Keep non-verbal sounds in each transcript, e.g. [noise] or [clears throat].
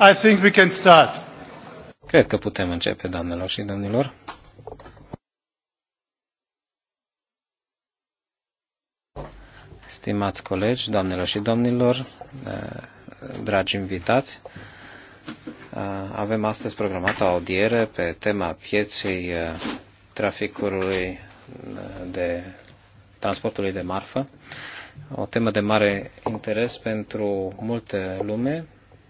I think we can start. Cred că putem începe, doamnelor și domnilor. Stimați colegi, doamnelor și domnilor, eh, dragi invitați, eh, avem astăzi programată o audiere pe tema pieței eh, traficului de transportului de marfă, o temă de mare interes pentru multe lume,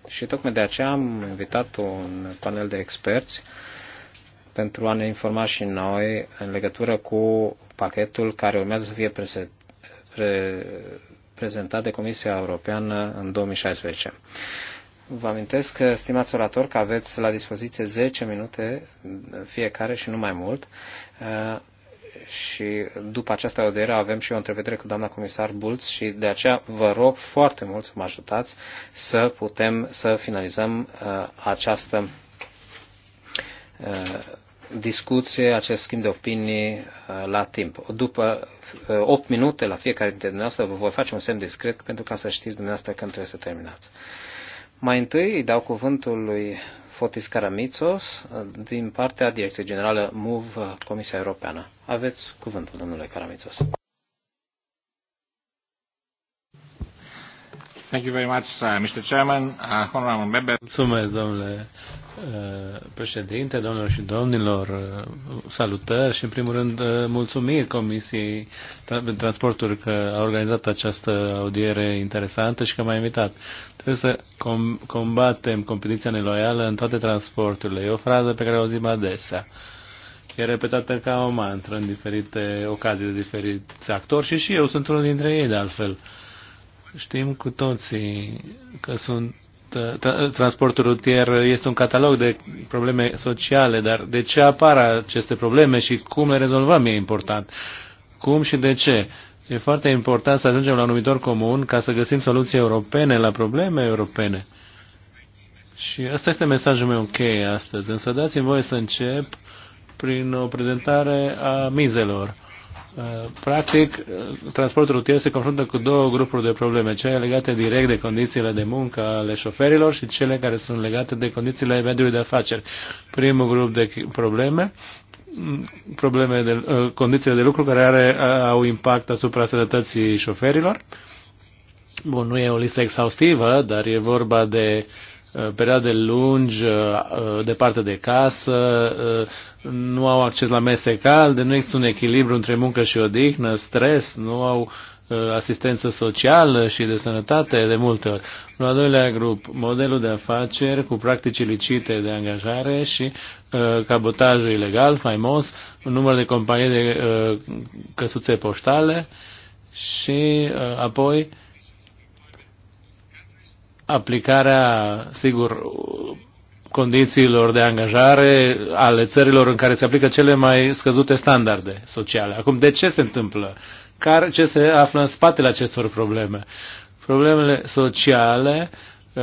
și tocmai de aceea am invitat un panel de experți pentru a ne informa și noi în legătură cu pachetul care urmează să fie pre, prezentat de Comisia Europeană în 2016. Vă amintesc, stimați orator, că aveți la dispoziție 10 minute fiecare și nu mai mult și după această audiere avem și o întrevedere cu doamna comisar Bulț și de aceea vă rog foarte mult să mă ajutați să putem să finalizăm uh, această uh, discuție, acest schimb de opinii uh, la timp. După 8 uh, minute la fiecare dintre dumneavoastră vă voi face un semn discret pentru ca să știți dumneavoastră când trebuie să terminați. Mai întâi îi dau cuvântul lui Fotis Karamitsos din partea Direcției Generală MOVE Comisia Europeană. Aveți cuvântul, domnule Karamitsos. Uh, uh, Mulțumesc, domnule uh, președinte, domnilor și domnilor, salutări și, în primul rând, uh, mulțumiri Comisiei de Transporturi că a organizat această audiere interesantă și că m-a invitat. Trebuie să com- combatem competiția neloială în toate transporturile. E o frază pe care o auzim adesea. E repetată ca o mantră în diferite ocazii de diferiți actori și și eu sunt unul dintre ei, de altfel. Uh, Știm cu toții că sunt transportul rutier este un catalog de probleme sociale, dar de ce apar aceste probleme și cum le rezolvăm e important. Cum și de ce? E foarte important să ajungem la un numitor comun ca să găsim soluții europene la probleme europene. Și ăsta este mesajul meu cheie astăzi. Însă dați-mi voie să încep prin o prezentare a mizelor. Uh, practic, uh, transportul rutier se confruntă cu două grupuri de probleme, cele legate direct de condițiile de muncă ale șoferilor și cele care sunt legate de condițiile mediului de afaceri. Primul grup de probleme, mm, probleme de, uh, condițiile de lucru care are, au impact asupra sănătății șoferilor. Bun, nu e o listă exhaustivă, dar e vorba de uh, Uh, perioade lungi uh, uh, departe de casă, nu au acces la mese calde, nu există un echilibru între muncă și odihnă, stres, nu au asistență socială și de sănătate de multe ori. În al doilea grup, modelul de afaceri cu practici ilicite de angajare și uh, cabotajul ilegal, faimos, un număr de companii de uh, căsuțe poștale și uh, apoi uh, aplicarea, sigur, condițiilor de angajare ale țărilor în care se aplică cele mai scăzute standarde sociale. Acum, de ce se întâmplă? Care, ce se află în spatele acestor probleme? Problemele sociale, ă,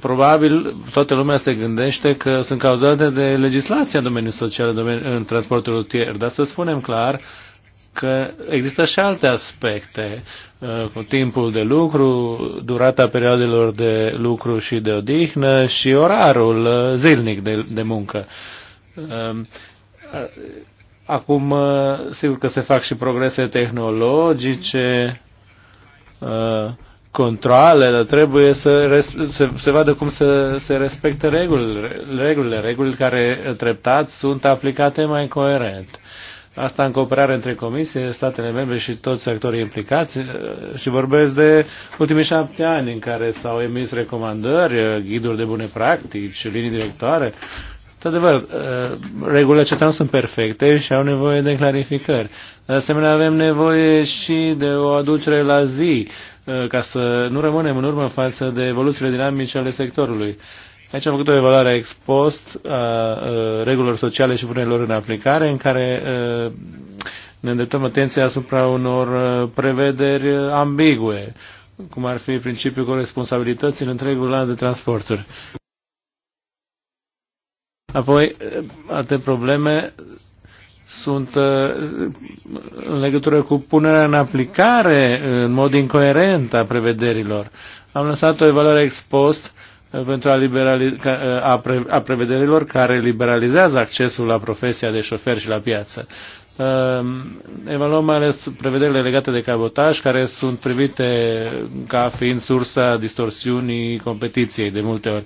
probabil toată lumea se gândește că sunt cauzate de legislația în domeniul social, în transportul rutier, dar să spunem clar, că există și alte aspecte, uh, cu timpul de lucru, durata perioadelor de lucru și de odihnă și orarul uh, zilnic de, de muncă. Um, acum, uh, sigur că se fac și progrese tehnologice, controle, dar trebuie să se, se vadă cum să se respectă regulile, regulile, regulile care treptat sunt aplicate mai coerent. Asta în cooperare între comisie, statele membre și toți actorii implicați eh, și vorbesc de ultimii șapte ani în care s-au emis recomandări, eh, ghiduri de bune practici, linii directoare. într adevăr, eh, regulile ce sunt perfecte și au nevoie de clarificări. De asemenea, avem nevoie și de o aducere la zi ca să nu rămânem în urmă față de evoluțiile dinamice ale sectorului. Aici am făcut o evaluare ex post a regulilor sociale și punerilor în aplicare, în care ne îndreptăm atenția asupra unor prevederi ambigue, cum ar fi principiul coresponsabilității în întregul lanț de transporturi. Apoi, alte probleme sunt în legătură cu punerea în aplicare în mod incoerent a prevederilor. Am lăsat o evaluare ex post pentru a, a, pre a prevederilor care liberalizează accesul la profesia de șofer și la piață. Evaluăm mai ales prevederile legate de cabotaj, care sunt privite ca fiind sursa distorsiunii competiției de multe ori.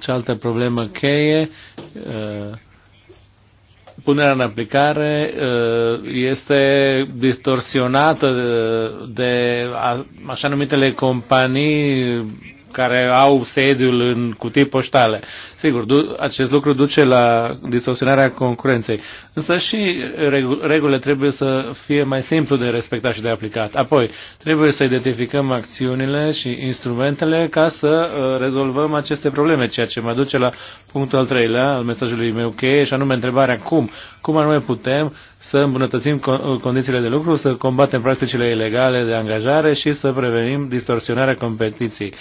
Cealaltă problemă cheie, punerea în aplicare este distorsionată de așa numitele companii care au sediul în cutii poștale. Sigur, acest lucru duce la distorsionarea concurenței. Însă și reg regulile trebuie să fie mai simplu de respectat și de aplicat. Apoi, trebuie să identificăm acțiunile și instrumentele ca să uh, rezolvăm aceste probleme, ceea ce mă duce la punctul al treilea al mesajului meu cheie, și anume întrebarea cum. Cum anume putem să îmbunătățim condițiile de lucru, să combatem practicile ilegale de angajare și să prevenim distorsionarea competiției,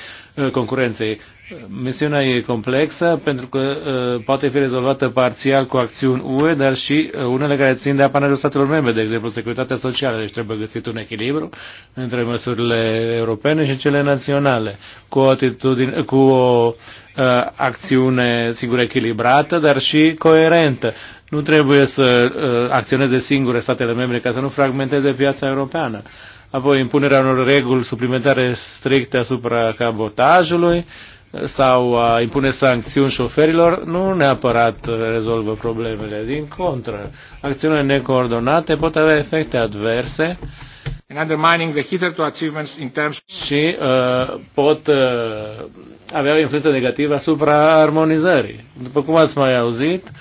concurenței. Misiunea e complexă pentru că uh, poate fi rezolvată parțial cu acțiuni UE, dar și uh, unele care țin de apanajul statelor membre, de exemplu securitatea socială, deci trebuie găsit un echilibru între măsurile europene și cele naționale, cu o, atitudine, cu o uh, acțiune, sigur, echilibrată, dar și coerentă. Nu trebuie să uh, acționeze singure statele membre ca să nu fragmenteze piața europeană. Apoi impunerea unor reguli suplimentare stricte asupra cabotajului, uh, sau a uh, impune sancțiuni șoferilor nu neapărat uh, rezolvă problemele, din contră. Acțiunile necoordonate pot avea efecte adverse and undermining the hitherto achievements in terms și uh, pot uh, avea o influență negativă asupra armonizării. După cum ați mai auzit,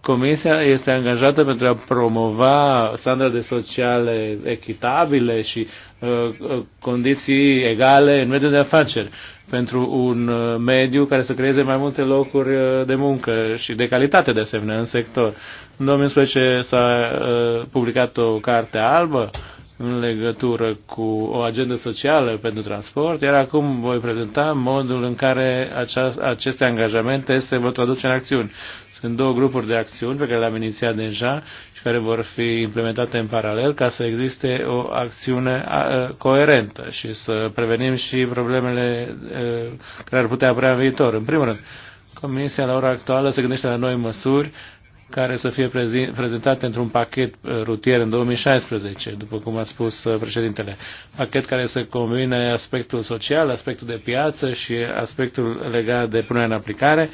Comisia este angajată pentru a promova standarde sociale echitabile și uh, uh condiții egale în mediul de afaceri pentru un uh, mediu care să creeze mai multe locuri uh, de muncă și de calitate de asemenea în sector. În 2011 s-a uh, publicat o carte albă în legătură cu o agendă socială pentru transport, iar acum voi prezenta modul în care aceste angajamente se vor traduce în acțiuni. Sunt două grupuri de acțiuni pe care le-am inițiat deja și care vor fi implementate în paralel ca să existe o acțiune coerentă și să prevenim și problemele care ar putea apărea în viitor. În primul rând, Comisia la ora actuală se gândește la noi măsuri care să fie prezentate într-un pachet rutier în 2016, după cum a spus președintele. Pachet care să combine aspectul social, aspectul de piață și aspectul legat de punerea în aplicare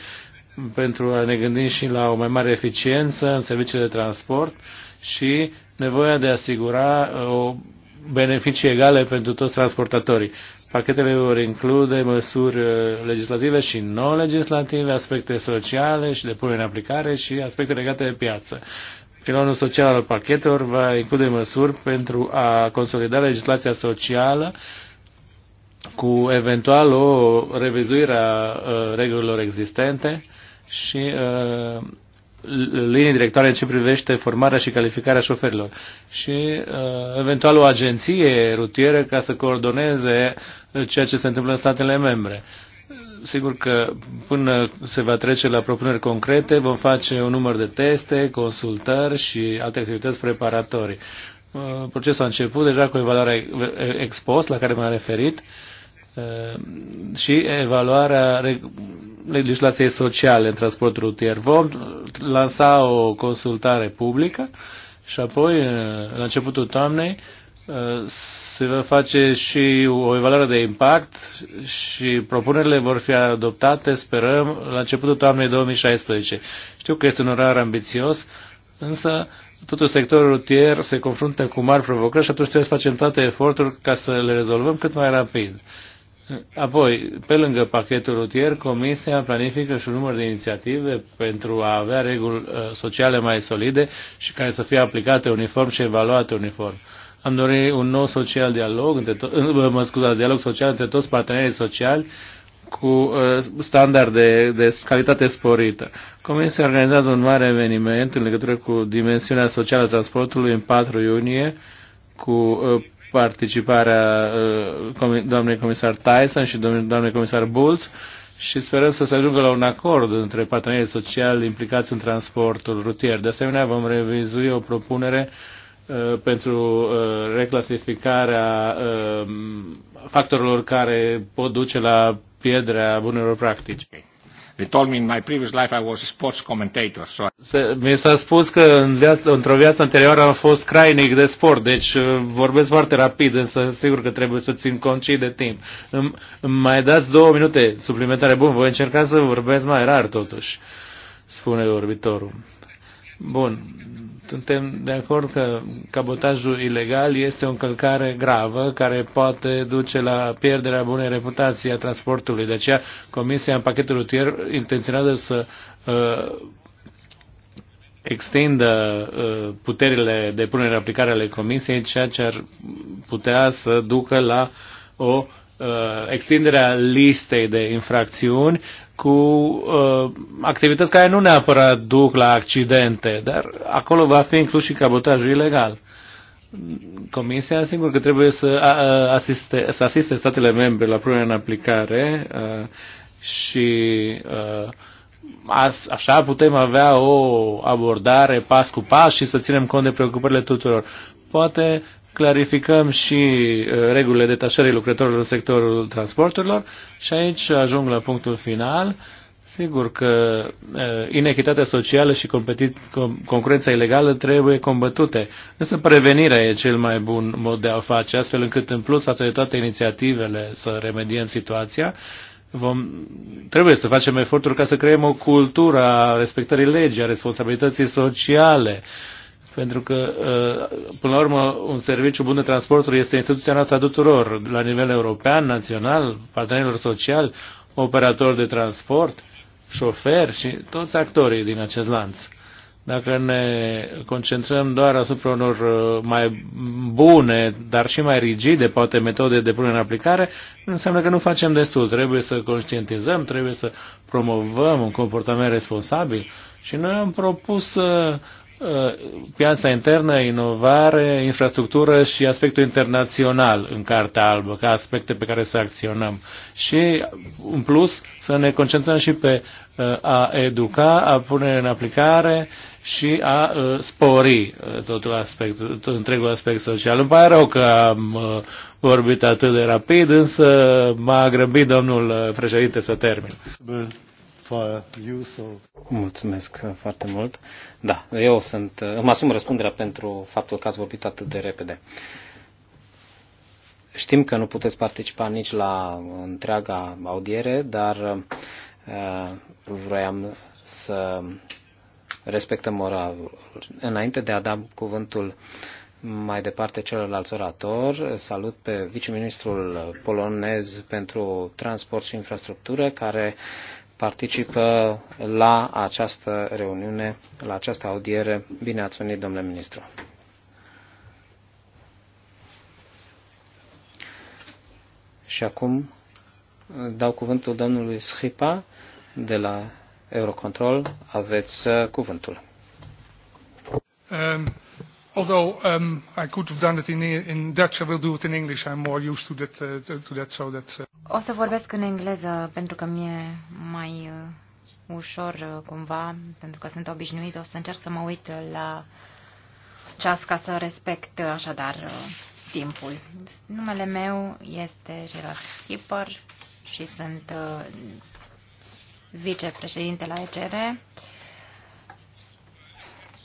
pentru a ne gândi și la o mai mare eficiență în serviciile de transport și nevoia de a asigura uh, o beneficii egale pentru toți transportatorii. Pachetele vor include măsuri uh, legislative și non-legislative, aspecte sociale și de punere în aplicare și aspecte legate de piață. Pilonul social al pachetelor va include măsuri pentru a consolida legislația socială cu eventual o revizuire a uh, regulilor existente și uh, linii directoare în ce privește formarea și calificarea șoferilor și uh, eventual o agenție rutieră ca să coordoneze ceea ce se întâmplă în statele membre. Sigur că până se va trece la propuneri concrete vom face un număr de teste, consultări și alte activități preparatorii. Uh, procesul a început deja cu evaluarea expost la care m-am referit. Uh, și evaluarea legislației sociale în transport rutier. Vom lansa o consultare publică și apoi, la începutul toamnei, se va face și o evaluare de impact și propunerile vor fi adoptate, sperăm, la începutul toamnei 2016. Știu că este un orar ambițios, însă totul sectorul rutier se confruntă cu mari provocări și atunci trebuie să facem toate eforturi ca să le rezolvăm cât mai rapid. Apoi, pe lângă pachetul rutier, Comisia planifică și un număr de inițiative pentru a avea reguli uh, sociale mai solide și care să fie aplicate uniform și evaluate uniform. Am dorit un nou social dialog, între to- uh, mă scuzați, dialog social între toți partenerii sociali cu uh, standarde de calitate sporită. Comisia organizează un mare eveniment în legătură cu dimensiunea socială a transportului în 4 iunie cu participarea uh, doamnei comisar Tyson și doamnei comisar Bulls și sperăm să se ajungă la un acord între partenerii sociali implicați în transportul rutier. De asemenea, vom revizui o propunere uh, pentru uh, reclasificarea factorilor care pot duce la pierderea bunelor practici. They told me in my previous life I was a sports commentator. So Mi s-a spus că în viață, într-o viață anterioară am fost crainic de sport, deci uh, vorbesc foarte rapid, însă sigur că trebuie să țin cont și de timp. Îmi, mai dați două minute suplimentare. Bun, voi încerca să vorbesc mai rar totuși, spune vorbitorul. Bun, suntem de acord că cabotajul ilegal este o încălcare gravă care poate duce la pierderea bunei reputații a transportului. De aceea Comisia în pachetul rutier intenționează să uh, extindă uh, puterile de punere în aplicare ale Comisiei, ceea ce ar putea să ducă la o uh, extinderea listei de infracțiuni cu uh, activități care nu neapărat duc la accidente, dar acolo va fi inclus și cabotajul ilegal. Comisia, sigur că trebuie să, uh, asiste, să asiste statele membre la punerea în aplicare uh, și uh, așa putem avea o abordare pas cu pas și să ținem cont de preocupările tuturor. Poate clarificăm și uh, regulile detașării lucrătorilor în sectorul transporturilor și aici ajung la punctul final. Sigur că uh, inechitatea socială și concurența ilegală trebuie combătute, însă prevenirea e cel mai bun mod de a face, astfel încât în plus față de toate inițiativele să remediem situația, vom, trebuie să facem eforturi ca să creăm o cultură a respectării legii, a responsabilității sociale, uh, pentru că, uh, până la urmă, un serviciu bun de transporturi este instituția noastră a tuturor, la nivel european, național, partenerilor sociali, operatori de transport, șoferi și toți actorii din acest lanț. Dacă ne concentrăm doar asupra unor uh, mai bune, dar și mai rigide, poate, metode de punere în aplicare, înseamnă că nu facem destul. Trebuie să conștientizăm, trebuie să promovăm un comportament responsabil și noi am propus Uh, piața internă, inovare, infrastructură și aspectul internațional în Cartea Albă, ca aspecte pe care să acționăm. Și, în plus, să ne concentrăm și pe uh, a educa, a pune în aplicare și a uh, spori totul aspect, tot întregul aspect social. Îmi pare rău că am vorbit atât de rapid, însă m-a grăbit domnul președinte să termin. Bun for you, so... Mulțumesc foarte mult. Da, eu sunt, îmi asum răspunderea pentru faptul că ați vorbit atât de repede. Știm că nu puteți participa nici la întreaga audiere, dar uh, vroiam să respectăm ora. Înainte de a da cuvântul mai departe celălalt orator, salut pe viceministrul polonez pentru transport și infrastructură, care participă la această reuniune, la această audiere. Bine ați venit, domnule ministru! Și acum dau cuvântul domnului Schipa de la Eurocontrol. Aveți uh, cuvântul. Um, although um, I could have done it in, in Dutch, I will do it in English. I'm more used to that, uh, to that, so that. Uh... O să vorbesc în engleză pentru că mi-e mai uh, ușor uh, cumva, pentru că sunt obișnuit. O să încerc să mă uit la ceas ca să respect uh, așadar uh, timpul. Numele meu este Gerard Schipper și sunt uh, vicepreședinte la ECR. Uh,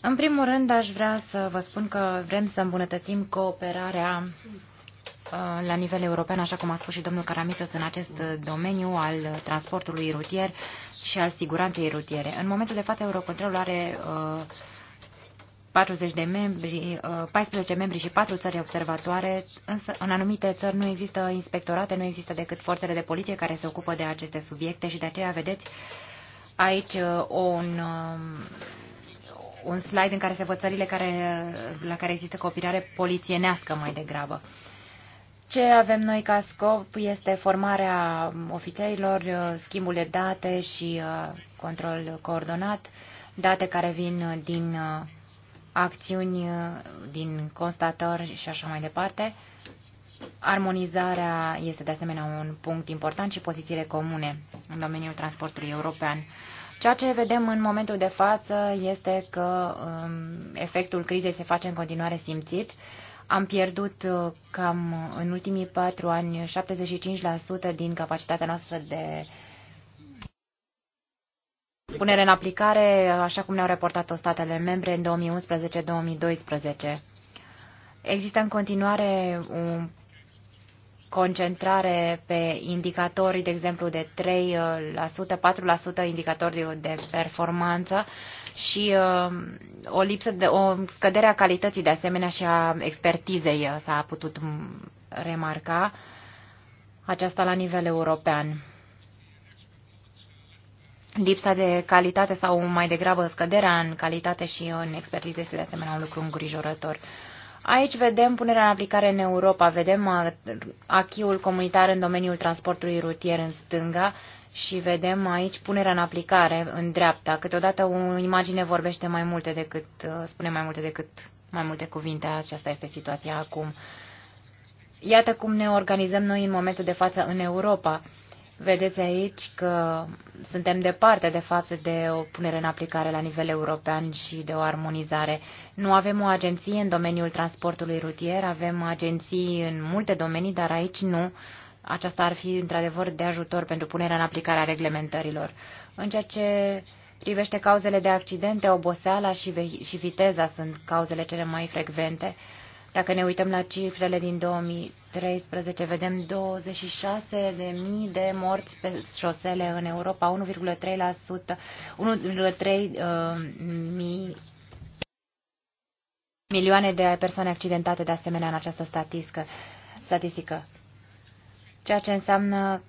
în primul rând, aș vrea să vă spun că vrem să îmbunătățim cooperarea uh, la nivel european, așa cum a spus și domnul Caramitos, în acest domeniu al transportului rutier și al siguranței rutiere. În momentul de față, Eurocontrolul are 40 uh, de membri, 14 uh, membri și 4 țări observatoare, însă în anumite țări nu există inspectorate, nu există decât forțele de poliție care se ocupă de aceste subiecte și de aceea vedeți aici un um, un slide în care se văd țările care, la care există cooperare polițienească mai degrabă. Ce avem noi ca scop este formarea ofițerilor, schimbul de date și uh, control coordonat, date care vin din uh, acțiuni, uh, din constatări și așa mai departe. Armonizarea este de asemenea un punct important și pozițiile comune în domeniul transportului european. Ceea ce vedem în momentul de față este că um, efectul crizei se face în continuare simțit. Am pierdut uh, cam în ultimii patru ani 75% din capacitatea noastră de punere în aplicare, așa cum ne-au reportat-o statele membre în 2011-2012. Există în continuare un concentrare pe indicatori, de exemplu, de 3%, 4% uh, indicatori de performanță și uh, o lipsă de o scădere a calității de asemenea și a expertizei uh, s-a putut remarca aceasta la nivel european. Lipsa de calitate sau mai degrabă scăderea în calitate și în expertiză este de asemenea un lucru îngrijorător. Aici vedem punerea în aplicare în Europa, vedem uh, achiul comunitar în domeniul transportului rutier în stânga și vedem aici punerea în aplicare în dreapta. Câteodată o imagine vorbește mai multe decât, uh, spune mai multe decât mai multe cuvinte. Aceasta este situația acum. Iată cum ne organizăm noi în momentul de față în Europa. Vedeți aici că suntem departe de față de o punere în aplicare la nivel european și de o armonizare. Nu avem o agenție în domeniul transportului rutier, avem agenții în multe domenii, dar aici nu. Aceasta ar fi într-adevăr de ajutor pentru punerea în aplicare a reglementărilor. În ceea ce privește cauzele de accidente, oboseala și, și viteza sunt cauzele cele mai frecvente. Uh, dacă ne uităm la cifrele din 2013, vedem 26 de mii de morți pe șosele în Europa, 1,3%, 1,3 uh, mii milioane de persoane accidentate de asemenea în această statistică, statistică. ceea ce înseamnă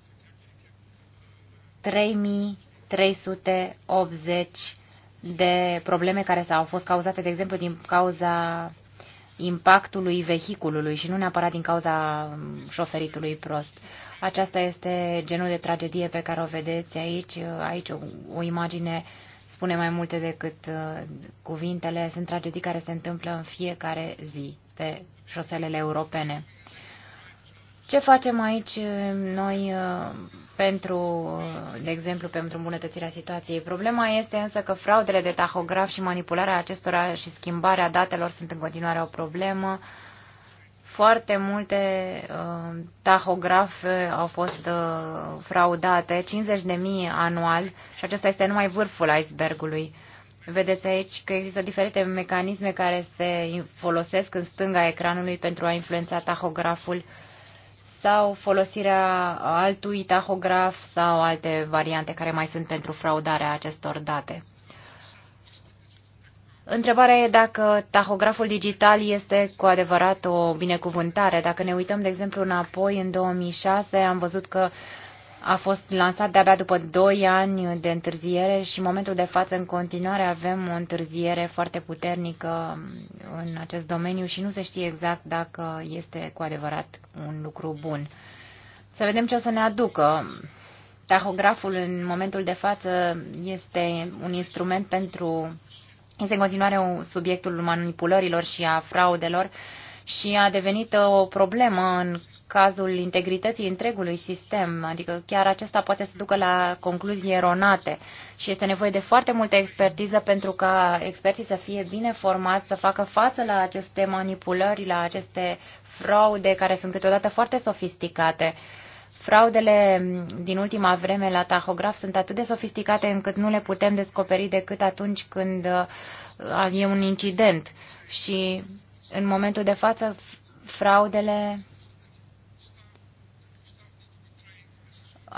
3380 de probleme care s-au fost cauzate, de exemplu, din cauza impactului vehiculului și nu neapărat din cauza um, șoferitului prost. Aceasta este genul de tragedie pe care o vedeți aici. Aici o, o imagine spune mai multe decât uh, cuvintele. Sunt tragedii care se întâmplă în fiecare zi pe șoselele europene. Ce facem aici uh, noi uh, pentru, de exemplu, pentru îmbunătățirea situației. Problema este însă că fraudele de tahograf și manipularea acestora și schimbarea datelor sunt în continuare o problemă. Foarte multe uh, tahografe au fost uh, fraudate, 50.000 anual și acesta este numai vârful icebergului. Vedeți aici că există diferite mecanisme care se folosesc în stânga ecranului pentru a influența tahograful uh, sau folosirea altui tahograf sau alte variante care mai sunt pentru fraudarea acestor date. Întrebarea e dacă tahograful digital este cu adevărat o binecuvântare. Dacă ne uităm, de exemplu, înapoi în 2006, am văzut că uh, a fost lansat de-abia după 2 ani de întârziere și în momentul de față în continuare avem o întârziere foarte puternică în acest domeniu și nu se știe exact dacă este cu adevărat un lucru bun. Să vedem ce o să ne aducă. Tahograful în momentul de față este un instrument pentru... Este în continuare subiectul manipulărilor și a fraudelor și a devenit o problemă în cazul integrității întregului sistem, adică chiar acesta poate să ducă la concluzii eronate și este nevoie de foarte multă expertiză pentru ca experții să fie bine formați, să facă față la aceste manipulări, la aceste fraude care sunt câteodată foarte sofisticate. Fraudele din ultima vreme la tahograf sunt atât de sofisticate încât nu le putem descoperi decât atunci când uh, e un incident și în momentul de față fraudele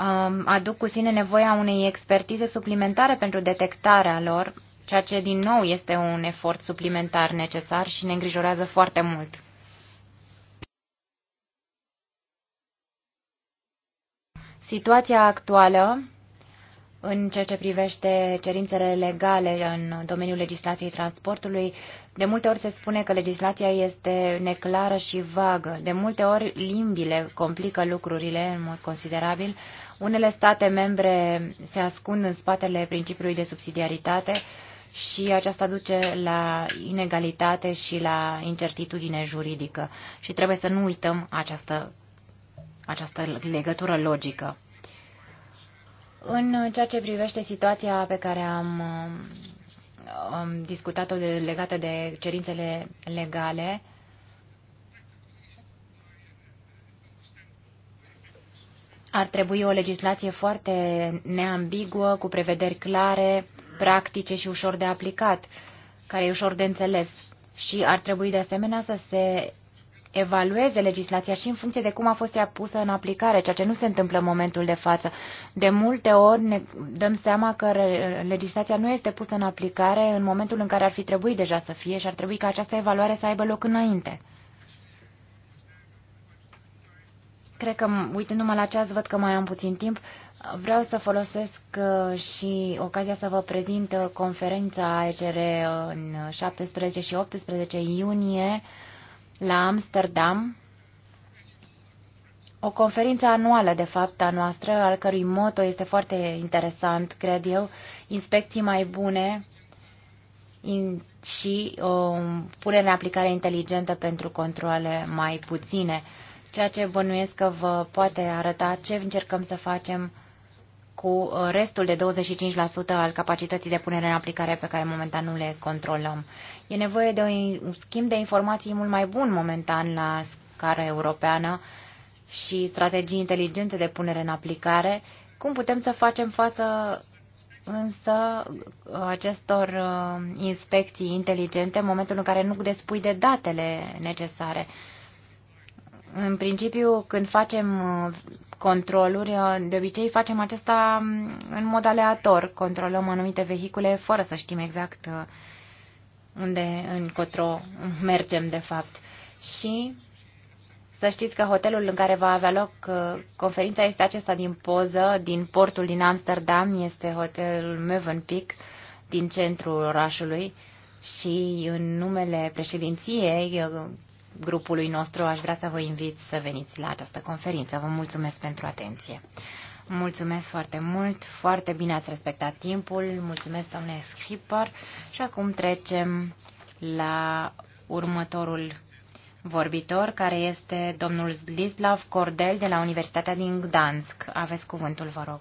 Um, aduc cu sine nevoia unei expertize suplimentare pentru detectarea lor, ceea ce din nou este un efort suplimentar necesar și ne îngrijorează foarte mult. Situația actuală în ceea ce privește cerințele legale în domeniul legislației transportului, de multe ori se spune că legislația este neclară și vagă. De multe ori limbile complică lucrurile în mod considerabil. Uh, unele state membre se ascund în spatele principiului de subsidiaritate și aceasta duce la inegalitate și la incertitudine juridică. Și trebuie să nu uităm această, această legătură logică. În ceea ce privește situația pe care am, am discutat-o legată de cerințele legale, Ar trebui o legislație foarte neambiguă, cu prevederi clare, practice și ușor de aplicat, care e ușor de înțeles. Și ar trebui de asemenea să se evalueze legislația și în funcție de cum a fost ea pusă în aplicare, ceea ce nu se întâmplă în momentul de față. De multe ori ne dăm seama că legislația nu este pusă în aplicare în momentul în care ar fi trebuit deja să fie și ar trebui ca această evaluare să aibă loc înainte. Cred că, uitându-mă la ceas, văd că mai am puțin timp. Vreau să folosesc uh, și ocazia să vă prezint uh, conferința ECR uh, în 17 și 18 iunie la Amsterdam. O conferință anuală, de fapt, a noastră, al cărui moto este foarte interesant, cred eu, inspecții mai bune și o punere în aplicare inteligentă pentru controle mai puține ceea ce bănuiesc că vă poate arăta ce încercăm să facem cu uh, restul de 25% al capacității de punere în aplicare pe care momentan nu le controlăm. E nevoie de un schimb de informații mult mai bun momentan la scară europeană și strategii inteligente de punere în aplicare. Cum putem să facem față însă uh, acestor uh, inspecții inteligente în momentul în care nu despui de datele necesare? În principiu, când facem uh, controluri, uh, de obicei facem acesta mm, în mod aleator. Controlăm anumite vehicule fără să știm exact uh, unde încotro mergem, de fapt. Și să știți că hotelul în care va avea loc conferința este acesta din poză, din portul din Amsterdam, este hotelul Mövenpick, din centrul orașului. Și în numele președinției, grupului nostru, aș vrea să vă invit să veniți la această conferință. Vă mulțumesc pentru atenție. Mulțumesc foarte mult, foarte bine ați respectat timpul, mulțumesc domnule Schipper și acum trecem la următorul vorbitor, care este domnul Zlislav Cordel de la Universitatea din Gdansk. Aveți cuvântul, vă rog.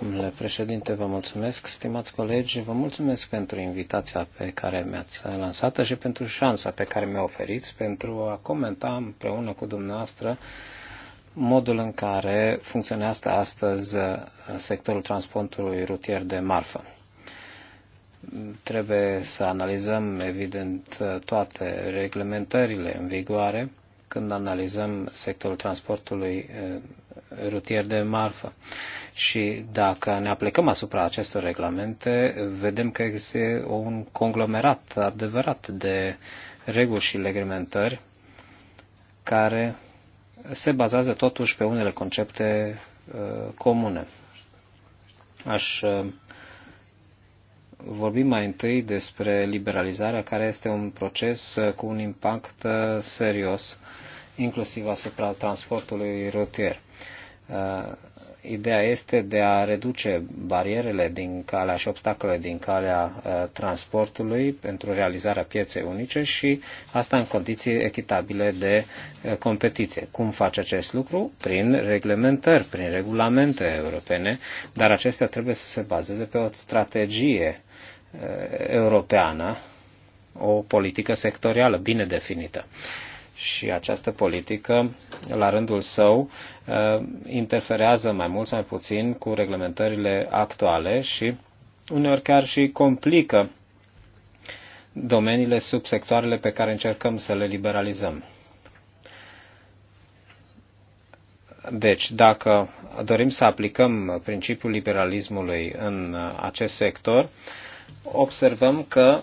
Domnule președinte, vă mulțumesc, stimați colegi, vă mulțumesc pentru invitația pe care mi-ați lansat și pentru șansa pe care mi-o oferiți pentru a comenta împreună cu dumneavoastră modul în care funcționează astăzi sectorul transportului rutier de marfă trebuie să analizăm, evident, toate reglementările în vigoare când analizăm sectorul transportului eh, rutier de marfă. Și dacă ne aplicăm asupra acestor reglamente, vedem că există un conglomerat adevărat de reguli și reglementări care se bazează totuși pe unele concepte eh, comune. Aș eh, vorbim mai întâi despre liberalizarea, care este un proces cu un impact uh, serios, inclusiv asupra transportului rutier. Uh, Ideea este de a reduce barierele din calea și obstacolele din calea uh, transportului pentru realizarea pieței unice și asta în condiții echitabile de uh, competiție. Cum face acest lucru? Prin reglementări, prin regulamente europene, dar acestea trebuie să se bazeze pe o strategie uh, europeană, o politică sectorială bine definită și această politică, la rândul său, uh, interferează mai mult sau mai puțin cu reglementările actuale și uneori chiar și complică domeniile, subsectoarele pe care încercăm să le liberalizăm. Deci, dacă dorim să aplicăm principiul liberalismului în acest sector, observăm că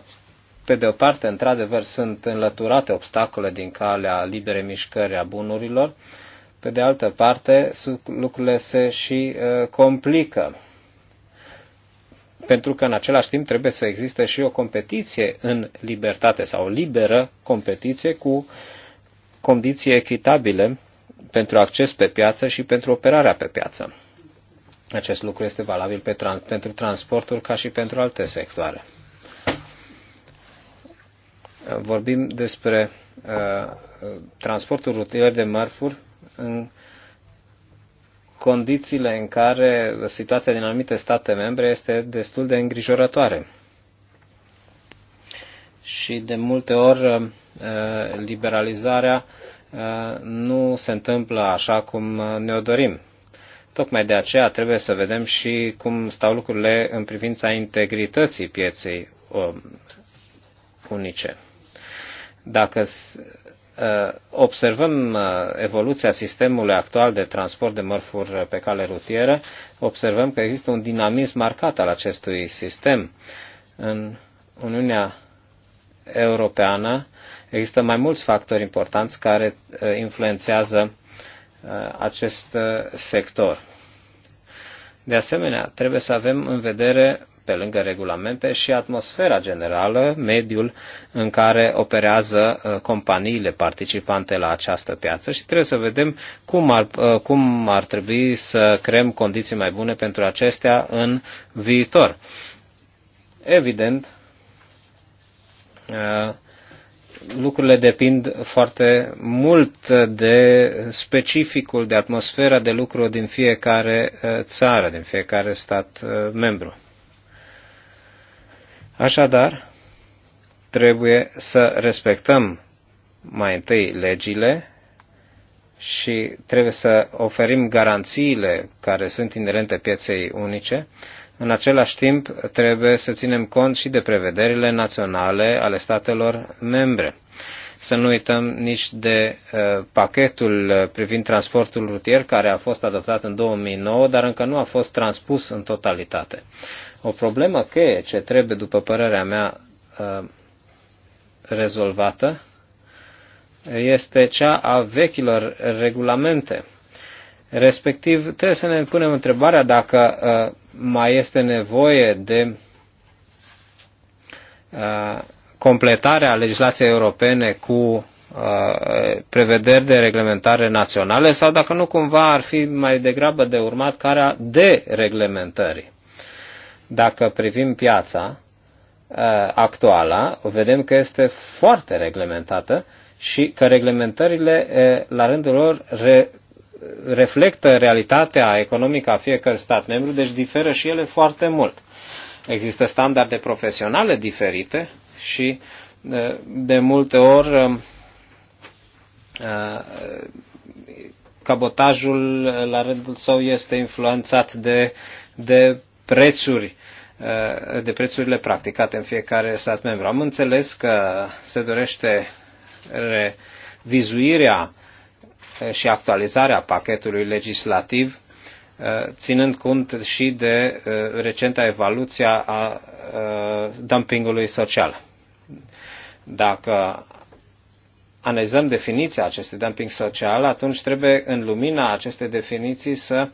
pe de o parte, într-adevăr, sunt înlăturate obstacole din calea libere mișcări a bunurilor, pe de altă parte, lucrurile se și uh, complică. Pentru că, în același timp, trebuie să existe și o competiție în libertate sau o liberă competiție cu condiții echitabile pentru acces pe piață și pentru operarea pe piață. Acest lucru este valabil pe trans- pentru transporturi ca și pentru alte sectoare vorbim despre uh, transportul rutier de mărfuri în condițiile în care situația din anumite state membre este destul de îngrijorătoare. Și de multe ori uh, liberalizarea uh, nu se întâmplă așa cum ne-o dorim. Tocmai de aceea trebuie să vedem și cum stau lucrurile în privința integrității pieței um, unice. Dacă ă, observăm ă, evoluția sistemului actual de transport de mărfuri pe cale rutieră, observăm că există un dinamism marcat al acestui sistem. În Uniunea Europeană există mai mulți factori importanți care ă, influențează acest sector. De asemenea, trebuie să avem în vedere pe lângă regulamente, și atmosfera generală, mediul în care operează uh, companiile participante la această piață și trebuie să vedem cum ar, uh, cum ar trebui să creăm condiții mai bune pentru acestea în viitor. Evident, uh, lucrurile depind foarte mult de specificul, de atmosfera de lucru din fiecare țară, din fiecare stat membru. Așadar, trebuie să respectăm mai întâi legile și trebuie să oferim garanțiile care sunt inerente pieței unice. În același timp, trebuie să ținem cont și de prevederile naționale ale statelor membre. Să nu uităm nici de uh, pachetul uh, privind transportul rutier care a fost adoptat în 2009, dar încă nu a fost transpus în totalitate. O problemă cheie ce trebuie, după părerea mea, ă, rezolvată este cea a vechilor regulamente. Respectiv, trebuie să ne punem întrebarea dacă ă, mai este nevoie de ă, completarea legislației europene cu prevederi de reglementare naționale sau dacă nu cumva ar fi mai degrabă de urmat care de reglementării dacă privim piața uh, actuală, vedem că este foarte reglementată și că reglementările, uh, la rândul lor, re, reflectă realitatea economică a fiecărui stat membru, deci diferă și ele foarte mult. Există standarde profesionale diferite și uh, de multe ori um, cabotajul la rândul său este influențat de, de prețuri uh, de prețurile practicate în fiecare stat membru. Am înțeles că se dorește revizuirea uh, și actualizarea pachetului legislativ, uh, ținând cont și de recenta evaluție a dumpingului social. Dacă analizăm definiția acestui dumping social, atunci trebuie în lumina acestei definiții să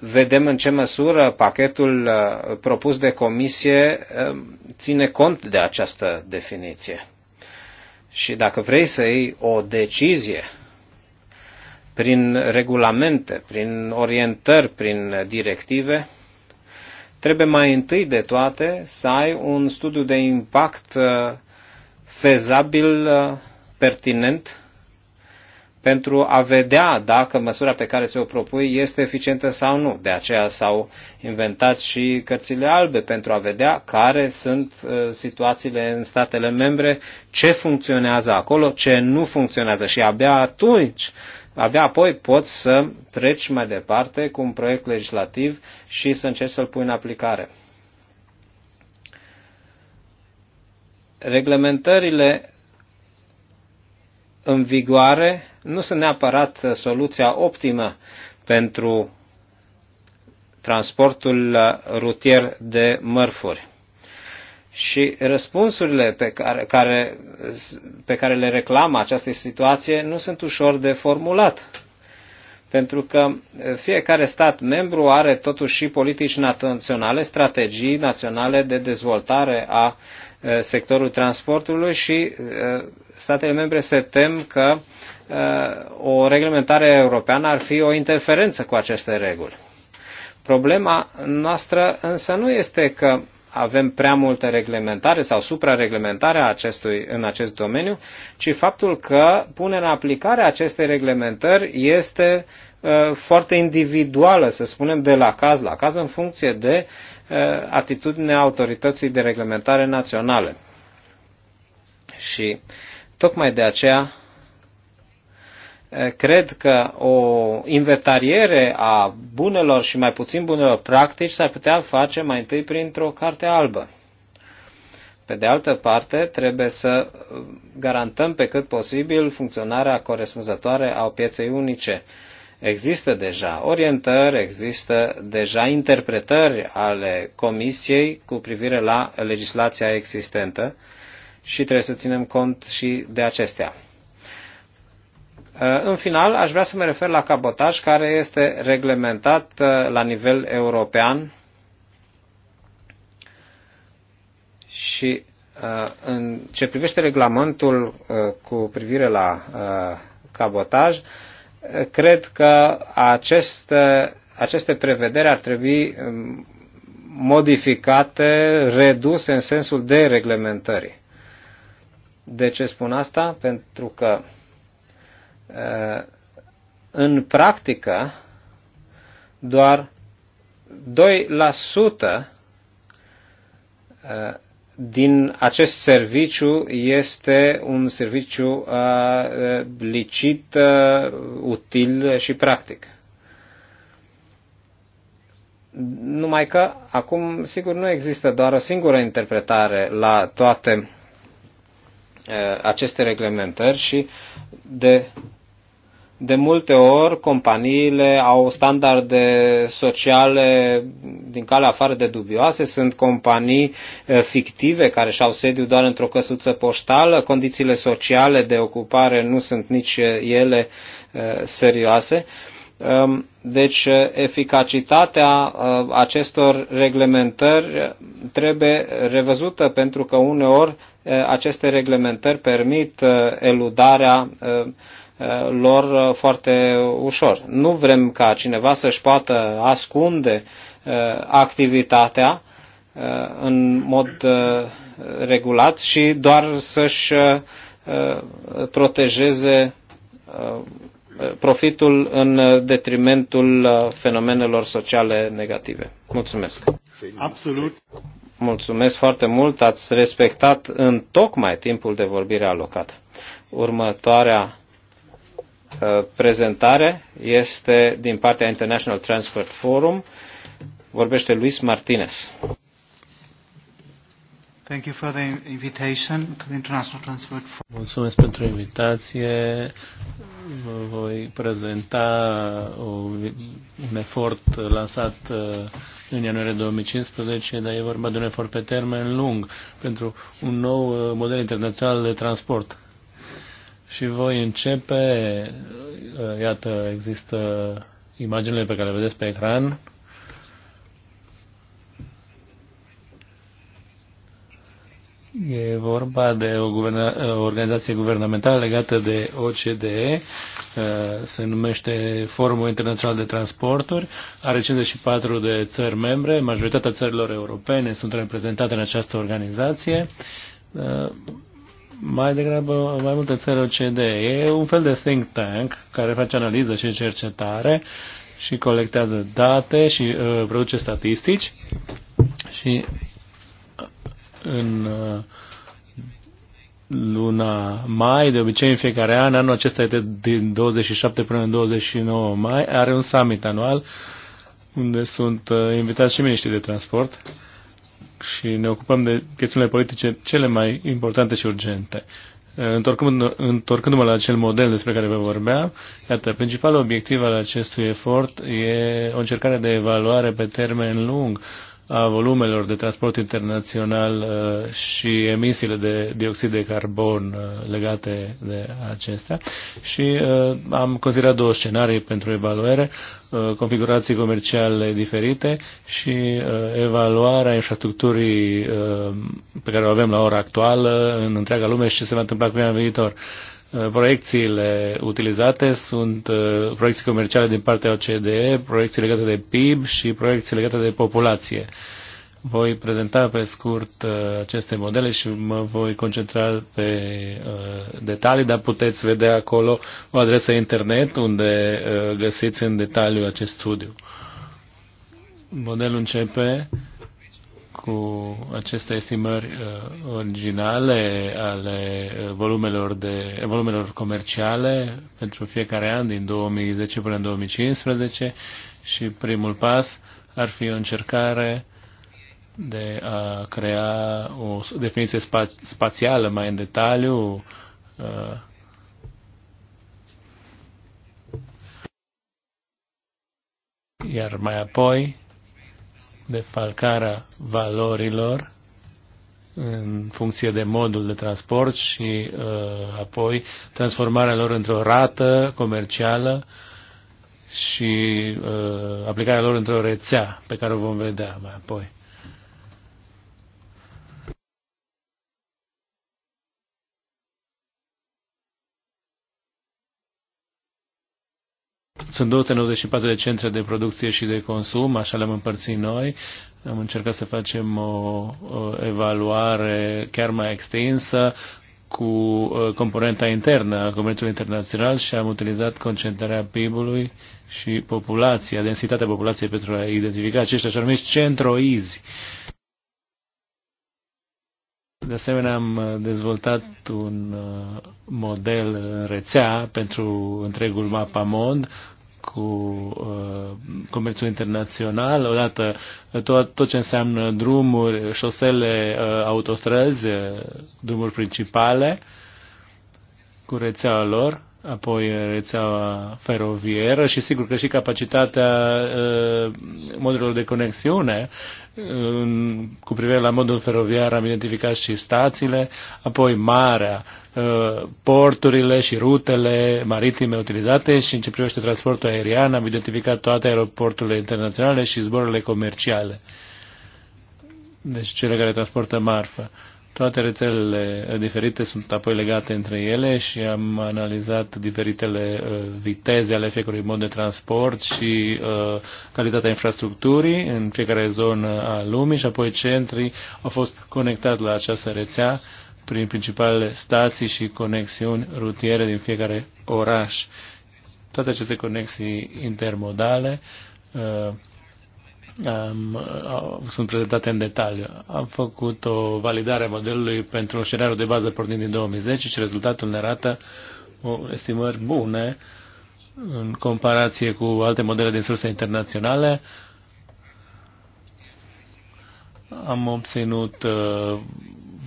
vedem în ce măsură pachetul uh, propus de comisie uh, ține cont de această definiție. Și dacă vrei să iei o decizie prin regulamente, prin orientări, prin directive, trebuie mai întâi de toate să ai un studiu de impact uh, fezabil, pertinent pentru a vedea dacă măsura pe care ți-o propui este eficientă sau nu. De aceea s-au inventat și cărțile albe pentru a vedea care sunt uh, situațiile în statele membre, ce funcționează acolo, ce nu funcționează și abia atunci, abia apoi poți să treci mai departe cu un proiect legislativ și să încerci să-l pui în aplicare. Reglementările în vigoare nu sunt neapărat uh, soluția optimă pentru transportul uh, rutier de mărfuri. Și răspunsurile pe care, care, pe care le reclamă această situație nu sunt ușor de formulat. Pentru că uh, fiecare stat membru are totuși și politici naționale, strategii naționale de dezvoltare a sectorului transportului și statele membre se tem că Uh, o reglementare europeană ar fi o interferență cu aceste reguli. Problema noastră însă nu este că avem prea multă reglementare sau suprareglementare în acest domeniu, ci faptul că punerea în aplicare a acestei reglementări este uh, foarte individuală, să spunem, de la caz la caz, în funcție de uh, atitudinea autorității de reglementare naționale. Și tocmai de aceea Eh, cred că o inventariere a bunelor și mai puțin bunelor practici s-ar putea face mai întâi printr-o carte albă. Pe de altă parte, trebuie să eh, garantăm pe cât posibil funcționarea corespunzătoare a pieței unice. Există deja orientări, există deja interpretări ale Comisiei cu privire la legislația existentă și trebuie să ținem cont și de acestea. Uh, în final, aș vrea să mă refer la cabotaj, care este reglementat uh, la nivel european și uh, în ce privește reglamentul cu privire la cabotaj, cred că aceste, aceste prevederi ar trebui um, modificate, reduse în sensul de reglementări. De ce spun asta? Pentru că Uh, în practică doar 2% uh, din acest serviciu este un serviciu uh, licit, util și practic. Numai că acum, sigur, nu există doar o singură interpretare la toate aceste reglementări și de de multe ori companiile au standarde sociale din cale afară de dubioase, sunt companii fictive care și-au sediu doar într-o căsuță poștală, condițiile sociale de ocupare nu sunt nici ele serioase. Deci eficacitatea acestor reglementări trebuie revăzută pentru că uneori aceste reglementări permit eludarea Uh, lor uh, foarte ușor. Nu vrem ca cineva să-și poată ascunde uh, activitatea în mod regulat și doar să-și protejeze profitul în detrimentul fenomenelor sociale negative. Mulțumesc. Absolut. Mulțumesc foarte mult, ați respectat în tocmai timpul de vorbire alocat. Următoarea Uh, prezentare este din partea International Transport Forum. Vorbește Luis Martinez. Thank you for the invitation to the International Transport Forum. Mulțumesc pentru invitație. Vă voi prezenta o, un efort lansat uh, în ianuarie 2015, dar e vorba de un efort pe termen lung pentru un nou uh, model internațional de transport și voi începe, uh, iată, există imaginele pe care le vedeți pe ecran. E vorba de o, guverna, o uh, organizație guvernamentală legată de OCDE, uh, se numește Forumul Internațional de Transporturi, are 54 de țări membre, majoritatea țărilor europene sunt reprezentate în această organizație mai degrabă mai multe țări OCD. E un fel de think tank care face analiză și cercetare și colectează date și uh, produce statistici și uh, în uh, luna mai, de obicei în fiecare an, anul acesta este din 27 până în 29 mai, are un summit anual unde sunt uh, invitați și miniștrii de transport și ne ocupăm de chestiunile politice cele mai importante și urgente. Eh, întorcându-mă la acel model despre care vă vorbeam, iată, principalul obiectiv al acestui efort e o încercare de evaluare pe termen lung a volumelor de transport internațional eh, și emisiile de dioxid de carbon eh, legate de acestea și am considerat două scenarii pentru evaluare. Uh, configurații comerciale diferite și uh, evaluarea infrastructurii uh, pe care o avem la ora actuală în întreaga lume și ce se va întâmpla cu ea în viitor. Proiecțiile utilizate sunt proiecții comerciale din partea OCDE, proiecții legate de PIB și proiecții legate de populație. Uh, voi prezenta pe scurt uh, aceste modele și mă voi concentra pe uh, detalii, dar puteți vedea acolo o adresă internet unde uh, găsiți în detaliu acest studiu. Modelul începe cu aceste estimări uh, originale ale volumelor, de, volumelor comerciale pentru fiecare an din 2010 până în 2015 și primul pas ar fi o încercare uh, de a crea o definiție spa spațială mai în detaliu. Uh, iar mai apoi, de falcarea valorilor în funcție de modul de transport și uh, apoi transformarea lor într-o rată comercială și uh, aplicarea lor într-o rețea pe care o vom vedea mai apoi. Sunt 294 de centre de producție și de consum, așa le-am împărțit noi. Am încercat să facem o, o evaluare chiar mai extinsă cu uh, componenta internă a comerțului internațional și am utilizat concentrarea PIB-ului și populația, densitatea populației pentru a identifica aceștia așa numiți centroizi. De asemenea, am dezvoltat un uh, model în rețea pentru întregul mapamond cu uh, comerțul internațional, odată tot, tot ce înseamnă drumuri, șosele, uh, autostrăzi, uh, drumuri principale cu rețeaua lor apoi rețeaua feroviară și sigur că și capacitatea ă, modurilor de conexiune cu privire la modul feroviar am identificat și stațiile, apoi marea, ă, porturile și rutele maritime utilizate și în ce privește transportul aerian am identificat toate aeroporturile internaționale și zborurile comerciale, deci cele care transportă marfă. Uh, toate rețelele diferite sunt apoi legate între ele și am analizat diferitele uh, viteze ale fiecărui mod de transport și uh, calitatea infrastructurii în fiecare zonă a lumii și apoi centrii au fost conectați la această rețea prin principalele stații și conexiuni rutiere din fiecare oraș. Toate aceste conexii intermodale uh, um, sunt prezentate în detaliu. Am făcut o validare a modelului pentru un scenariu de bază pornind din 2010 și rezultatul ne arată o estimări bune în comparație cu alte modele din surse internaționale. Am obținut uh,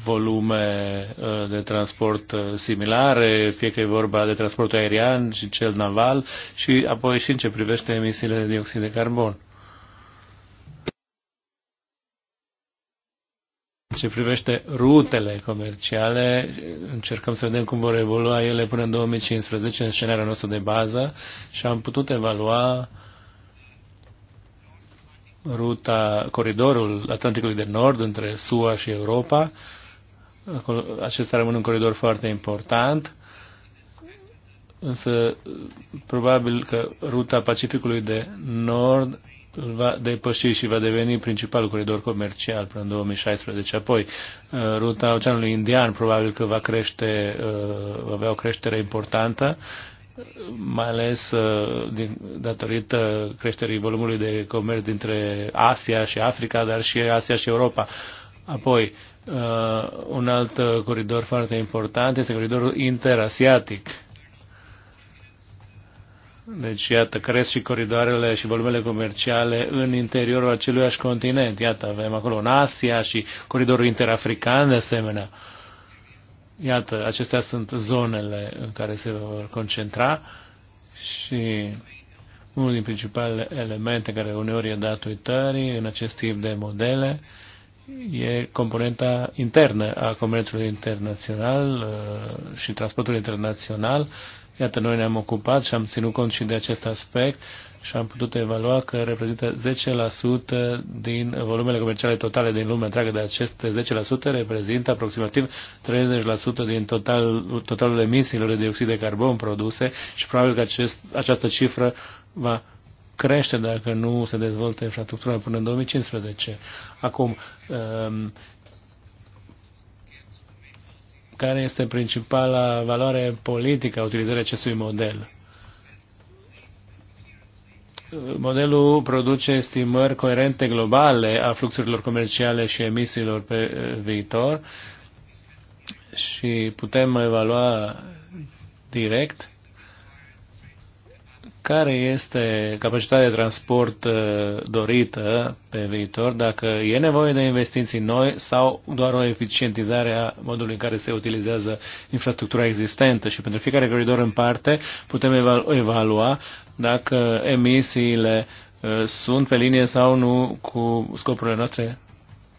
volume uh, de transport uh, similare, fie că e vorba de transportul aerian și cel naval, și apoi și în ce privește emisiile de dioxid de carbon. ce privește rutele comerciale, încercăm să vedem cum vor evolua ele până în 2015 în scenariul nostru de bază și am putut evalua ruta, coridorul Atlanticului de Nord între SUA și Europa. Acolo, acesta rămâne un coridor foarte important, însă probabil că ruta Pacificului de Nord îl va depăși și va deveni principalul coridor comercial până în 2016. Apoi, uh, ruta Oceanului Indian probabil că va crește, uh, va avea o creștere importantă, mai ales uh, din, datorită creșterii volumului de comerț dintre Asia și Africa, dar și Asia și Europa. Apoi, un alt coridor foarte important este coridorul interasiatic deci, iată, cresc și coridoarele și volumele comerciale în interiorul aceluiași continent. Iată, avem acolo în Asia și coridorul interafrican de asemenea. Iată, acestea sunt zonele în care se vor concentra și unul din principalele elemente care uneori e dat uitării în acest tip de modele e componenta internă a comerțului internațional uh, și transportului internațional Iată, noi ne-am ocupat și am ținut cont și de acest aspect și am putut evalua că reprezintă 10% din volumele comerciale totale din lumea întreagă, de aceste 10% reprezintă aproximativ 30% din total, totalul emisiilor de dioxid de carbon produse și probabil că acest, această cifră va crește dacă nu se dezvoltă infrastructura până în 2015. Acum, ehm, care este principala valoare politică a utilizării acestui model? Modelul produce estimări coerente globale a fluxurilor comerciale și emisiilor pe eh, viitor și putem evalua direct care este capacitatea de transport uh, dorită pe viitor, dacă e nevoie de investiții noi sau doar o eficientizare a modului în care se utilizează infrastructura existentă și pentru fiecare coridor în parte putem evalua dacă emisiile uh, sunt pe linie sau nu cu scopurile noastre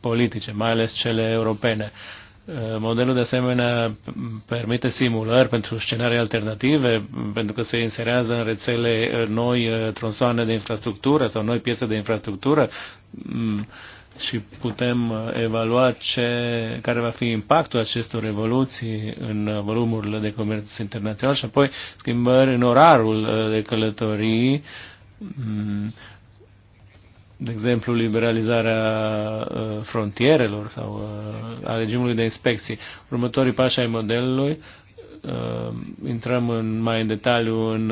politice, mai ales cele europene. Uh, Eh, modelul de asemenea permite simulări pentru scenarii alternative, pentru că se inserează în rețele eh, noi eh, tronsoane de infrastructură sau noi piese de infrastructură mm, și putem evalua ce, care va fi impactul acestor evoluții în volumurile de comerț internațional și apoi schimbări în orarul de călătorii mm, de exemplu, liberalizarea uh, frontierelor sau uh, a regimului de inspecții. Următorii pași ai modelului uh, intrăm în, mai în detaliu în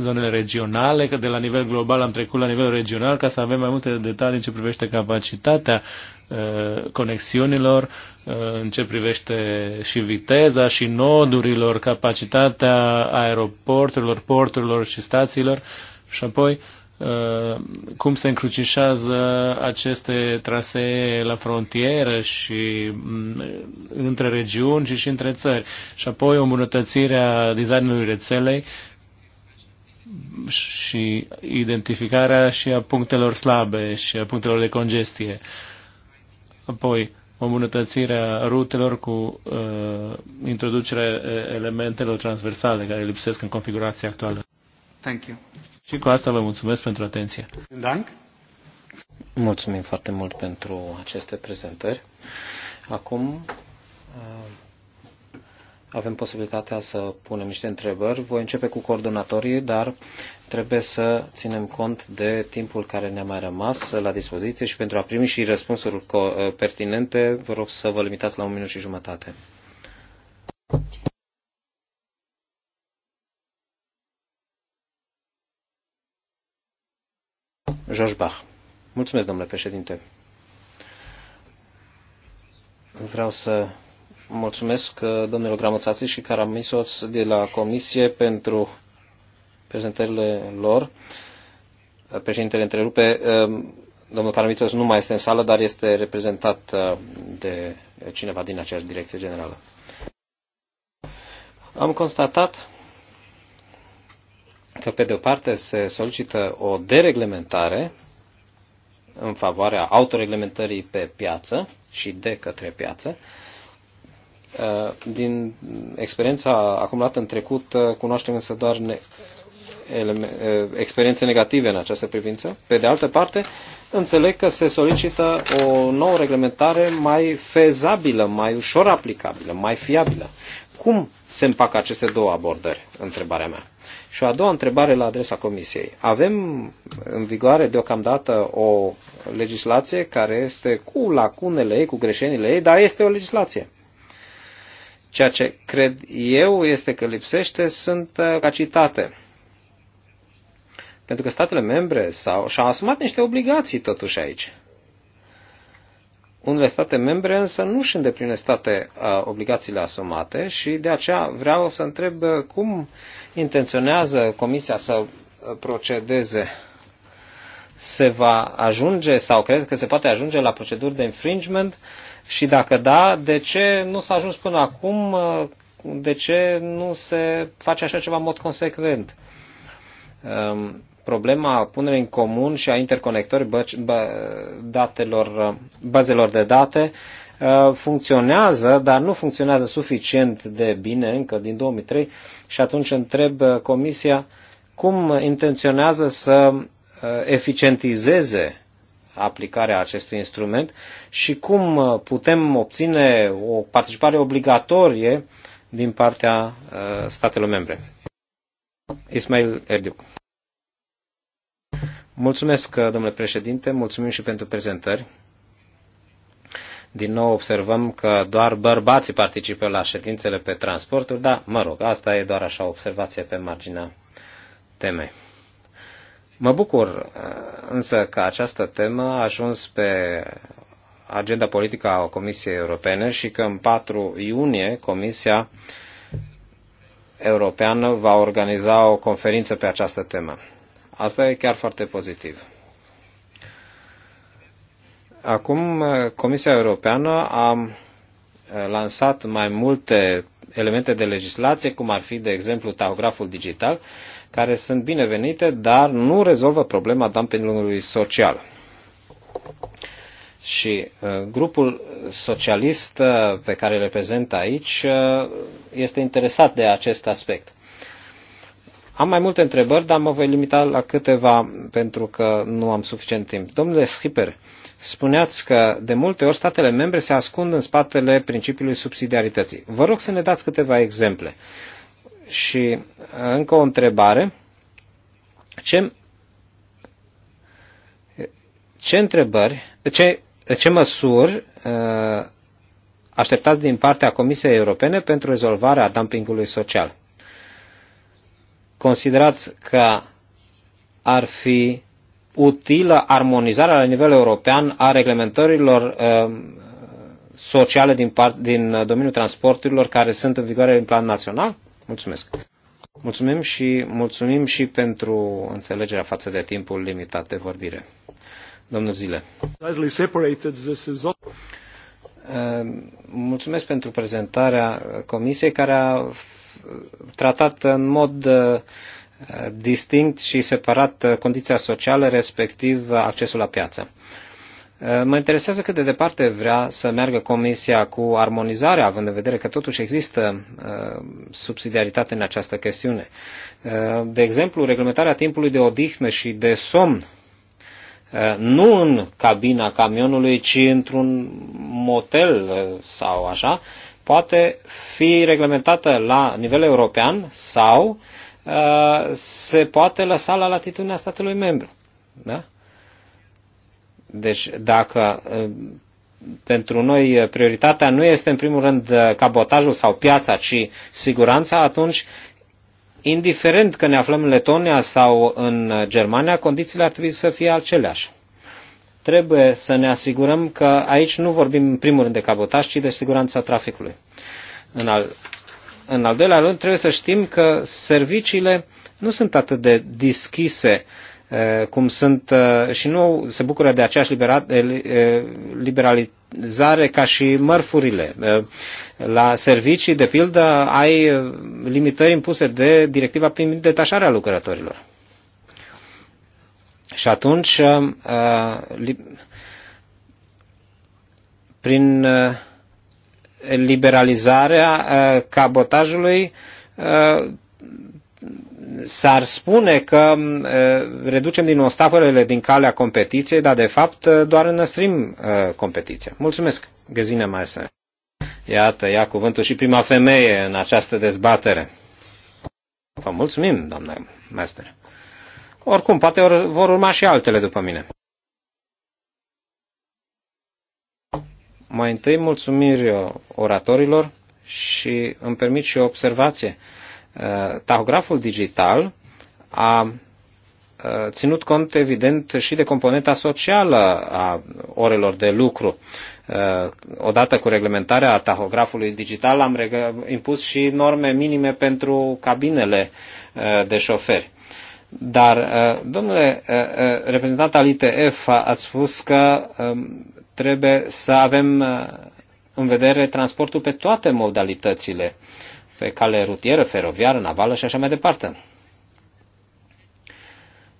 zonele regionale, că de la nivel global am trecut la nivel regional ca să avem mai multe detalii în ce privește capacitatea conexiunilor, în ce privește și viteza și nodurilor, capacitatea aeroporturilor, porturilor și stațiilor și apoi uh, cum se încrucișează aceste trasee la frontieră și mm, între regiuni și și între țări. Și apoi o îmbunătățire a designului rețelei și identificarea și a punctelor slabe și a punctelor de congestie. Apoi, o îmbunătățire a rutelor cu uh, introducerea uh, elementelor transversale care lipsesc în configurația actuală. Thank you. Și cu asta vă mulțumesc pentru atenție. Dank. Mulțumim foarte mult pentru aceste prezentări. Acum uh, avem posibilitatea să punem niște întrebări. Voi începe cu coordonatorii, dar trebuie să ținem cont de timpul care ne-a mai rămas la dispoziție și pentru a primi și răspunsuri uh, pertinente, vă rog să vă limitați la un minut și jumătate. George Bach. Mulțumesc, domnule președinte. Vreau să mulțumesc uh, domnilor Gramoțați și Caramisos de la Comisie pentru prezentările lor. Uh, președintele întrerupe, uh, domnul Caramisos nu mai este în sală, dar este reprezentat de cineva din aceeași direcție generală. Am constatat că pe de o parte se solicită o dereglementare în favoarea autoreglementării pe piață și de către piață. Din experiența acumulată în trecut, cunoaștem însă doar ne- experiențe negative în această privință. Pe de altă parte, înțeleg că se solicită o nouă reglementare mai fezabilă, mai ușor aplicabilă, mai fiabilă. Cum se împacă aceste două abordări? Întrebarea mea. Și o a doua întrebare la adresa Comisiei. Avem în vigoare deocamdată o legislație care este cu lacunele ei, cu greșenile ei, dar este o legislație. Ceea ce cred eu este că lipsește sunt uh, capacitate. Pentru că statele membre s-au, și-au asumat niște obligații totuși aici. Unele state membre însă nu își îndeplinesc toate obligațiile asumate și de aceea vreau să întreb cum intenționează Comisia să procedeze. Se va ajunge sau cred că se poate ajunge la proceduri de infringement și dacă da, de ce nu s-a ajuns până acum? De ce nu se face așa ceva în mod consecvent? Um, problema punerii în comun și a interconectării datelor, bazelor de date uh, funcționează, dar nu funcționează suficient de bine încă din 2003 și atunci întreb uh, Comisia cum intenționează să uh, eficientizeze aplicarea acestui instrument și cum putem obține o participare obligatorie din partea statelor membre. Ismail Erdiuc. Mulțumesc, domnule președinte, mulțumim și pentru prezentări. Din nou observăm că doar bărbații participă la ședințele pe transporturi, dar, mă rog, asta e doar așa o observație pe marginea temei. Mă bucur însă că această temă a ajuns pe agenda politică a Comisiei Europene și că în 4 iunie Comisia Europeană va organiza o conferință pe această temă. Asta e chiar foarte pozitiv. Acum, Comisia Europeană a eh, lansat mai multe elemente de legislație, cum ar fi, de exemplu, tahograful digital, care sunt binevenite, dar nu rezolvă problema dumpingului social. Și eh, grupul socialist eh, pe care îl reprezent aici este interesat de acest aspect. Am mai multe întrebări, dar mă voi limita la câteva pentru că nu am suficient timp. Domnule Schipper, spuneați că de multe ori statele membre se ascund în spatele principiului subsidiarității. Vă rog să ne dați câteva exemple. Și încă o întrebare. Ce, ce întrebări, ce, ce măsuri uh, așteptați din partea Comisiei Europene pentru rezolvarea dumpingului social? considerați că ar fi utilă armonizarea la nivel european a reglementărilor um, sociale din, part, din domeniul transporturilor care sunt în vigoare în plan național? Mulțumesc! Mulțumim și mulțumim și pentru înțelegerea față de timpul limitat de vorbire. Domnul Zile. Uh, mulțumesc pentru prezentarea comisiei care a tratat în mod uh, distinct și separat uh, condiția socială, respectiv uh, accesul la piață. Mă interesează cât de departe vrea să meargă Comisia cu armonizarea, având în vedere că totuși există subsidiaritate în această chestiune. De exemplu, reglementarea timpului de odihnă și de somn nu în cabina camionului, ci într-un motel sau așa, poate fi reglementată la nivel european sau uh, se poate lăsa la latitudinea statului membru. Da? Deci dacă uh, pentru noi prioritatea nu este în primul rând uh, cabotajul sau piața, ci siguranța, atunci, indiferent că ne aflăm în Letonia sau în Germania, condițiile ar trebui să fie aceleași. Trebuie să ne asigurăm că aici nu vorbim în primul rând de cabotaj, ci de siguranța traficului. În al, în al doilea rând, trebuie să știm că serviciile nu sunt atât de deschise eh, cum sunt eh, și nu se bucură de aceeași eh, liberalizare ca și mărfurile. La servicii, de pildă, ai limitări impuse de directiva prin detașarea lucrătorilor. Și atunci, uh, prin uh, liberalizarea uh, cabotajului, s-ar spune că reducem din obstacolele din calea competiției, dar de fapt doar înăstrim competiția. Mulțumesc, mai să Iată, ia cuvântul și prima femeie în această dezbatere. Vă mulțumim, doamna maestre. Oricum, poate or, vor urma și altele după mine. Mai întâi mulțumiri uh, oratorilor și îmi permit și o observație. Uh, tahograful digital a uh, ținut cont, evident, și de componenta socială a orelor de lucru. Odată cu reglementarea tahografului digital am impus și norme minime pentru cabinele de șoferi. Dar, uh, domnule uh, uh, reprezentant al ITF, ați spus că um, trebuie să avem în vedere transportul pe toate modalitățile, pe cale rutieră, feroviară, navală și așa mai departe.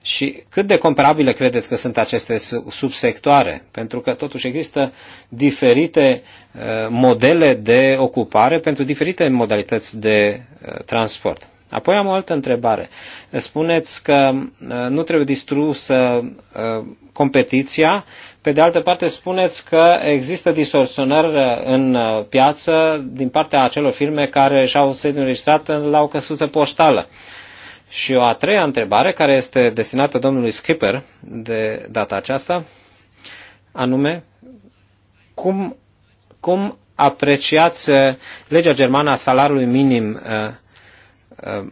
Și cât de comparabile credeți că sunt aceste subsectoare? Pentru că totuși există diferite modele de ocupare pentru diferite modalități de transport. Apoi am o altă întrebare. Spuneți că uh, nu trebuie distrusă uh, competiția, pe de altă parte spuneți că există distorsionări uh, în piață din partea acelor firme care și-au sediul înregistrat la o căsuță poștală. Și o a treia întrebare, care este destinată domnului Skipper de data aceasta, anume, cum, cum apreciați legea germană a salariului minim uh, Uh,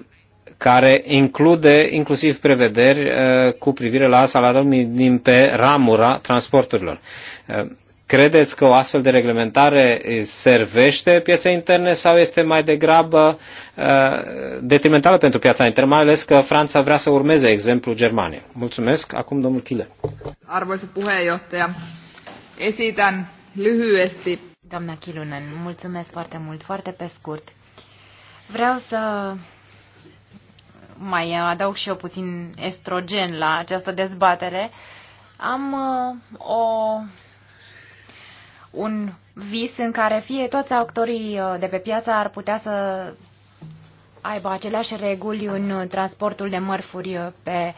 care include inclusiv prevederi uh, cu privire la salariul minim pe ramura transporturilor. Uh, credeți că o astfel de reglementare servește piața interne sau este mai degrabă detrimentală pentru piața internă, mai ales că Franța vrea să urmeze exemplul Germaniei? Mulțumesc. Acum domnul Chile. Arvoisa puheenjohtaja, esitän lyhyesti. Doamna Chilunen, mulțumesc foarte mult, foarte pe scurt. Vreau să mai adaug și eu puțin estrogen la această dezbatere, am uh, o, un vis în care fie toți actorii uh, de pe piață ar putea să aibă aceleași reguli în transportul de mărfuri uh, pe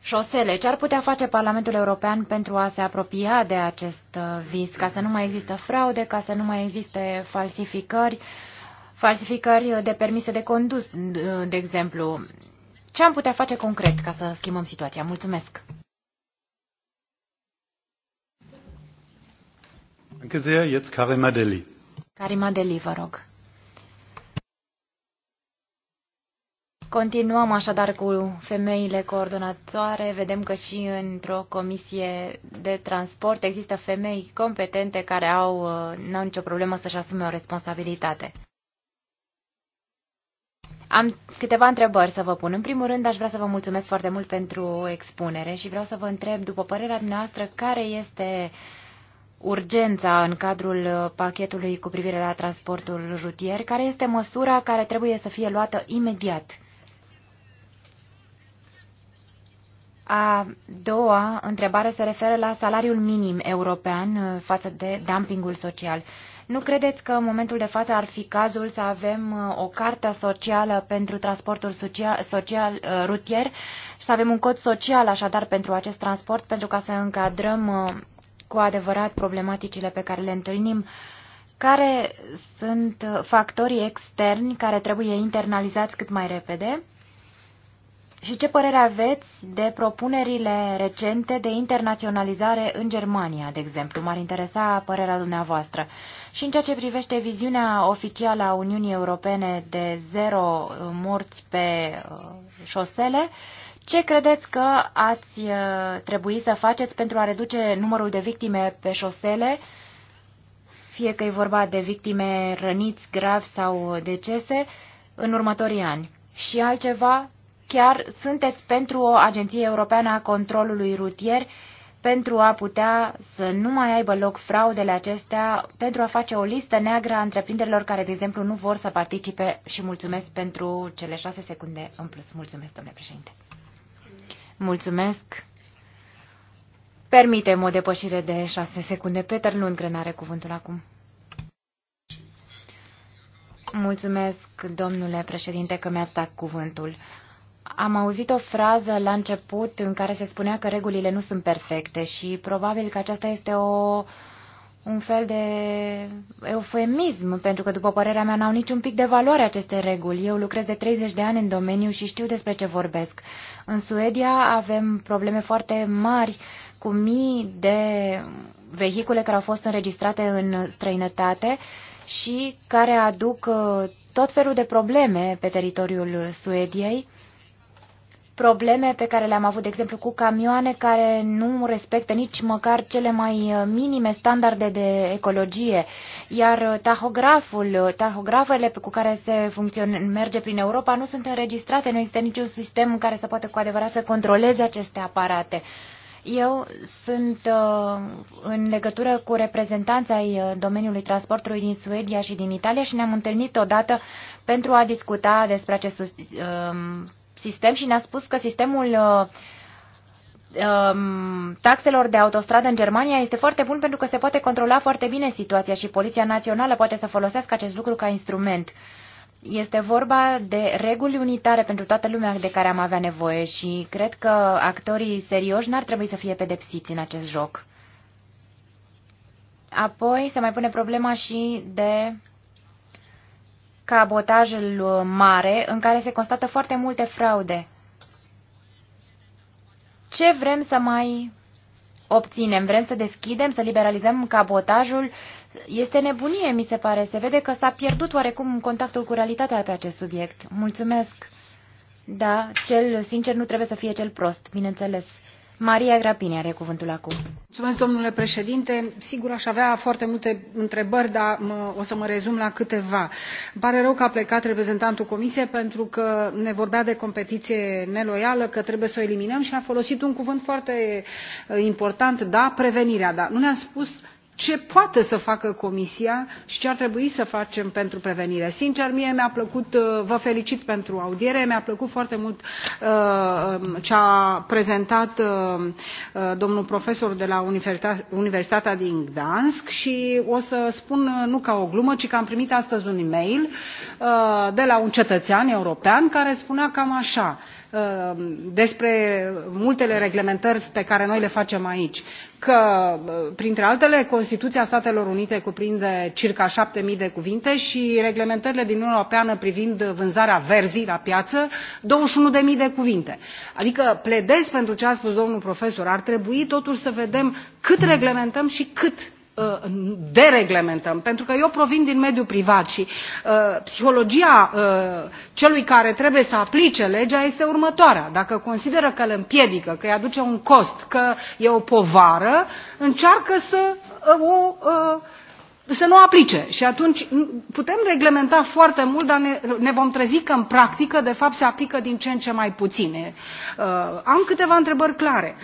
șosele. Ce ar putea face Parlamentul European pentru a se apropia de acest vis, ca să nu mai există fraude, ca să nu mai existe falsificări, uh, falsificări de permise de condus, de exemplu. Ce am putea face concret ca să schimbăm situația? Mulțumesc! Danke Deli, vă rog. Continuăm așadar cu femeile coordonatoare. Vedem că și într-o comisie de transport există femei competente care au, uh, n-au nicio problemă să-și asume o responsabilitate. Am câteva întrebări să vă pun. În primul rând, aș vrea să vă mulțumesc foarte mult pentru expunere și vreau să vă întreb, după părerea noastră, care este urgența în cadrul pachetului cu privire la transportul rutier, care este măsura care trebuie să fie luată imediat. A doua întrebare se referă la salariul minim european uh, față de dumpingul social. Nu credeți că în momentul de față ar fi cazul să avem uh, o carte socială pentru transportul social, social uh, rutier și să avem un cod social așadar pentru acest transport pentru ca să încadrăm uh, cu adevărat problematicile pe care le întâlnim? Care sunt factorii externi care trebuie internalizați cât mai repede? Și ce părere aveți de propunerile recente de internaționalizare în Germania, de exemplu? M-ar interesa părerea dumneavoastră. Și în ceea ce privește viziunea oficială a Uniunii Europene de zero uh, morți pe uh, șosele, ce credeți că ați uh, trebui să faceți pentru a reduce numărul de victime pe șosele, fie că e vorba de victime răniți, gravi sau decese, în următorii ani? Și altceva, chiar sunteți pentru o agenție europeană a controlului rutier pentru a putea să nu mai aibă loc fraudele acestea, pentru a face o listă neagră a întreprinderilor care, de exemplu, nu vor să participe și mulțumesc pentru cele șase secunde în plus. Mulțumesc, domnule președinte. Mulțumesc. Permitem o depășire de șase secunde. Peter Lundgren are cuvântul acum. Mulțumesc, domnule președinte, că mi-ați dat cuvântul. Am auzit o frază la început în care se spunea că regulile nu sunt perfecte și probabil că aceasta este o, un fel de eufemism, pentru că, după părerea mea, n-au niciun pic de valoare aceste reguli. Eu lucrez de 30 de ani în domeniu și știu despre ce vorbesc. În Suedia avem probleme foarte mari cu mii de vehicule care au fost înregistrate în străinătate și care aduc uh, tot felul de probleme pe teritoriul Suediei probleme pe care le-am avut, de exemplu, cu camioane care nu respectă nici măcar cele mai uh, minime standarde de ecologie, iar uh, tahograful, uh, tahografele cu care se merge prin Europa nu sunt înregistrate, nu există niciun sistem care să poată cu adevărat să controleze aceste aparate. Eu sunt uh, în legătură cu reprezentanța ai domeniului transportului din Suedia și din Italia și ne-am întâlnit odată pentru a discuta despre acest uh, sistem și ne-a spus că sistemul uh, um, taxelor de autostradă în Germania este foarte bun pentru că se poate controla foarte bine situația și Poliția Națională poate să folosească acest lucru ca instrument. Este vorba de reguli unitare pentru toată lumea de care am avea nevoie și cred că actorii serioși n-ar trebui să fie pedepsiți în acest joc. Apoi se mai pune problema și de cabotajul uh, mare, în care se constată foarte multe fraude. Ce vrem să mai obținem? Vrem să deschidem, să liberalizăm cabotajul? Este nebunie, mi se pare. Se vede că s-a pierdut oarecum contactul cu realitatea pe acest subiect. Mulțumesc! Da, cel sincer nu trebuie să fie cel prost, bineînțeles. Maria Grapini are cuvântul acum. Mulțumesc, domnule președinte. Sigur, aș avea foarte multe întrebări, dar mă, o să mă rezum la câteva. Îmi pare rău că a plecat reprezentantul Comisiei pentru că ne vorbea de competiție neloială, că trebuie să o eliminăm și a folosit un cuvânt foarte eh, important, da, prevenirea, dar nu ne-a spus ce poate să facă comisia și ce ar trebui să facem pentru prevenire. sincer mie mi a plăcut uh, vă felicit pentru audiere mi a plăcut foarte mult uh, um, ce a prezentat uh, domnul profesor de la universitatea din gdansk și o să spun nu ca o glumă ci că am primit astăzi un e mail de la un cetățean european care spunea cam așa Uh, despre multele reglementări pe care noi le facem aici că uh, printre altele constituția statelor unite cuprinde circa șapte mii de cuvinte și reglementările din uniunea europeană privind vânzarea verzii la piață douăzeci și unu de mii de cuvinte adică pledez pentru ce a spus domnul profesor ar trebui totuși să vedem cât reglementăm și cât Uh, dereglementăm pentru că eu provin din mediul privat și uh, psihologia uh, celui care trebuie să aplice legea este următoarea dacă consideră că îl împiedică că îi aduce un cost că e o povară încearcă să uh, o uh, să nu aplice și atunci putem reglementa foarte mult dar ne, ne vom trezi că în practică de fapt se aplică din ce în ce mai puține. Uh, am câteva întrebări clare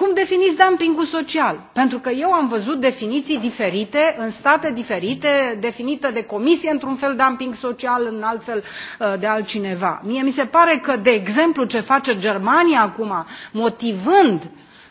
cum definiți dumpingul social pentru că eu am văzut definiții diferite în state diferite definită de comisie într un fel dumping social în alt fel uh, de altcineva. mie mi se pare că de exemplu ce face germania acum motivând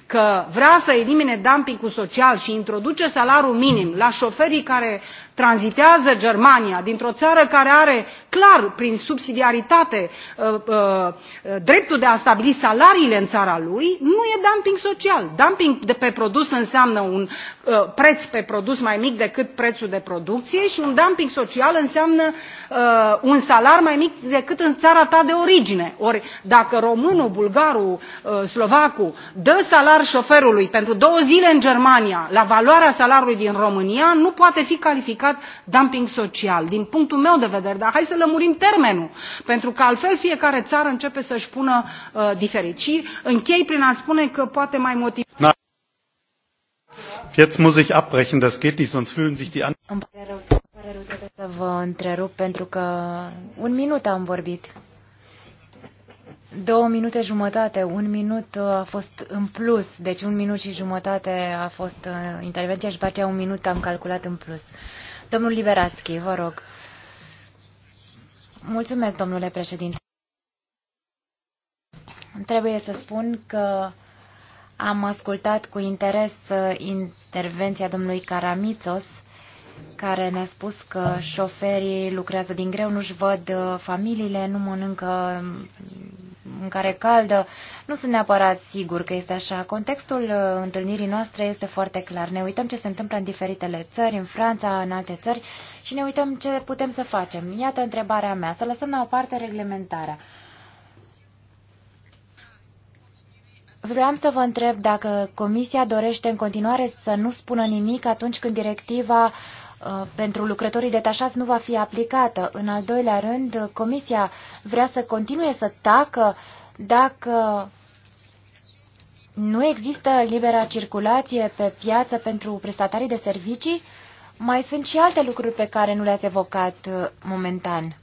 că vrea să elimine dumpingul social și introduce salariul minim la șoferii care tranzitează germania dintr o țară care are clar prin subsidiaritate uh, uh, dreptul de a stabili salariile în țara lui nu e dumping social. dumping pe produs înseamnă un uh, preț pe produs mai mic decât prețul de producție și un dumping social înseamnă un salariu mai mic decât în țara ta de origine. ori dacă românul bulgarul slovacul dă salariul șoferului pentru două zile în germania la valoarea salariului din românia nu poate fi calificat adevărat dumping social din punctul meu de vedere dar hai să lămurim termenul pentru că altfel fiecare țară începe să își pună uh, diferit. și închei prin a spune că poate mai motiv. Jetzt muss ich abbrechen, das geht nicht, sonst fühlen sich die anderen. pentru că un minut am vorbit. Două minute jumătate, un minut uh, a fost în plus, deci un minut și jumătate a fost uh, intervenția și după aceea un minut am calculat în plus. Domnul Liberațchi, vă rog. Mulțumesc, domnule președinte. Trebuie să spun că am ascultat cu interes uh, intervenția domnului Karamitsos, care ne-a spus că șoferii lucrează din greu, nu-și văd uh, familiile, nu mănâncă în care caldă, nu sunt neapărat sigur că este așa. Contextul uh, întâlnirii noastre este foarte clar. Ne uităm ce se întâmplă în diferitele țări, în Franța, în alte țări și ne uităm ce putem să facem. Iată întrebarea mea, să lăsăm la o parte reglementarea. Vreau să vă întreb dacă Comisia dorește în continuare să nu spună nimic atunci când directiva Uh, pentru lucrătorii detașați nu va fi aplicată. În al doilea rând, Comisia vrea să continue să tacă dacă nu există libera circulație pe piață pentru prestatarii de servicii. Mai sunt și alte lucruri pe care nu le-ați evocat uh, momentan.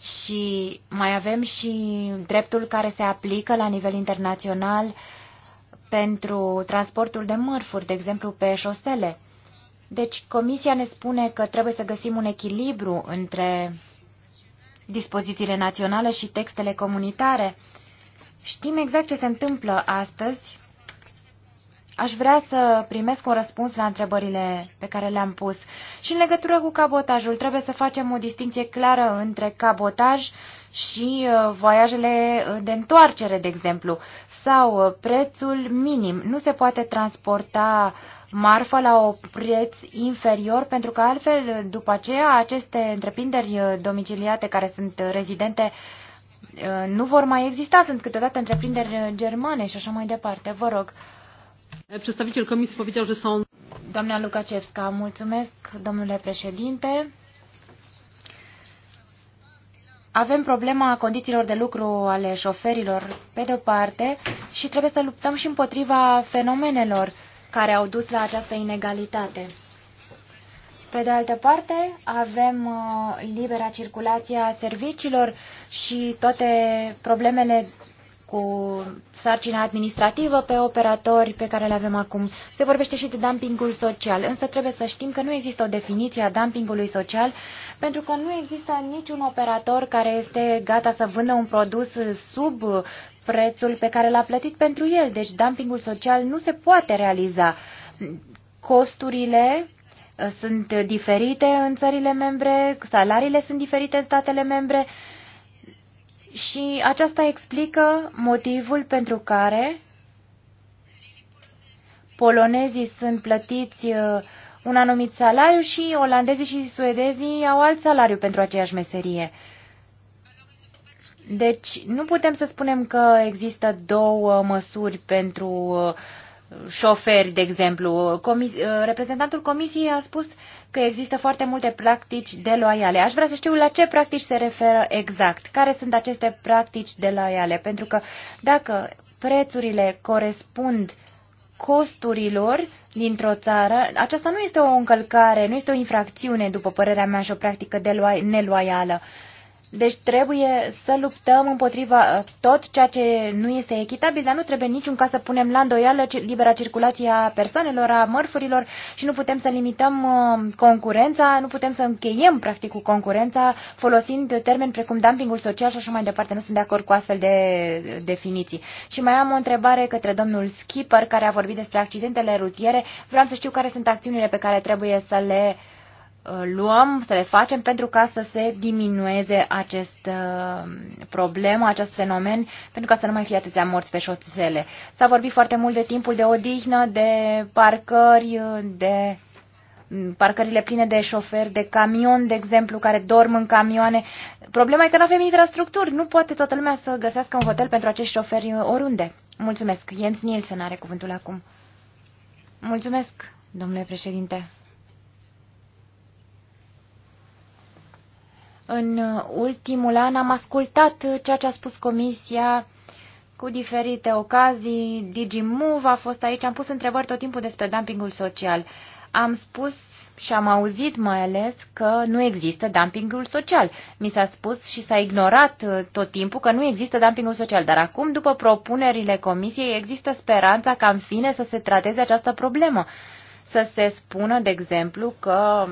Și mai avem și dreptul care se aplică la nivel internațional pentru transportul de mărfuri, de exemplu pe șosele. Deci Comisia ne spune că trebuie să găsim un echilibru între dispozițiile naționale și textele comunitare. Știm exact ce se întâmplă astăzi. Aș vrea să primesc un răspuns la întrebările pe care le-am pus. Și în legătură cu cabotajul, trebuie să facem o distinție clară între cabotaj și uh, voiajele de întoarcere, de exemplu sau uh, prețul minim. Nu se poate transporta marfa la o preț inferior, pentru că altfel, uh, după aceea, aceste întreprinderi uh, domiciliate care sunt rezidente nu vor mai exista. Sunt câteodată întreprinderi germane și așa mai departe. Vă rog. Doamna Lukacevska, mulțumesc, domnule președinte avem problema condițiilor de lucru ale șoferilor, pe de-o parte, și trebuie să luptăm și împotriva fenomenelor care au dus la această inegalitate. Pe de altă parte, avem uh, libera circulație a serviciilor și toate problemele cu sarcina administrativă pe operatori pe care le avem acum. Se vorbește și de dumpingul social, însă trebuie să știm că nu există o definiție a dumpingului social pentru că nu există niciun operator care este gata să vândă un produs sub prețul pe care l-a plătit pentru el. Deci dumpingul social nu se poate realiza. Costurile uh, sunt diferite în țările membre, salariile sunt diferite în statele membre, și aceasta explică motivul pentru care polonezii sunt plătiți uh, un anumit salariu și olandezii și suedezii au alt salariu pentru aceeași meserie. Deci nu putem să spunem că există două măsuri pentru uh, șoferi, de exemplu. Comis- uh, reprezentantul comisiei a spus că există foarte multe practici de loiale. Aș vrea să știu la ce practici se referă exact, care sunt aceste practici de loiale? pentru că dacă prețurile corespund costurilor dintr-o țară, aceasta nu este o încălcare, nu este o infracțiune, după părerea mea, și o practică deloai, neloială. Deci trebuie să luptăm împotriva uh, tot ceea ce nu este echitabil, dar nu trebuie niciun caz să punem la îndoială libera circulație a persoanelor, a mărfurilor și nu putem să limităm uh, concurența, nu putem să încheiem practic cu concurența folosind termeni precum dumpingul social și așa mai departe. Nu sunt de acord cu astfel de uh, definiții. Și mai am o întrebare către domnul Skipper care a vorbit despre accidentele rutiere. Vreau să știu care sunt acțiunile pe care trebuie să le uh, Uh, luăm, să le facem pentru ca să se diminueze acest uh, problemă, acest fenomen, pentru ca să nu mai fie atâția morți pe șoțele. S-a vorbit foarte mult de timpul de odihnă, de parcări, uh, de mm, parcările pline de șoferi, de camion, de exemplu, care dorm în camioane. Problema e că nu avem infrastructuri. Nu poate toată lumea să găsească un hotel pentru acești șoferi uh, oriunde. Mulțumesc. Jens Nielsen are cuvântul acum. Mulțumesc, domnule președinte. În ultimul an am ascultat ceea ce a spus Comisia cu diferite ocazii. DigiMove a fost aici, am pus întrebări tot timpul despre dumpingul social. Am spus și am auzit mai ales că nu există dumpingul social. Mi s-a spus și s-a ignorat tot timpul că nu există dumpingul social, dar acum, după propunerile comisiei, există speranța ca în fine să se trateze această problemă să se spună, de exemplu, că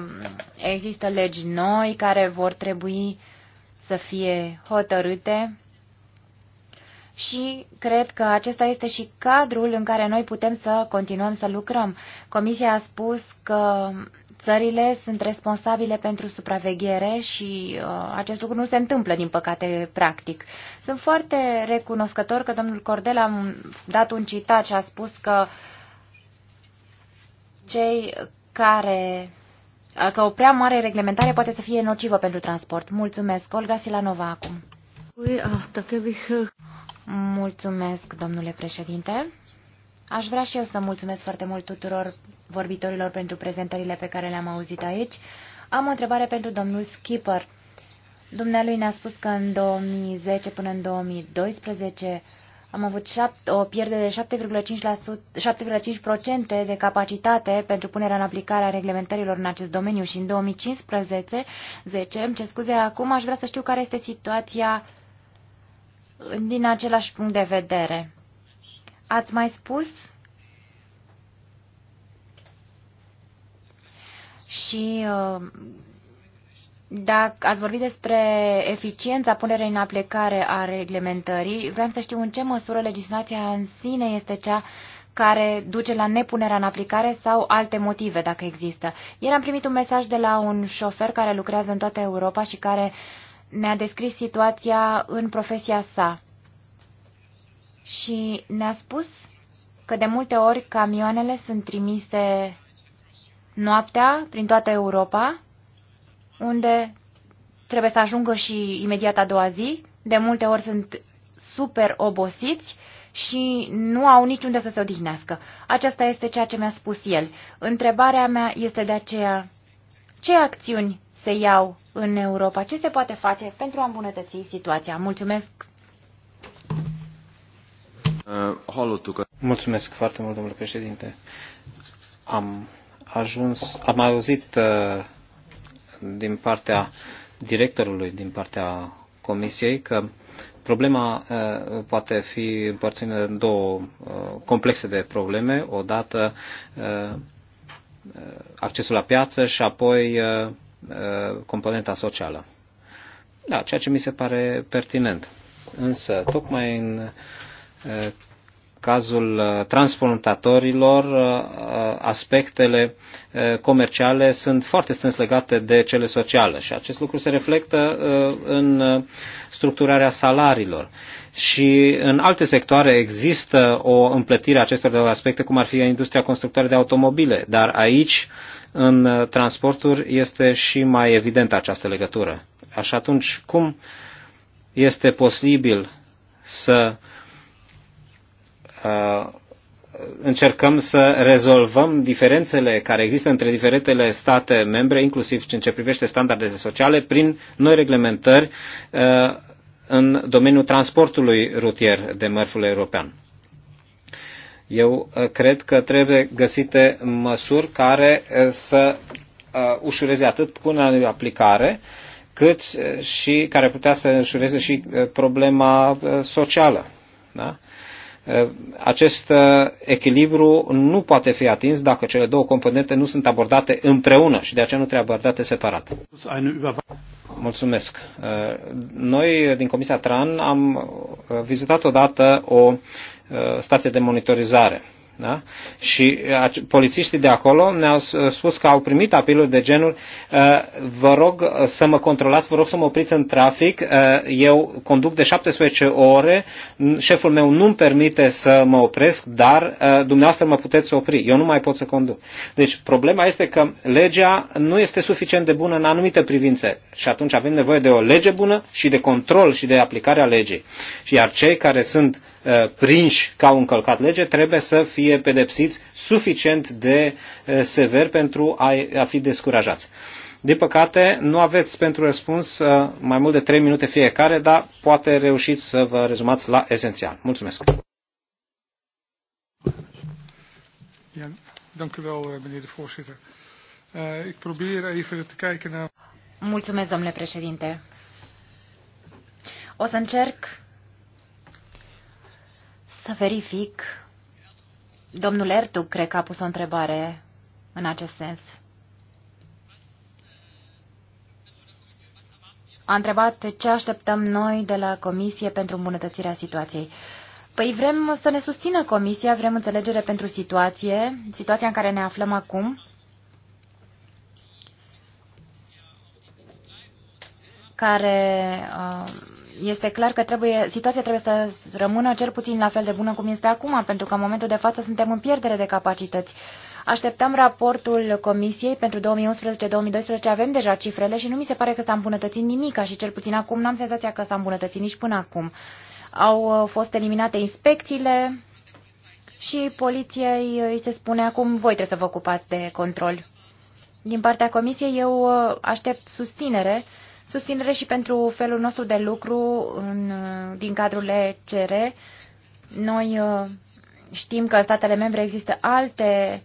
există legi noi care vor trebui să fie hotărâte și cred că acesta este și cadrul în care noi putem să continuăm să lucrăm. Comisia a spus că țările sunt responsabile pentru supraveghere și uh, acest lucru nu se întâmplă, din păcate, practic. Sunt foarte recunoscător că domnul Cordel a dat un citat și a spus că uh, cei care că o prea mare reglementare poate să fie nocivă pentru transport. Mulțumesc. Olga Silanova acum. Ah, mulțumesc, domnule președinte. Aș vrea și eu să mulțumesc foarte mult tuturor vorbitorilor pentru prezentările pe care le-am auzit aici. Am o întrebare pentru domnul Skipper. Dumnealui ne-a spus că în 2010 până în 2012 am avut șapt, o pierdere de 7,5% de capacitate pentru punerea în aplicare a reglementărilor în acest domeniu și în 2015, 10, îmi ce scuze, acum aș vrea să știu care este situația din același punct de vedere. Ați mai spus și uh, dacă ați vorbit despre eficiența punerii în aplicare a reglementării, vreau să știu în ce măsură legislația în sine este cea care duce la nepunerea în aplicare sau alte motive, dacă există. Ieri am primit un mesaj de la un șofer care lucrează în toată Europa și care ne-a descris situația în profesia sa. Și ne-a spus că de multe ori camioanele sunt trimise noaptea prin toată Europa unde trebuie să ajungă și imediat a doua zi. De multe ori sunt super obosiți și nu au niciunde să se odihnească. Aceasta este ceea ce mi-a spus el. Întrebarea mea este de aceea, ce acțiuni se iau în Europa? Ce se poate face pentru a îmbunătăți situația? Mulțumesc! Uh, Mulțumesc foarte mult, domnule președinte. Am ajuns, am auzit uh, din partea directorului, din partea comisiei, că problema uh, poate fi împărțită în două uh, complexe de probleme. Odată uh, accesul la piață și apoi componenta socială. Da, ceea ce mi se pare pertinent. Însă, tocmai în cazul uh, transplantatorilor, uh, uh, aspectele comerciale sunt foarte strâns legate de cele sociale și acest lucru se reflectă în structurarea salariilor. Și în alte sectoare există o împletire a acestor două aspecte, cum ar fi industria constructoare de automobile, dar aici, în transporturi, este și mai evidentă această legătură. Așa atunci, cum este posibil să uh, Uh, încercăm să rezolvăm diferențele care există între diferitele state membre, inclusiv în ce privește standardele sociale, prin noi reglementări uh, în domeniul transportului rutier de mărful european. Eu uh, cred că trebuie găsite măsuri care să ușureze atât până în aplicare, cât și care putea să ușureze și problema socială. Da? Eh, acest eh, echilibru nu poate fi atins dacă cele două componente nu sunt abordate împreună și de aceea nu trebuie abordate separat. Mulțumesc. Eh, noi din Comisia TRAN am vizitat odată o stație de monitorizare da? Și uh, polițiștii de acolo ne-au uh, spus că au primit apeluri de genul uh, vă rog să mă controlați, vă rog să mă opriți în trafic, eu conduc de 17 ore, șeful meu nu-mi permite să mă opresc, dar dumneavoastră mă puteți opri, eu nu mai pot să conduc. Deci problema este că legea nu este suficient de bună în anumite privințe și atunci avem nevoie de o lege bună și de control și de aplicarea legii. Iar cei care sunt Uh, prinși că au încălcat lege trebuie să fie pedepsiți suficient de uh, sever pentru a fi descurajați. Din păcate, nu aveți pentru răspuns uh, mai mult de 3 minute fiecare, dar poate reușiți să vă rezumați la esențial. Mulțumesc! Eh, eh, Mulțumesc, domnule președinte. O să încerc să verific. Domnul Ertug, cred că a pus o întrebare în acest sens. A întrebat ce așteptăm noi de la Comisie pentru îmbunătățirea situației. Păi vrem să ne susțină Comisia, vrem înțelegere pentru situație, situația în care ne aflăm acum. care uh, este clar că trebuie, situația trebuie să rămână cel puțin la fel de bună cum este acum, pentru că în momentul de față suntem în pierdere de capacități. Așteptăm raportul Comisiei pentru 2011-2012, avem deja cifrele și nu mi se pare că s-a îmbunătățit nimic, și cel puțin acum n-am senzația că s-a îmbunătățit nici până acum. Au uh, fost eliminate inspecțiile și poliției uh, îi se spune acum voi trebuie să vă ocupați de control. Din partea Comisiei eu uh, aștept susținere susținere și pentru felul nostru de lucru în, din cadrul ECR. Noi uh, știm că în statele membre există alte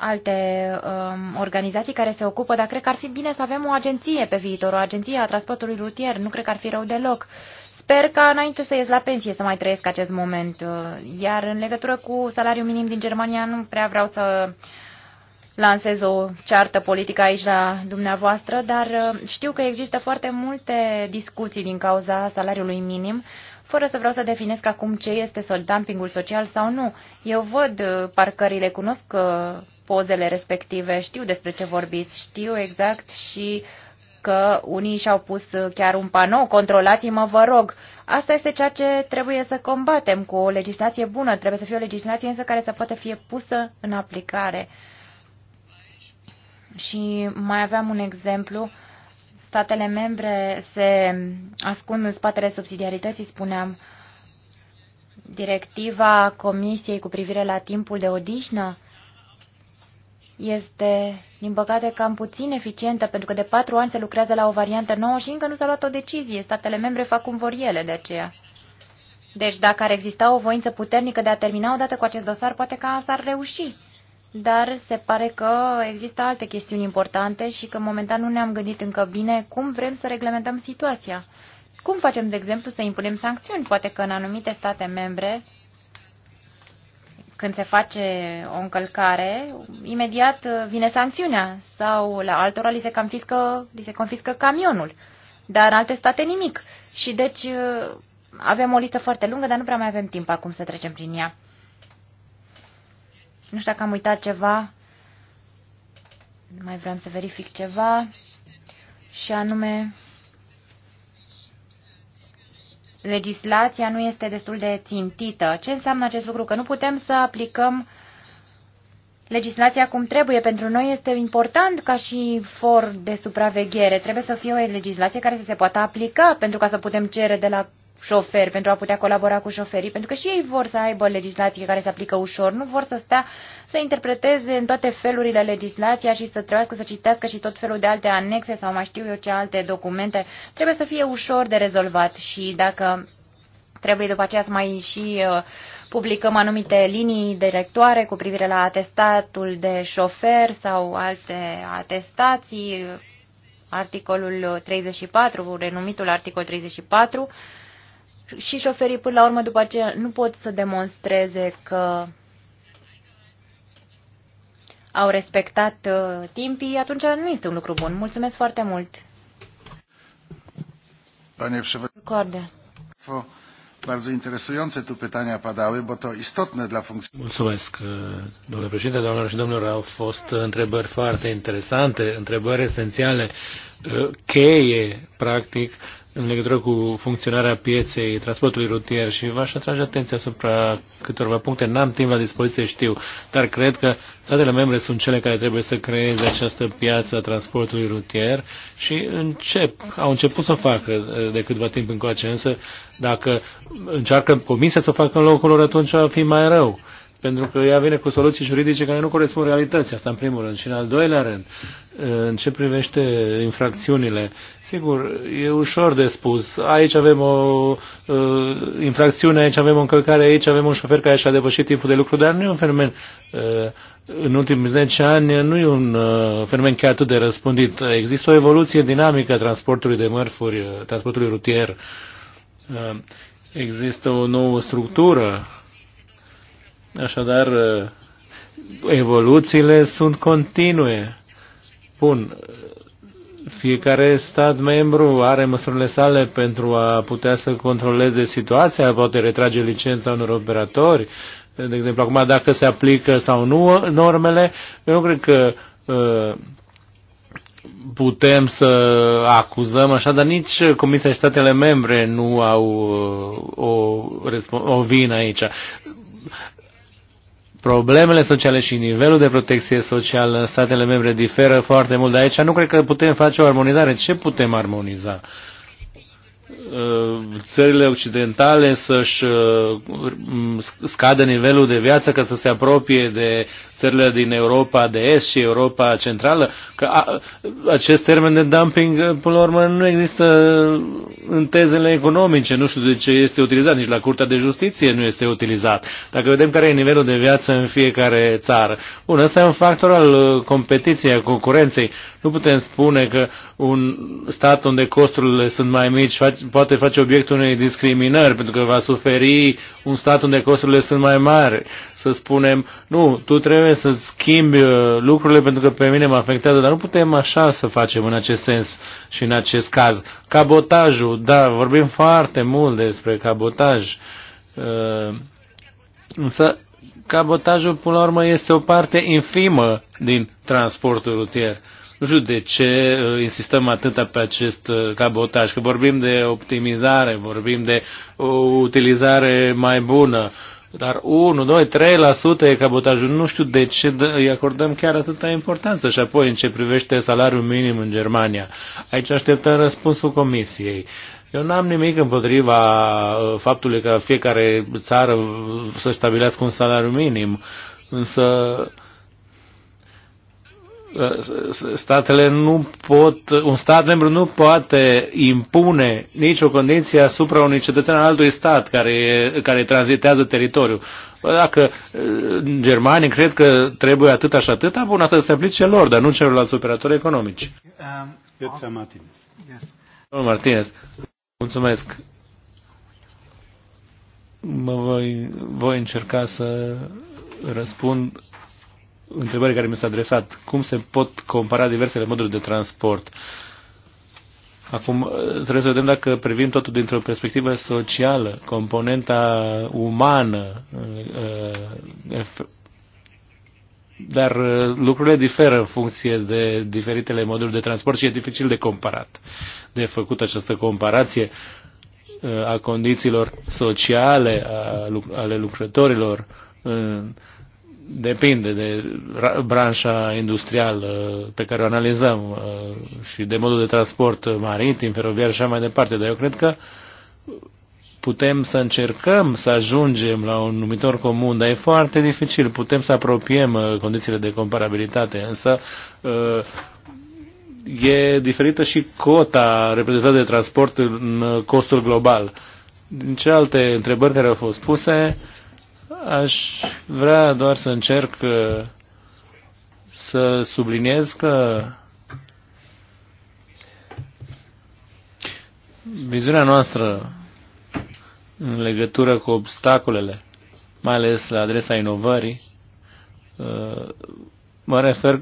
alte um, organizații care se ocupă, dar cred că ar fi bine să avem o agenție pe viitor, o agenție a transportului rutier. Nu cred că ar fi rău deloc. Sper că înainte să ies la pensie să mai trăiesc acest moment. Uh, iar în legătură cu salariul minim din Germania, nu prea vreau să uh, lansez o ceartă politică aici la dumneavoastră, dar uh, știu că există foarte multe discuții din cauza salariului minim, fără să vreau să definesc acum ce este dumpingul social sau nu. Eu văd uh, parcările, cunosc uh, pozele respective, știu despre ce vorbiți, știu exact și că unii și-au pus chiar un panou, controlați-mă, vă rog. Asta este ceea ce trebuie să combatem cu o legislație bună. Trebuie să fie o legislație însă care să poată fi pusă în aplicare. Și mai aveam un exemplu. Statele membre se ascund în spatele subsidiarității, spuneam. Directiva Comisiei cu privire la timpul de odihnă este, din păcate, cam puțin eficientă, pentru că de patru ani se lucrează la o variantă nouă și încă nu s-a luat o decizie. Statele membre fac cum vor ele de aceea. Deci, dacă ar exista o voință puternică de a termina odată cu acest dosar, poate că s-ar reuși dar se pare că există alte chestiuni importante și că momentan nu ne-am gândit încă bine cum vrem să reglementăm situația. Cum facem, de exemplu, să impunem sancțiuni? Poate că în anumite state membre, când se face o încălcare, imediat vine sancțiunea sau la altora li se confiscă, li se confiscă camionul, dar în alte state nimic. Și deci avem o listă foarte lungă, dar nu prea mai avem timp acum să trecem prin ea. Nu știu dacă am uitat ceva. Nu mai vreau să verific ceva. Și anume, legislația nu este destul de țintită. Ce înseamnă acest lucru? Că nu putem să aplicăm legislația cum trebuie. Pentru noi este important ca și for de supraveghere. Trebuie să fie o legislație care să se poată aplica pentru ca să putem cere de la șoferi, pentru a putea colabora cu șoferii, pentru că și ei vor să aibă legislație care se aplică ușor, nu vor să stea să interpreteze în toate felurile legislația și să trebuiască să citească și tot felul de alte anexe sau mai știu eu ce alte documente. Trebuie să fie ușor de rezolvat și dacă trebuie după aceea să mai și uh, publicăm anumite linii directoare cu privire la atestatul de șofer sau alte atestații, articolul 34, renumitul articol 34, și șoferii până la urmă după aceea nu pot să demonstreze că au respectat uh, timpii, atunci nu este un lucru bun. Mulțumesc foarte mult. tu Mulțumesc, domnule președinte, doamnelor și domnilor, au fost întrebări foarte interesante, întrebări esențiale, cheie, practic, în legătură cu funcționarea pieței transportului rutier și v-aș atrage atenția asupra câtorva puncte. N-am timp la dispoziție, știu, dar cred că statele membre sunt cele care trebuie să creeze această piață a transportului rutier și încep, au început să o facă de câtva timp încoace, însă dacă încearcă comisia să o facă în locul lor, atunci va fi mai rău pentru că ea vine cu soluții juridice care nu corespund realității, asta în primul rând. Și în al doilea rând, în ce privește infracțiunile, sigur, e ușor de spus. Aici avem o uh, infracțiune, aici avem o încălcare, aici avem un șofer care și-a depășit timpul de lucru, dar nu e un fenomen uh, în ultimii 10 ani nu e un uh, fenomen chiar atât de răspândit. Există o evoluție dinamică a transportului de mărfuri, uh, transportului rutier. Uh, există o nouă structură Așadar, uh, evoluțiile sunt continue. Bun, uh, fiecare stat membru are măsurile sale pentru a putea să controleze situația, poate retrage licența unor operatori, de exemplu, acum dacă se aplică sau nu normele, eu nu cred că uh, putem să acuzăm așa, dar nici Comisia și statele membre nu au o, o vină aici problemele sociale și nivelul de protecție socială în statele membre diferă foarte mult, De aici nu cred că putem face o armonizare. Ce putem armoniza? Uh, țările occidentale să-și uh, scadă nivelul de viață ca să se apropie de țările din Europa de Est și Europa Centrală, că a, acest termen de dumping, uh, până la urmă, nu există în tezele economice, nu știu de ce este utilizat, nici la Curtea de Justiție nu este utilizat. Dacă vedem care e nivelul de viață în fiecare țară. Bun, ăsta e un factor al competiției, a concurenței. Nu putem spune că un stat unde costurile sunt mai mici face poate face obiectul unei discriminări, pentru că va suferi un stat unde costurile sunt mai mari. Să spunem, nu, tu trebuie să schimbi uh, lucrurile pentru că pe mine mă afectează, dar nu putem așa să facem în acest sens și în acest caz. Cabotajul, da, vorbim foarte mult despre cabotaj. Uh, însă, cabotajul, până la urmă, este o parte infimă din transportul rutier. Nu știu de ce uh, insistăm atâta pe acest uh, cabotaj, că vorbim de optimizare, vorbim de o uh, utilizare mai bună, dar 1, 2, 3% e cabotajul. Nu știu de ce îi acordăm chiar atâta importanță. Și apoi, în ce privește salariul minim în Germania, aici așteptăm răspunsul Comisiei. Eu n-am nimic împotriva faptului că fiecare țară să stabilească un salariu minim, însă statele nu pot, un stat membru nu poate impune nicio condiție asupra unui cetățean al altui stat care, care tranzitează teritoriul. Dacă germanii cred că trebuie atât și atât, bun, asta se aplice lor, dar nu celorlalți operatori economici. Um, Petra Martinez. Domnul Martinez, mulțumesc. Mă voi, voi încerca să răspund întrebare care mi s-a adresat. Cum se pot compara diversele moduri de transport? Acum uh, trebuie să vedem dacă privim totul dintr-o perspectivă socială, componenta umană. Uh, uh, dar lucrurile diferă în funcție de diferitele moduri de transport și e dificil de comparat, de făcut această comparație a condițiilor sociale ale lucrătorilor în depinde de branșa industrială pe care o analizăm uh, și de modul de transport maritim, feroviar și așa mai departe, dar eu cred că putem să încercăm să ajungem la un numitor comun, dar e foarte dificil. Putem să apropiem uh, condițiile de comparabilitate, însă uh, e diferită și cota reprezentată de transport în costul global. Din ce alte întrebări care au fost puse, uh, Aș vrea doar să încerc uh, să subliniez că viziunea noastră în legătură cu obstacolele, mai ales la adresa inovării, uh, mă refer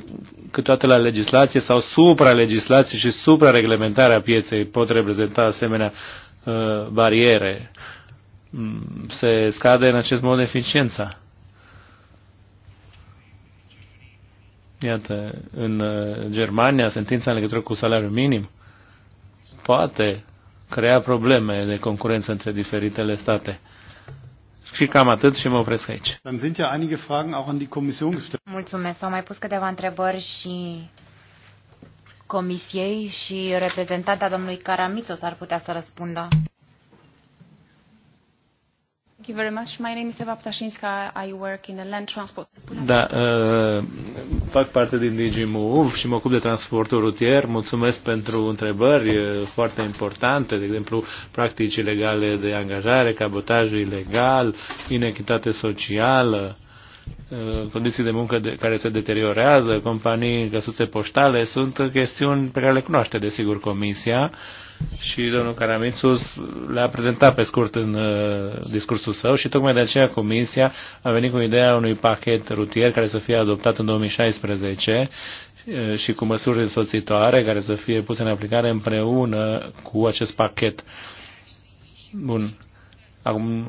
câteodată la legislație sau supra-legislație și supra-reglementarea pieței pot reprezenta asemenea uh, bariere Mm, se scade în acest mod eficiența. Iată, în uh, Germania, sentința în legătură cu salariul minim poate crea probleme de concurență între diferitele state. Și cam atât și mă opresc aici. Mulțumesc. S-au mai pus câteva întrebări și comisiei și reprezentanta domnului Karamitos ar putea să răspundă. Da, uh, fac parte din DigiMove și mă ocup de transportul rutier. Mulțumesc pentru întrebări uh, foarte importante, de exemplu, practici legale de angajare, cabotaj ilegal, inechitate socială Uh, condiții de muncă de, care se deteriorează, companii, căsuțe poștale, sunt chestiuni pe care le cunoaște, desigur, Comisia și domnul Caramitsu le-a prezentat pe scurt în uh, discursul său și tocmai de aceea Comisia a venit cu ideea unui pachet rutier care să fie adoptat în 2016 uh, și cu măsuri însoțitoare care să fie puse în aplicare împreună cu acest pachet. Bun. Acum,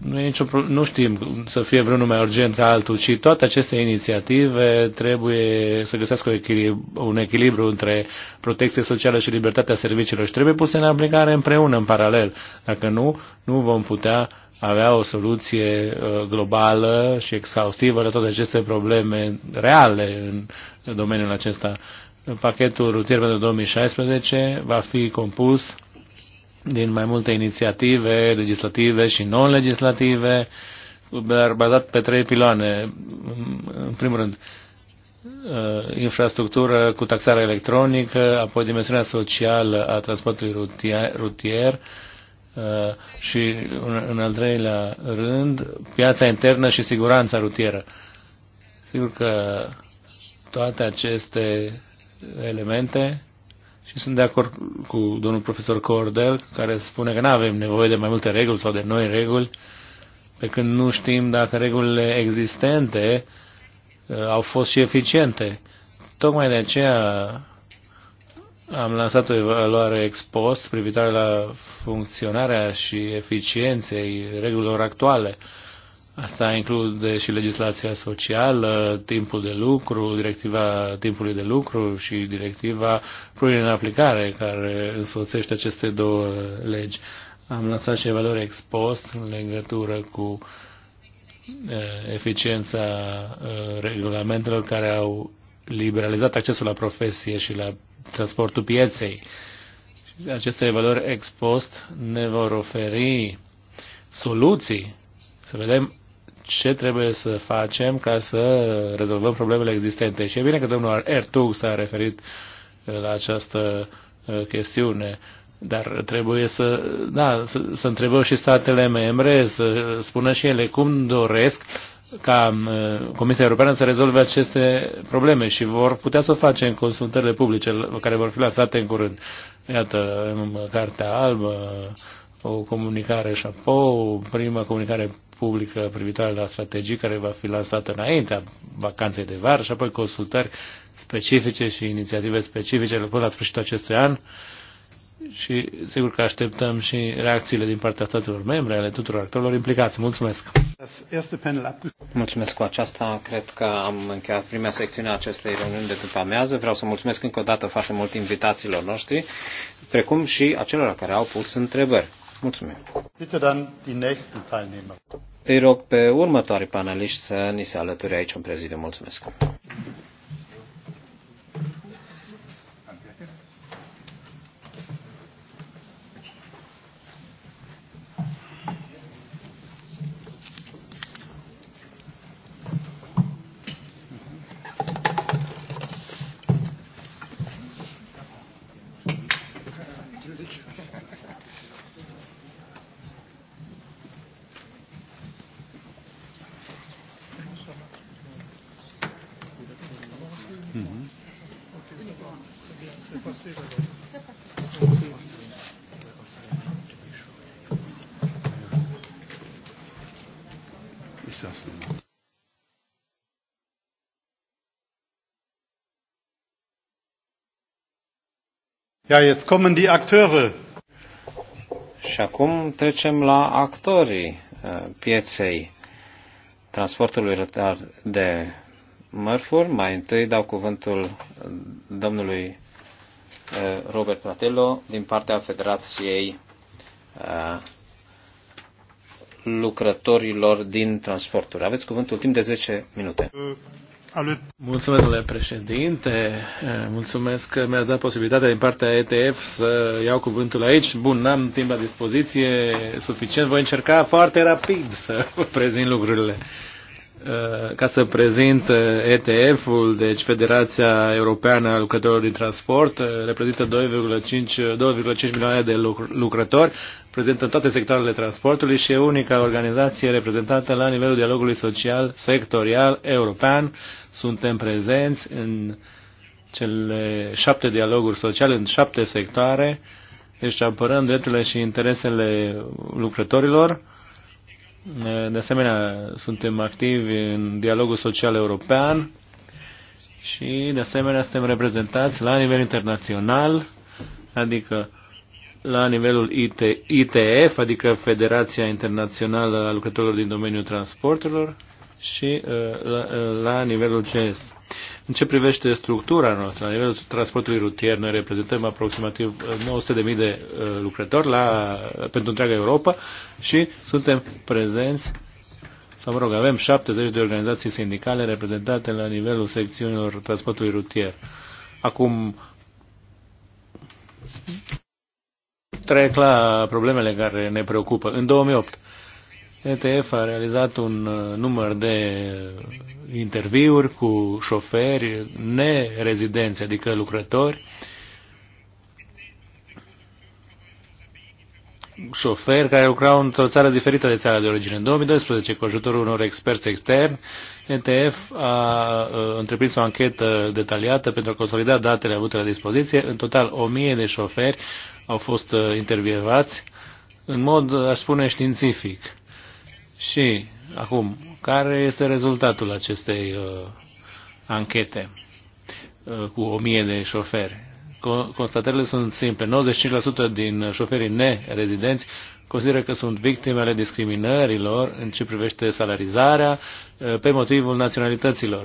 nu, e nicio, nu știm să fie vreunul mai urgent ca altul, ci toate aceste inițiative trebuie să găsească un echilibru, un echilibru între protecție socială și libertatea serviciilor și trebuie puse în aplicare împreună, în paralel. Dacă nu, nu vom putea avea o soluție uh, globală și exhaustivă la toate aceste probleme reale în domeniul acesta. Pachetul rutier pentru 2016 va fi compus din mai multe inițiative legislative și non-legislative, dar bazat pe trei piloane. În primul rând, uh, infrastructură cu taxare electronică, apoi dimensiunea socială a transportului rutier, rutier uh, și, în al treilea rând, piața internă și siguranța rutieră. Sigur că toate aceste elemente și sunt de acord cu domnul profesor Cordel, care spune că nu avem nevoie de mai multe reguli sau de noi reguli, pe când nu știm dacă regulile existente uh, au fost și eficiente. Tocmai de aceea am lansat o evaluare ex post privitoare la funcționarea și eficienței regulilor actuale. Asta include și legislația socială, timpul de lucru, directiva timpului de lucru și directiva punerii în aplicare care însoțește aceste două legi. Am lăsat și evaluări expost în legătură cu eficiența regulamentelor care au liberalizat accesul la profesie și la transportul pieței. Aceste evaluări expost ne vor oferi soluții să vedem ce trebuie să facem ca să rezolvăm problemele existente. Și e bine că domnul Ertug s-a referit uh, la această uh, chestiune. Dar trebuie să, da, să, să întrebăm și statele membre, să spună și ele cum doresc ca uh, Comisia Europeană să rezolve aceste probleme și vor putea să o facă în consultările publice care vor fi lansate în curând. Iată, în Cartea Albă, o comunicare și apoi o prima comunicare publică privitoare la strategii care va fi lansată înaintea vacanței de vară și apoi consultări specifice și inițiative specifice până la sfârșitul acestui an și sigur că așteptăm și reacțiile din partea statelor membre, ale tuturor actorilor implicați. Mulțumesc! Mulțumesc cu aceasta. Cred că am încheiat prima secțiune a acestei reuniuni de după amiază. Vreau să mulțumesc încă o dată foarte mult invitațiilor noștri, precum și acelora care au pus întrebări. Mulțumim. Îi rog pe următoarei paneliști să ni se alăture aici în prezidiu. Mulțumesc. Ja, jetzt kommen die Akteure. Și acum trecem la actorii uh, pieței transportului de mărfuri. Mai întâi dau cuvântul domnului uh, Robert Pratello din partea Federației uh, lucrătorilor din transporturi. Aveți cuvântul timp de 10 minute. Mulțumesc, domnule președinte. Mulțumesc că mi-a dat posibilitatea din partea ETF să iau cuvântul aici. Bun, n-am timp la dispoziție suficient. Voi încerca foarte rapid să vă prezint lucrurile. Uh, ca să prezint uh, ETF-ul, deci Federația Europeană a Lucrătorilor din Transport, uh, reprezintă 2,5 milioane de lucrători, prezentă toate sectoarele transportului și e unica organizație reprezentată la nivelul dialogului social sectorial european. Suntem prezenți în cele șapte dialoguri sociale, în șapte sectoare, deci apărăm drepturile și interesele lucrătorilor de asemenea, suntem activi în dialogul social european și, de asemenea, suntem reprezentați la nivel internațional, adică la nivelul IT, ITF, adică Federația Internațională a Lucrătorilor din Domeniul Transporturilor și uh, la, uh, la nivelul CES. În ce privește structura noastră, la nivelul transportului rutier, noi reprezentăm aproximativ 900.000 uh, de uh, lucrători la, pentru întreaga Europa și suntem prezenți sau mă rog, avem 70 de organizații sindicale reprezentate la nivelul secțiunilor transportului rutier. Acum trec la problemele care ne preocupă. În 2008 ETF a realizat un uh, număr de uh, interviuri cu șoferi nerezidenți, adică lucrători, șoferi care lucrau într-o țară diferită de țara de origine. În 2012, cu ajutorul unor experți externi, ETF a uh, întreprins o anchetă detaliată pentru a consolida datele avute la dispoziție. În total, 1000 de șoferi au fost intervievați în mod, aș spune, științific. Și acum, care este rezultatul acestei uh, anchete uh, cu o mie de șoferi? constatările sunt simple. 95% din șoferii nerezidenți consideră că sunt victime ale discriminărilor în ce privește salarizarea eh, pe motivul naționalităților.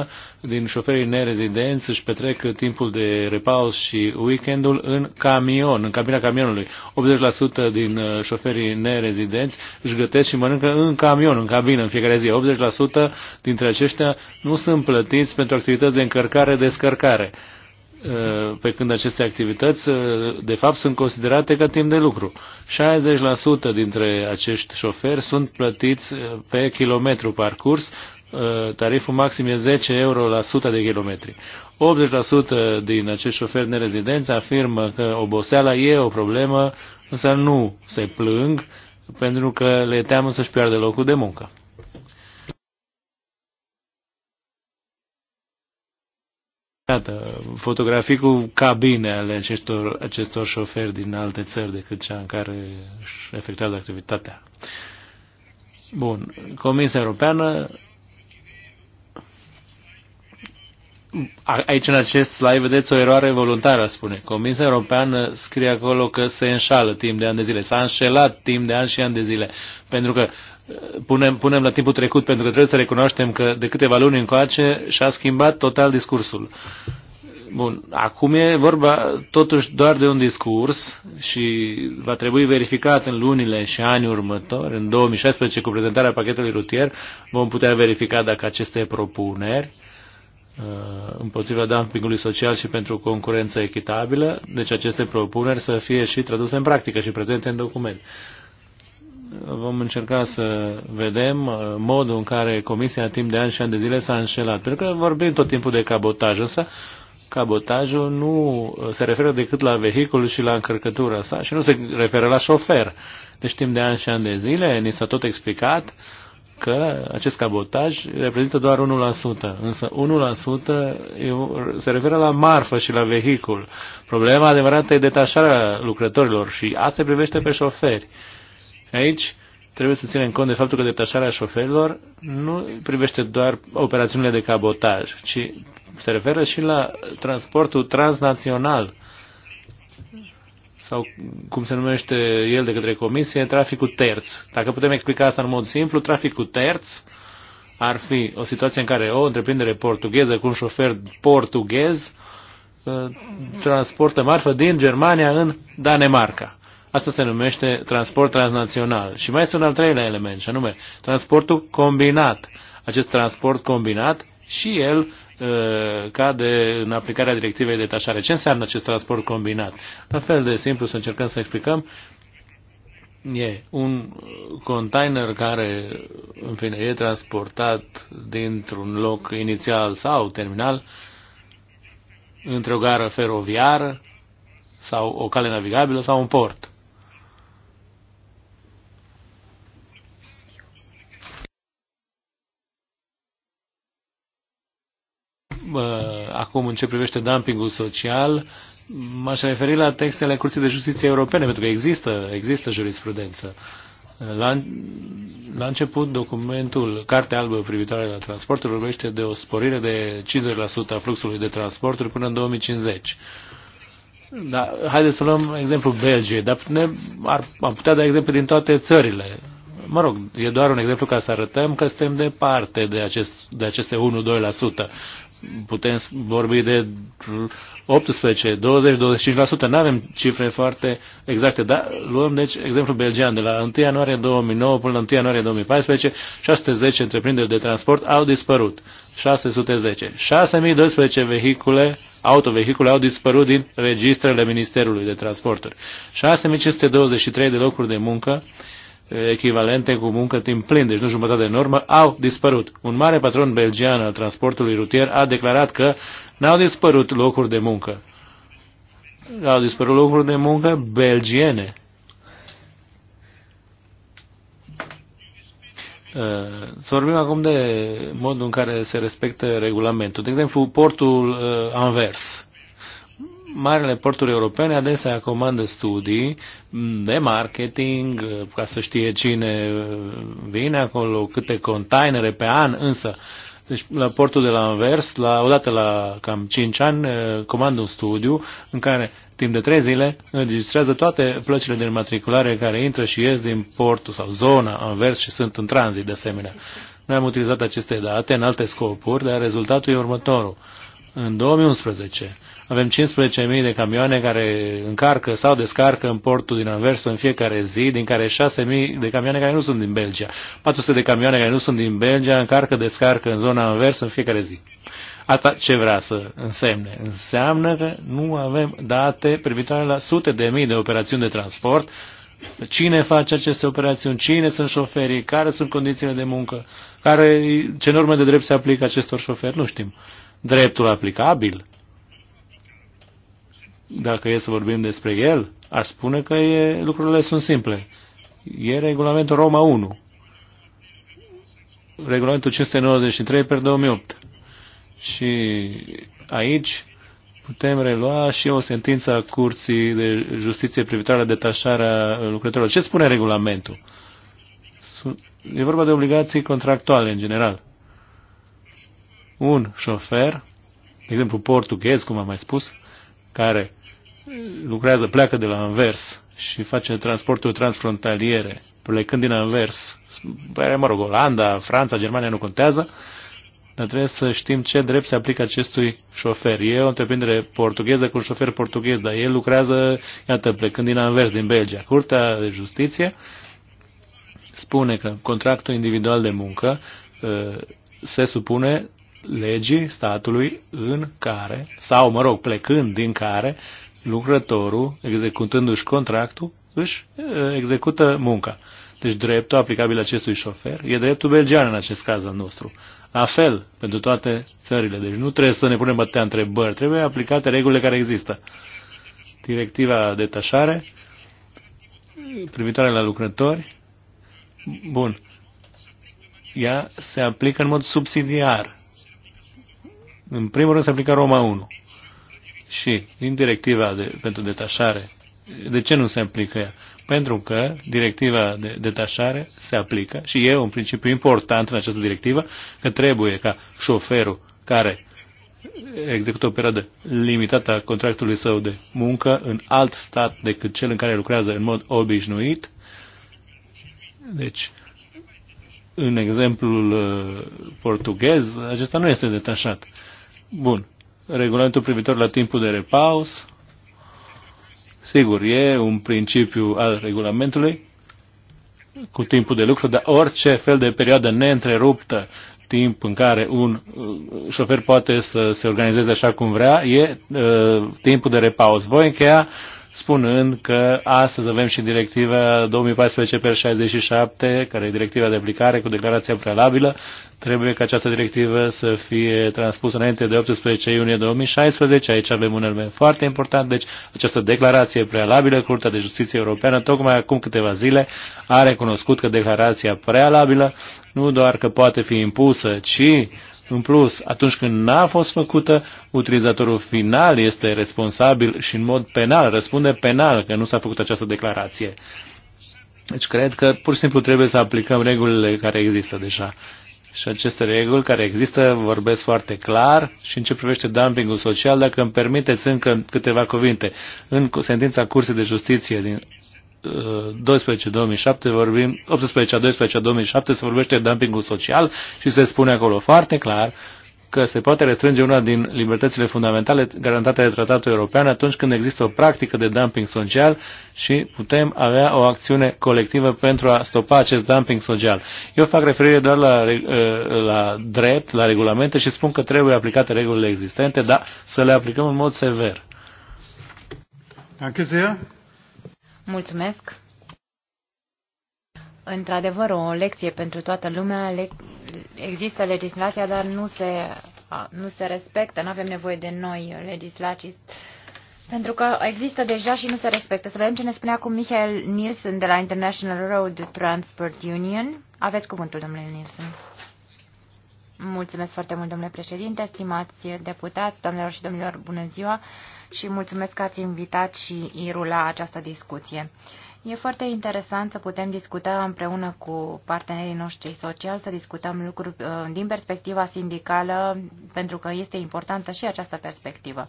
95% din șoferii nerezidenți își petrec timpul de repaus și weekendul în camion, în cabina camionului. 80% din eh, șoferii nerezidenți își gătesc și mănâncă în camion, în cabină, în fiecare zi. 80% dintre aceștia nu sunt plătiți pentru activități de încărcare-descărcare. Uh, pe când aceste activități, uh, de fapt, sunt considerate ca timp de lucru. 60% dintre acești șoferi sunt plătiți uh, pe kilometru parcurs, tariful maxim e 10 euro la 100 de kilometri. 80% din acești șoferi nerezidenți afirmă că oboseala e o problemă, însă nu se plâng pentru că le teamă să-și piardă locul de muncă. Iată, fotografii cu cabine ale acestor, acestor șoferi din alte țări decât cea în care își efectuează activitatea. Bun. Comisia Europeană aici în acest slide vedeți o eroare voluntară, spune. Comisia Europeană scrie acolo că se înșală timp de ani de zile. S-a înșelat timp de ani și ani de zile. Pentru că punem, punem la timpul trecut, pentru că trebuie să recunoaștem că de câteva luni încoace și-a schimbat total discursul. Bun, acum e vorba totuși doar de un discurs și va trebui verificat în lunile și anii următori, în 2016 cu prezentarea pachetului rutier, vom putea verifica dacă aceste propuneri uh, împotriva dumpingului social și pentru concurență echitabilă, deci aceste propuneri să fie și traduse în practică și prezente în document vom încerca să vedem uh, modul în care Comisia timp de ani și ani de zile s-a înșelat. Pentru că vorbim tot timpul de cabotaj, însă cabotajul nu uh, se referă decât la vehicul și la încărcătura sa și nu se referă la șofer. Deci timp de ani și ani de zile ni s-a tot explicat că acest cabotaj reprezintă doar 1%, însă 1% se referă la marfă și la vehicul. Problema adevărată e detașarea lucrătorilor și asta privește pe șoferi. Aici trebuie să ținem cont de faptul că detașarea șoferilor nu privește doar operațiunile de cabotaj, ci se referă și la transportul transnațional sau cum se numește el de către comisie, traficul terț. Dacă putem explica asta în mod simplu, traficul terț ar fi o situație în care o întreprindere portugheză cu un șofer portughez uh, transportă marfă din Germania în Danemarca. Asta se numește transport transnațional. Și mai este un al treilea element, și anume transportul combinat. Acest transport combinat și el uh, cade în aplicarea directivei de detașare. Ce înseamnă acest transport combinat? La fel de simplu să încercăm să explicăm. E un container care, în fine, e transportat dintr-un loc inițial sau terminal într-o gară feroviară sau o cale navigabilă sau un port. acum în ce privește dumpingul social, m-aș referi la textele Curții de Justiție Europene, pentru că există, există jurisprudență. La, la început, documentul Cartea Albă privitoare la transporturi vorbește de o sporire de 50% a fluxului de transporturi până în 2050. Da, haideți să luăm exemplu Belgiei, dar ne, ar, am putea da exemple din toate țările Mă rog, e doar un exemplu ca să arătăm că suntem departe de, acest, de aceste 1-2%. Putem vorbi de 18, 20, 25%. Nu avem cifre foarte exacte, dar luăm deci exemplu belgean. De la 1 ianuarie 2009 până la 1 ianuarie 2014, 610 întreprinderi de transport au dispărut. 610. 6012 vehicule autovehicule au dispărut din registrele Ministerului de Transporturi. 6523 de locuri de muncă echivalente cu muncă timp plin, deci nu jumătate de normă, au dispărut. Un mare patron belgian al transportului rutier a declarat că n-au dispărut locuri de muncă. Au dispărut locuri de muncă belgiene. Uh, să vorbim acum de modul în care se respectă regulamentul. De exemplu, portul uh, Anvers Marele porturi europene adesea comandă studii de marketing, ca să știe cine vine acolo, câte containere pe an, însă deci la portul de la Anvers, la, odată la cam 5 ani, eh, comandă un studiu în care timp de 3 zile înregistrează toate plăcile de înmatriculare care intră și ies din portul sau zona Anvers și sunt în tranzit de asemenea. Noi am utilizat aceste date în alte scopuri, dar rezultatul e următorul. În 2011, avem 15.000 de camioane care încarcă sau descarcă în portul din Anvers în fiecare zi, din care 6.000 de camioane care nu sunt din Belgia. 400 de camioane care nu sunt din Belgia încarcă, descarcă în zona Anvers în fiecare zi. Asta ce vrea să însemne? Înseamnă că nu avem date privitoare la sute de mii de operațiuni de transport. Cine face aceste operațiuni? Cine sunt șoferii? Care sunt condițiile de muncă? Care, ce norme de drept se aplică acestor șoferi? Nu știm. Dreptul aplicabil? dacă e să vorbim despre el, aș spune că e, lucrurile sunt simple. E regulamentul Roma 1, regulamentul 593 per 2008. Și aici putem relua și o sentință a Curții de Justiție privitoare la detașarea lucrătorilor. Ce spune regulamentul? E vorba de obligații contractuale în general. Un șofer, de exemplu portughez, cum am mai spus, care lucrează, pleacă de la Anvers și face transportul transfrontaliere, plecând din Anvers, mă rog, Olanda, Franța, Germania nu contează, dar trebuie să știm ce drept se aplică acestui șofer. E o întreprindere portugheză cu un șofer portughez, dar el lucrează, iată, plecând din Anvers, din Belgia. Curtea de Justiție spune că contractul individual de muncă uh, se supune legii statului în care, sau mă rog, plecând din care, lucrătorul, executându-și contractul, își execută munca. Deci dreptul aplicabil acestui șofer e dreptul belgian în acest caz al nostru. La fel pentru toate țările. Deci nu trebuie să ne punem bătea întrebări, trebuie aplicate regulile care există. Directiva detașare, privitoare la lucrători, bun, ea se aplică în mod subsidiar. În primul rând se aplică Roma 1 și din directiva de, pentru detașare. De ce nu se aplică ea? Pentru că directiva de detașare se aplică și e un principiu important în această directivă că trebuie ca șoferul care execută o perioadă limitată a contractului său de muncă în alt stat decât cel în care lucrează în mod obișnuit. Deci, în exemplul uh, portughez, acesta nu este detașat. Bun. Regulamentul privitor la timpul de repaus. Sigur, e un principiu al regulamentului cu timpul de lucru, dar orice fel de perioadă neîntreruptă, timp în care un uh, șofer poate să se organizeze așa cum vrea, e uh, timpul de repaus. Voi încheia spunând că astăzi avem și directiva 2014 67, care e directiva de aplicare cu declarația prealabilă. Trebuie ca această directivă să fie transpusă înainte de 18 iunie 2016. Aici avem un element foarte important. Deci această declarație prealabilă, Curtea de Justiție Europeană, tocmai acum câteva zile, a recunoscut că declarația prealabilă nu doar că poate fi impusă, ci în plus, atunci când n-a fost făcută, utilizatorul final este responsabil și în mod penal, răspunde penal că nu s-a făcut această declarație. Deci cred că pur și simplu trebuie să aplicăm regulile care există deja. Și aceste reguli care există vorbesc foarte clar și în ce privește dumpingul social, dacă îmi permiteți încă câteva cuvinte. În sentința cursii de Justiție din 12-2007 vorbim, 18-12-2007 se vorbește de dumpingul social și se spune acolo foarte clar că se poate restrânge una din libertățile fundamentale garantate de tratatul european atunci când există o practică de dumping social și putem avea o acțiune colectivă pentru a stopa acest dumping social. Eu fac referire doar la, uh, la drept, la regulamente și spun că trebuie aplicate regulile existente, dar să le aplicăm în mod sever. Danke sehr. Mulțumesc! Într-adevăr, o lecție pentru toată lumea. Le există legislația, dar nu se, nu se respectă. Nu avem nevoie de noi legislații. Pentru că există deja și nu se respectă. Să vedem ce ne spune acum Michael Nielsen de la International Road Transport Union. Aveți cuvântul, domnule Nielsen. Mulțumesc foarte mult, domnule președinte, stimați deputați, domnilor și domnilor, bună ziua și mulțumesc că ați invitat și Iru la această discuție. E foarte interesant să putem discuta împreună cu partenerii noștri sociali, să discutăm lucruri uh, din perspectiva sindicală, pentru că este importantă și această perspectivă.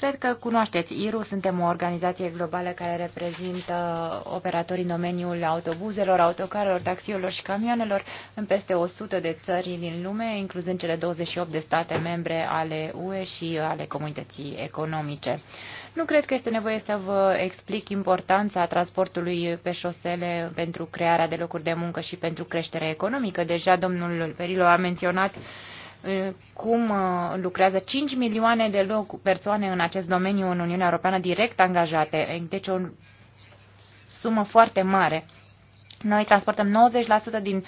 Cred că cunoașteți IRU, suntem o organizație globală care reprezintă operatorii în domeniul autobuzelor, autocarelor, taxiurilor și camioanelor în peste 100 de țări din lume, incluzând cele 28 de state membre ale UE și ale comunității economice. Nu cred că este nevoie să vă explic importanța transportului pe șosele pentru crearea de locuri de muncă și pentru creșterea economică. Deja domnul Perilo a menționat uh, cum lucrează 5 milioane de loc, persoane în acest domeniu în Uniunea Europeană direct angajate, deci o sumă foarte mare. Noi transportăm 90% din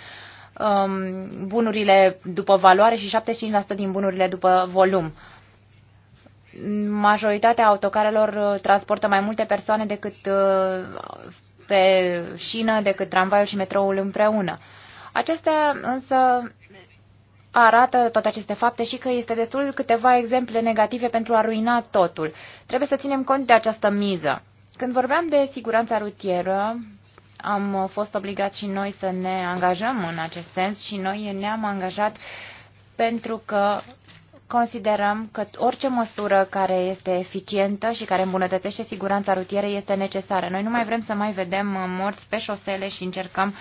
um, bunurile după valoare și 75% din bunurile după volum. Majoritatea autocarelor uh, transportă mai multe persoane decât uh, pe șină, decât tramvaiul și metroul împreună. Acestea însă arată toate aceste fapte și că este destul câteva exemple negative pentru a ruina totul. Trebuie să ținem cont de această miză. Când vorbeam de siguranța rutieră, am fost obligați și noi să ne angajăm în acest sens și noi ne-am angajat pentru că considerăm că orice măsură care este eficientă și care îmbunătățește siguranța rutieră este necesară. Noi nu mai vrem să mai vedem morți pe șosele și încercăm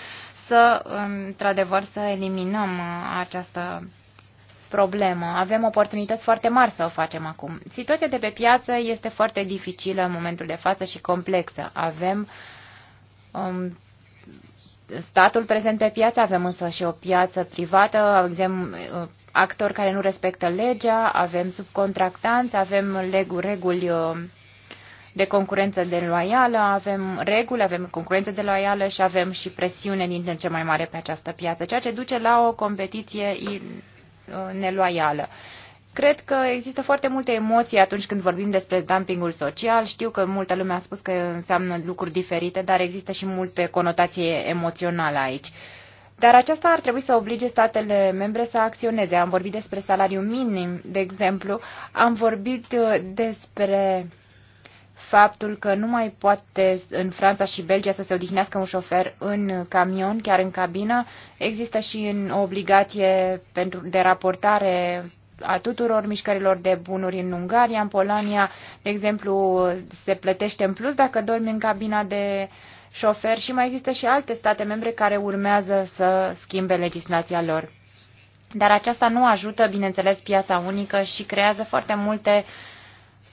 să, într-adevăr, să eliminăm uh, această problemă. Avem oportunități foarte mari să o facem acum. Situația de pe piață este foarte dificilă în momentul de față și complexă. Avem um, statul prezent pe piață, avem însă și o piață privată, avem uh, actori care nu respectă legea, avem subcontractanți, avem reguli uh, de concurență loială avem reguli, avem concurență loială și avem și presiune din ce ce mai mare pe această piață, ceea ce duce la o competiție uh, neloială. Cred că există foarte multe emoții atunci când vorbim despre dumpingul social. Știu că multă lume a spus că înseamnă lucruri diferite, dar există și multe conotații emoționale aici. Dar aceasta ar trebui să oblige statele membre să acționeze. Am vorbit despre salariu minim, de exemplu, am vorbit uh, despre uh, faptul că nu mai poate în Franța și Belgia să se odihnească un șofer în camion, chiar în cabină. Există și în o obligație pentru, de raportare a tuturor mișcărilor de bunuri în Ungaria, în Polonia, de exemplu, se plătește în plus dacă dormi în cabina de șofer și mai există și alte state membre care urmează să schimbe legislația lor. Dar aceasta nu ajută, bineînțeles, piața unică și creează foarte multe uh,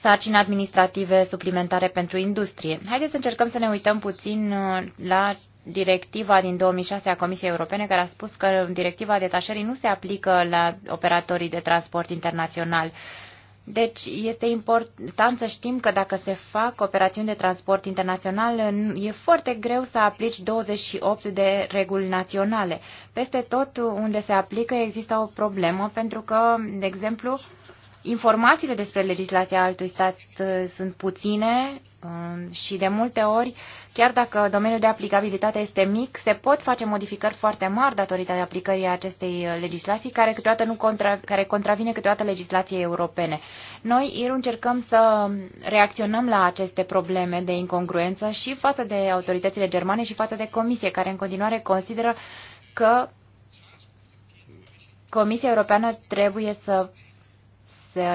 sarcini administrative suplimentare pentru industrie. Haideți să încercăm să ne uităm puțin uh, la directiva din 2006 a Comisiei Europene, care a spus că directiva detașării nu se aplică la operatorii de transport internațional. Deci este important să știm că dacă se fac operațiuni de transport internațional, e foarte greu să aplici 28 de reguli naționale. Peste tot unde se aplică există o problemă pentru că, de exemplu, informațiile despre legislația altui stat uh, sunt puține um, și de multe ori, chiar dacă domeniul de aplicabilitate este mic, se pot face modificări foarte mari datorită aplicării acestei uh, legislații, care, câteodată nu contra, care contravine câteodată legislației europene. Noi încercăm să reacționăm la aceste probleme de incongruență și față de autoritățile germane și față de comisie, care în continuare consideră că Comisia Europeană trebuie să se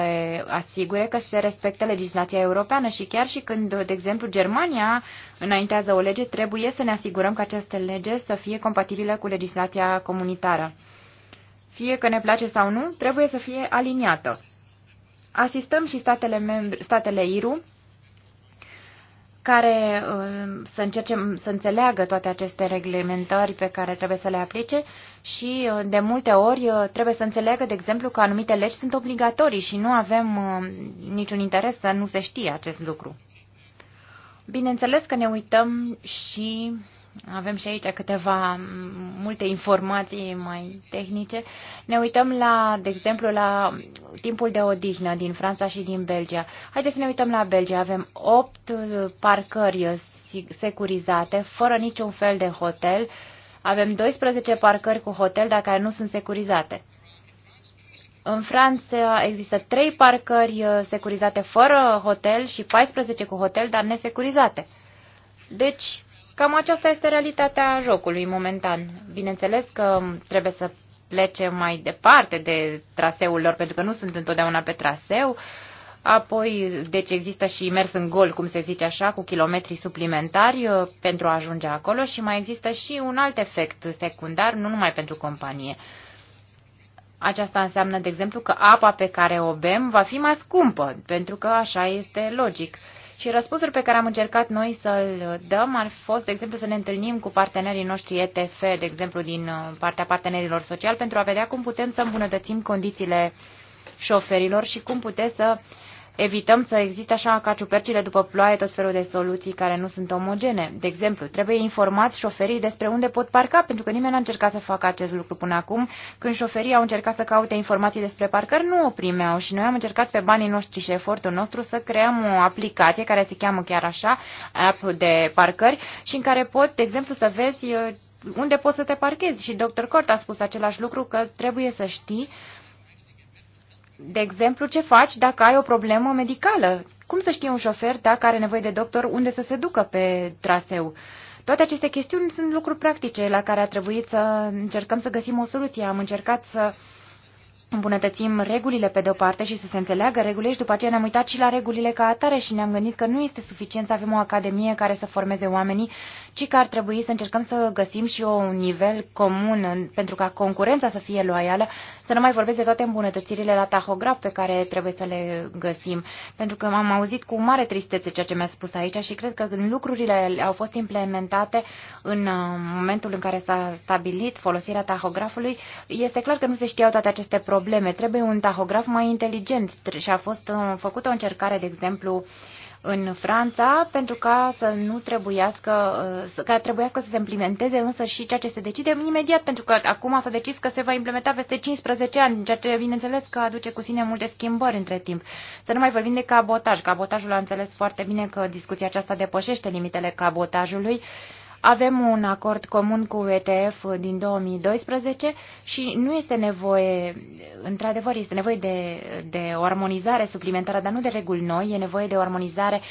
asigure că se respectă legislația europeană și chiar și când, de exemplu, Germania înaintează o lege, trebuie să ne asigurăm că această lege să fie compatibilă cu legislația comunitară. Fie că ne place sau nu, trebuie să fie aliniată. Asistăm și statele, membre, statele IRU care uh, să încerce să înțeleagă toate aceste reglementări pe care trebuie să le aplice și uh, de multe ori uh, trebuie să înțeleagă, de exemplu, că anumite legi sunt obligatorii și nu avem niciun interes să nu se știe acest lucru. Bineînțeles că ne uităm și avem și aici câteva multe informații mai tehnice. Ne uităm la, de exemplu, la timpul de odihnă din Franța și din Belgia. Haideți să ne uităm la Belgia. Avem 8 uh, parcări uh, securizate, fără niciun fel de hotel. Avem 12 parcări cu hotel, dar care nu sunt securizate. În Franța există 3 parcări uh, securizate fără hotel și 14 cu hotel, dar nesecurizate. Deci, Cam aceasta este realitatea jocului momentan. Bineînțeles că trebuie să plece mai departe de traseul lor, pentru că nu sunt întotdeauna pe traseu. Apoi, deci există și mers în gol, cum se zice așa, cu kilometri suplimentari uh, pentru a ajunge acolo și mai există și un alt efect secundar, nu numai pentru companie. Aceasta înseamnă, de exemplu, că apa pe care o bem va fi mai scumpă, pentru că așa este logic. Și răspunsul pe care am încercat noi să-l dăm ar fost, de exemplu, să ne întâlnim cu partenerii noștri ETF, de exemplu, din uh, partea partenerilor sociali, pentru a vedea cum putem să îmbunătățim condițiile șoferilor și cum putem să uh, evităm să existe așa ca ciupercile după ploaie tot felul de soluții care nu sunt omogene. De exemplu, trebuie informați șoferii despre unde pot parca, pentru că nimeni n-a încercat să facă acest lucru până acum. Când șoferii au încercat să caute informații despre parcări, nu o primeau și noi am încercat pe banii noștri și efortul nostru să creăm o aplicație care se cheamă chiar așa, app de parcări, și în care poți, de exemplu, să vezi uh, unde poți să te parchezi. Și dr. Cort a spus același lucru că trebuie să știi de exemplu, ce faci dacă ai o problemă medicală? Cum să știe un șofer dacă are nevoie de doctor unde să se ducă pe traseu? Toate aceste chestiuni sunt lucruri practice la care a trebuit să încercăm să găsim o soluție. Am încercat să uh, îmbunătățim regulile pe de-o parte și să se înțeleagă regulile și după aceea ne-am uitat și la regulile ca atare și ne-am gândit că nu este suficient să avem o academie care să formeze oamenii, ci că ar trebui să încercăm să găsim și un nivel comun pentru ca concurența să fie loială, să nu mai vorbesc de toate îmbunătățirile la tahograf pe care trebuie să le găsim. Pentru că am auzit cu mare tristețe ceea ce mi-a spus aici și cred că când lucrurile au fost implementate în uh, momentul în care s-a stabilit folosirea tahografului, este clar că nu se știau toate aceste probleme. Trebuie un tahograf mai inteligent și a fost uh, făcută o încercare, de exemplu, în Franța pentru ca să nu trebuiască, uh, ca trebuiască să se implementeze însă și ceea ce se decide imediat, pentru că acum s-a decis că se va implementa peste 15 ani, ceea ce bineînțeles că aduce cu sine multe schimbări între timp. Să nu mai vorbim de cabotaj. Cabotajul a înțeles foarte bine că discuția aceasta depășește limitele cabotajului. Avem un acord comun cu ETF din 2012 și nu este nevoie, într-adevăr, este nevoie de, de o armonizare suplimentară, dar nu de reguli noi, e nevoie de o armonizare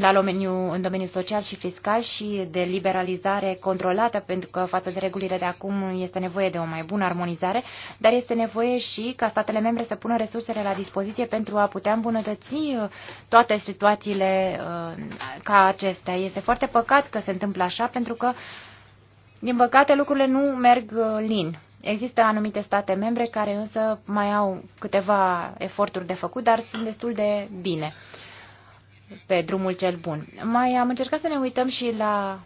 la domeniu, în domeniul social și fiscal și de liberalizare controlată, pentru că față de regulile de acum este nevoie de o mai bună armonizare, dar este nevoie și ca statele membre să pună resursele la dispoziție pentru a putea îmbunătăți uh, toate situațiile uh, ca acestea. Este foarte păcat că se întâmplă așa, pentru că, din păcate, lucrurile nu merg uh, lin. Există anumite state membre care însă mai au câteva eforturi de făcut, dar sunt destul de bine pe drumul cel bun. Mai am încercat să ne uităm și la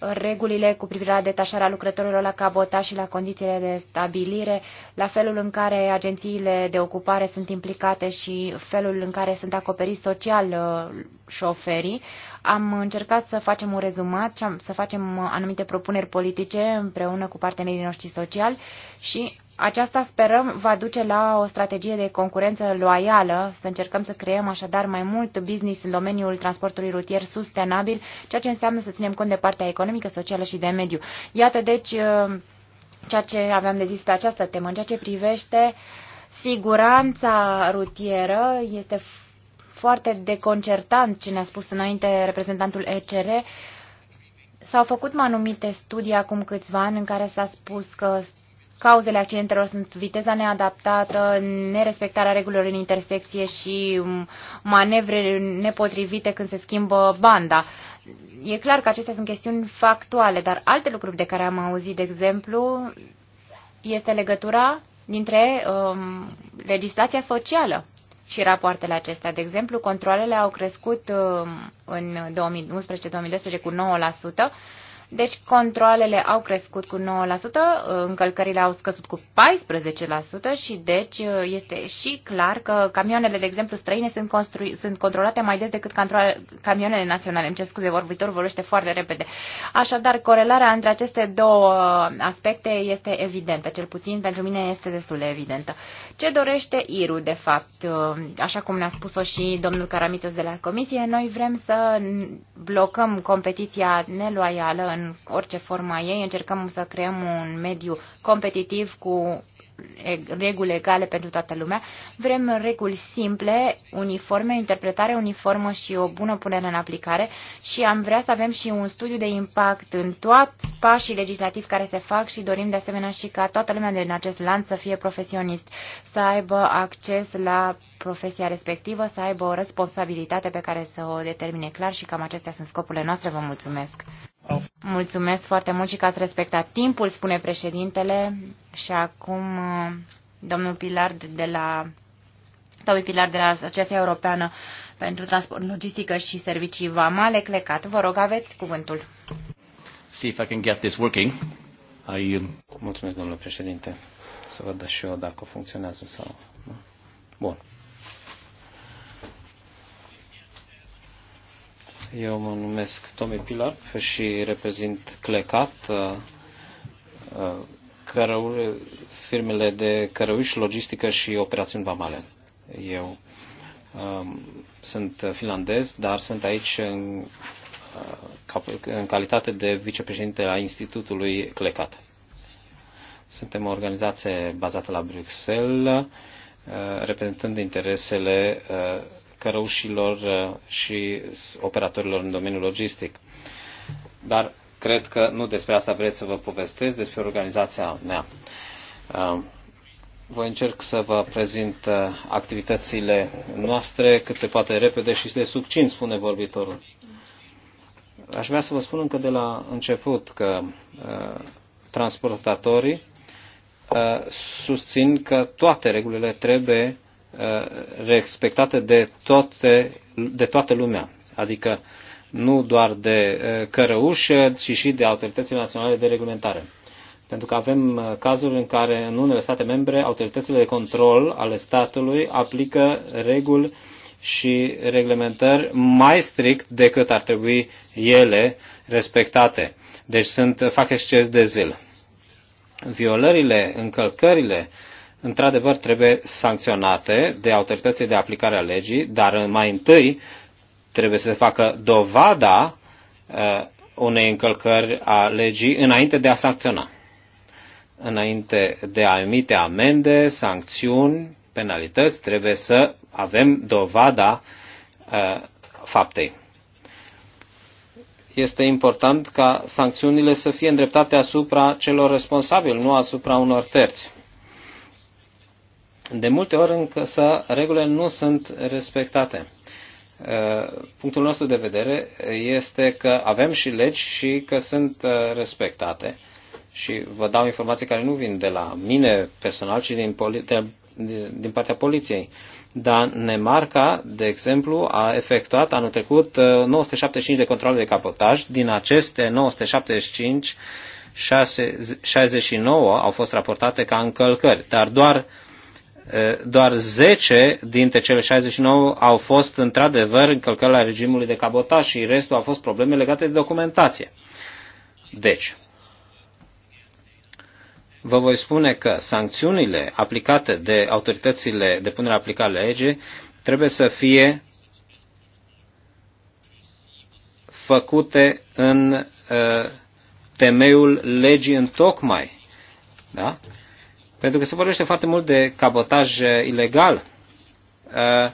regulile cu privire la detașarea lucrătorilor la cabota și la condițiile de stabilire, la felul în care agențiile de ocupare sunt implicate și felul în care sunt acoperiți social uh, șoferii. Am încercat să facem un rezumat și să facem uh, anumite propuneri politice împreună cu partenerii noștri sociali și aceasta sperăm va duce la o strategie de concurență loială, să încercăm să creăm așadar mai mult business în domeniul transportului rutier sustenabil, ceea ce înseamnă să ținem cont de partea economică, socială și de mediu. Iată deci uh, ceea ce aveam de zis pe această temă. În ceea ce privește siguranța rutieră, este foarte deconcertant ce ne-a spus înainte reprezentantul ECR. S-au făcut anumite studii acum câțiva ani în care s-a spus că cauzele accidentelor sunt viteza neadaptată, nerespectarea regulilor în intersecție și manevre nepotrivite când se schimbă banda. E clar că acestea sunt chestiuni factuale, dar alte lucruri de care am auzit, de exemplu, este legătura dintre um, legislația socială și rapoartele acestea. De exemplu, controlele au crescut uh, în 2011-2012 cu 9%, deci controlele au crescut cu 9%, încălcările au scăzut cu 14% și deci este și clar că camioanele, de exemplu, străine sunt, sunt controlate mai des decât camioanele naționale. Îmi cer scuze, vorbitor vorbește foarte repede. Așadar, corelarea între aceste două aspecte este evidentă, cel puțin pentru mine este destul de evidentă. Ce dorește IRU, de fapt? Așa cum ne-a spus-o și domnul Caramitos de la Comisie, noi vrem să blocăm competiția neloială în orice formă ei. Încercăm să creăm un mediu competitiv cu reguli egale pentru toată lumea. Vrem reguli simple, uniforme, interpretare uniformă și o bună punere în aplicare și am vrea să avem și un studiu de impact în toți pașii legislativi care se fac și dorim de asemenea și ca toată lumea din acest lanț să fie profesionist, să aibă acces la profesia respectivă, să aibă o responsabilitate pe care să o determine clar și cam acestea sunt scopurile noastre. Vă mulțumesc! Mulțumesc foarte mult și că ați respectat timpul, spune președintele. Și acum uh, domnul Pilar de la Tobi Pilar de la Asociația Europeană pentru Transport, Logistică și Servicii Vamale Clecat. Vă rog, aveți cuvântul. See if I can get this working. I... Uh, Mulțumesc, domnule președinte. Să văd și eu dacă funcționează sau... Bun. Eu mă numesc Tomi Pilar și reprezint Clecat, uh, uh, cărăuri, firmele de cărăuș, logistică și operațiuni vamale. Eu um, sunt finlandez, dar sunt aici în, uh, în calitate de vicepreședinte a Institutului Clecat. Suntem o organizație bazată la Bruxelles, reprezentând interesele cărușilor uh, și operatorilor în domeniul logistic. Dar cred că nu despre asta vreți să vă povestesc, despre organizația mea. Uh, voi încerc să vă prezint uh, activitățile noastre cât se poate repede și de succint, spune vorbitorul. Aș vrea să vă spun încă de la început că transportatorii susțin că toate regulile trebuie Uh, respectate de, toate, de toată lumea, adică nu doar de uh, cărăușă, ci și de autoritățile naționale de reglementare. Pentru că avem uh, cazuri în care în unele state membre autoritățile de control ale statului aplică reguli și reglementări mai strict decât ar trebui ele respectate. Deci sunt, fac exces de zil. Violările, încălcările într-adevăr, trebuie sancționate de autoritățile de aplicare a legii, dar mai întâi trebuie să se facă dovada uh, unei încălcări a legii înainte de a sancționa, înainte de a emite amende, sancțiuni, penalități, trebuie să avem dovada uh, faptei. Este important ca sancțiunile să fie îndreptate asupra celor responsabili, nu asupra unor terți. De multe ori însă regulile nu sunt respectate. Uh, punctul nostru de vedere este că avem și legi și că sunt uh, respectate. Și vă dau informații care nu vin de la mine personal, ci din, de, din partea poliției. Dar Nemarca, de exemplu, a efectuat anul trecut 975 uh, de controle de capotaj. Din aceste 975, 6, 69 au fost raportate ca încălcări, dar doar doar 10 dintre cele 69 au fost într-adevăr încălcări la regimului de cabotaj și restul au fost probleme legate de documentație. Deci, vă voi spune că sancțiunile aplicate de autoritățile de punere aplicare legii trebuie să fie făcute în uh, temeiul legii în tocmai. Da? Uh, pentru că se vorbește foarte mult de cabotaj ilegal. Uh,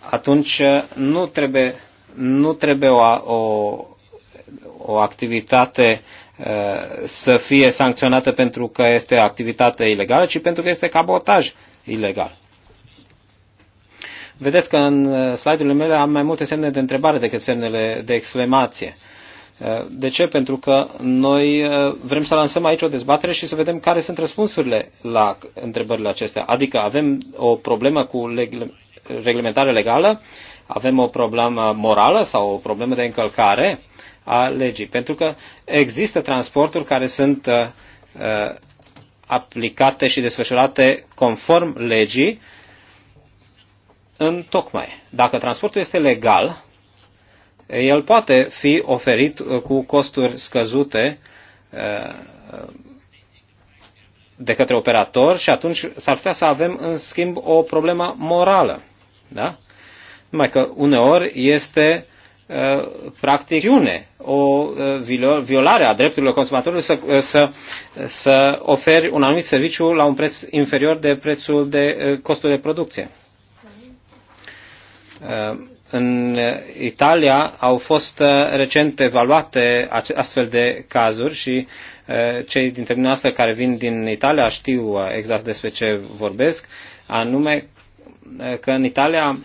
atunci uh, nu trebuie, nu trebuie o, o, o activitate uh, să fie sancționată pentru că este activitate ilegală, ci pentru că este cabotaj ilegal. Vedeți că în slide-urile mele am mai multe semne de întrebare decât semnele de exclamație. Uh, Eh, de ce? Pentru că noi eh, vrem să lansăm aici o dezbatere și să vedem care sunt răspunsurile la întrebările acestea. Adică avem o problemă cu reglementare legală, avem o problemă morală sau o problemă de încălcare a legii. Pentru că există transporturi care sunt eh, aplicate și desfășurate conform legii în tocmai. Dacă transportul este legal, el poate fi oferit uh, cu costuri scăzute uh, de către operator și atunci s-ar putea să avem, în schimb, o problemă morală. Da? Numai că uneori este uh, practic o violare a drepturilor consumatorului să, să, să oferi un anumit serviciu la un preț inferior de prețul de costul de producție în Italia au fost uh, recent evaluate astfel de cazuri și uh, cei dintre noastre care vin din Italia știu uh, exact despre ce vorbesc, anume că în Italia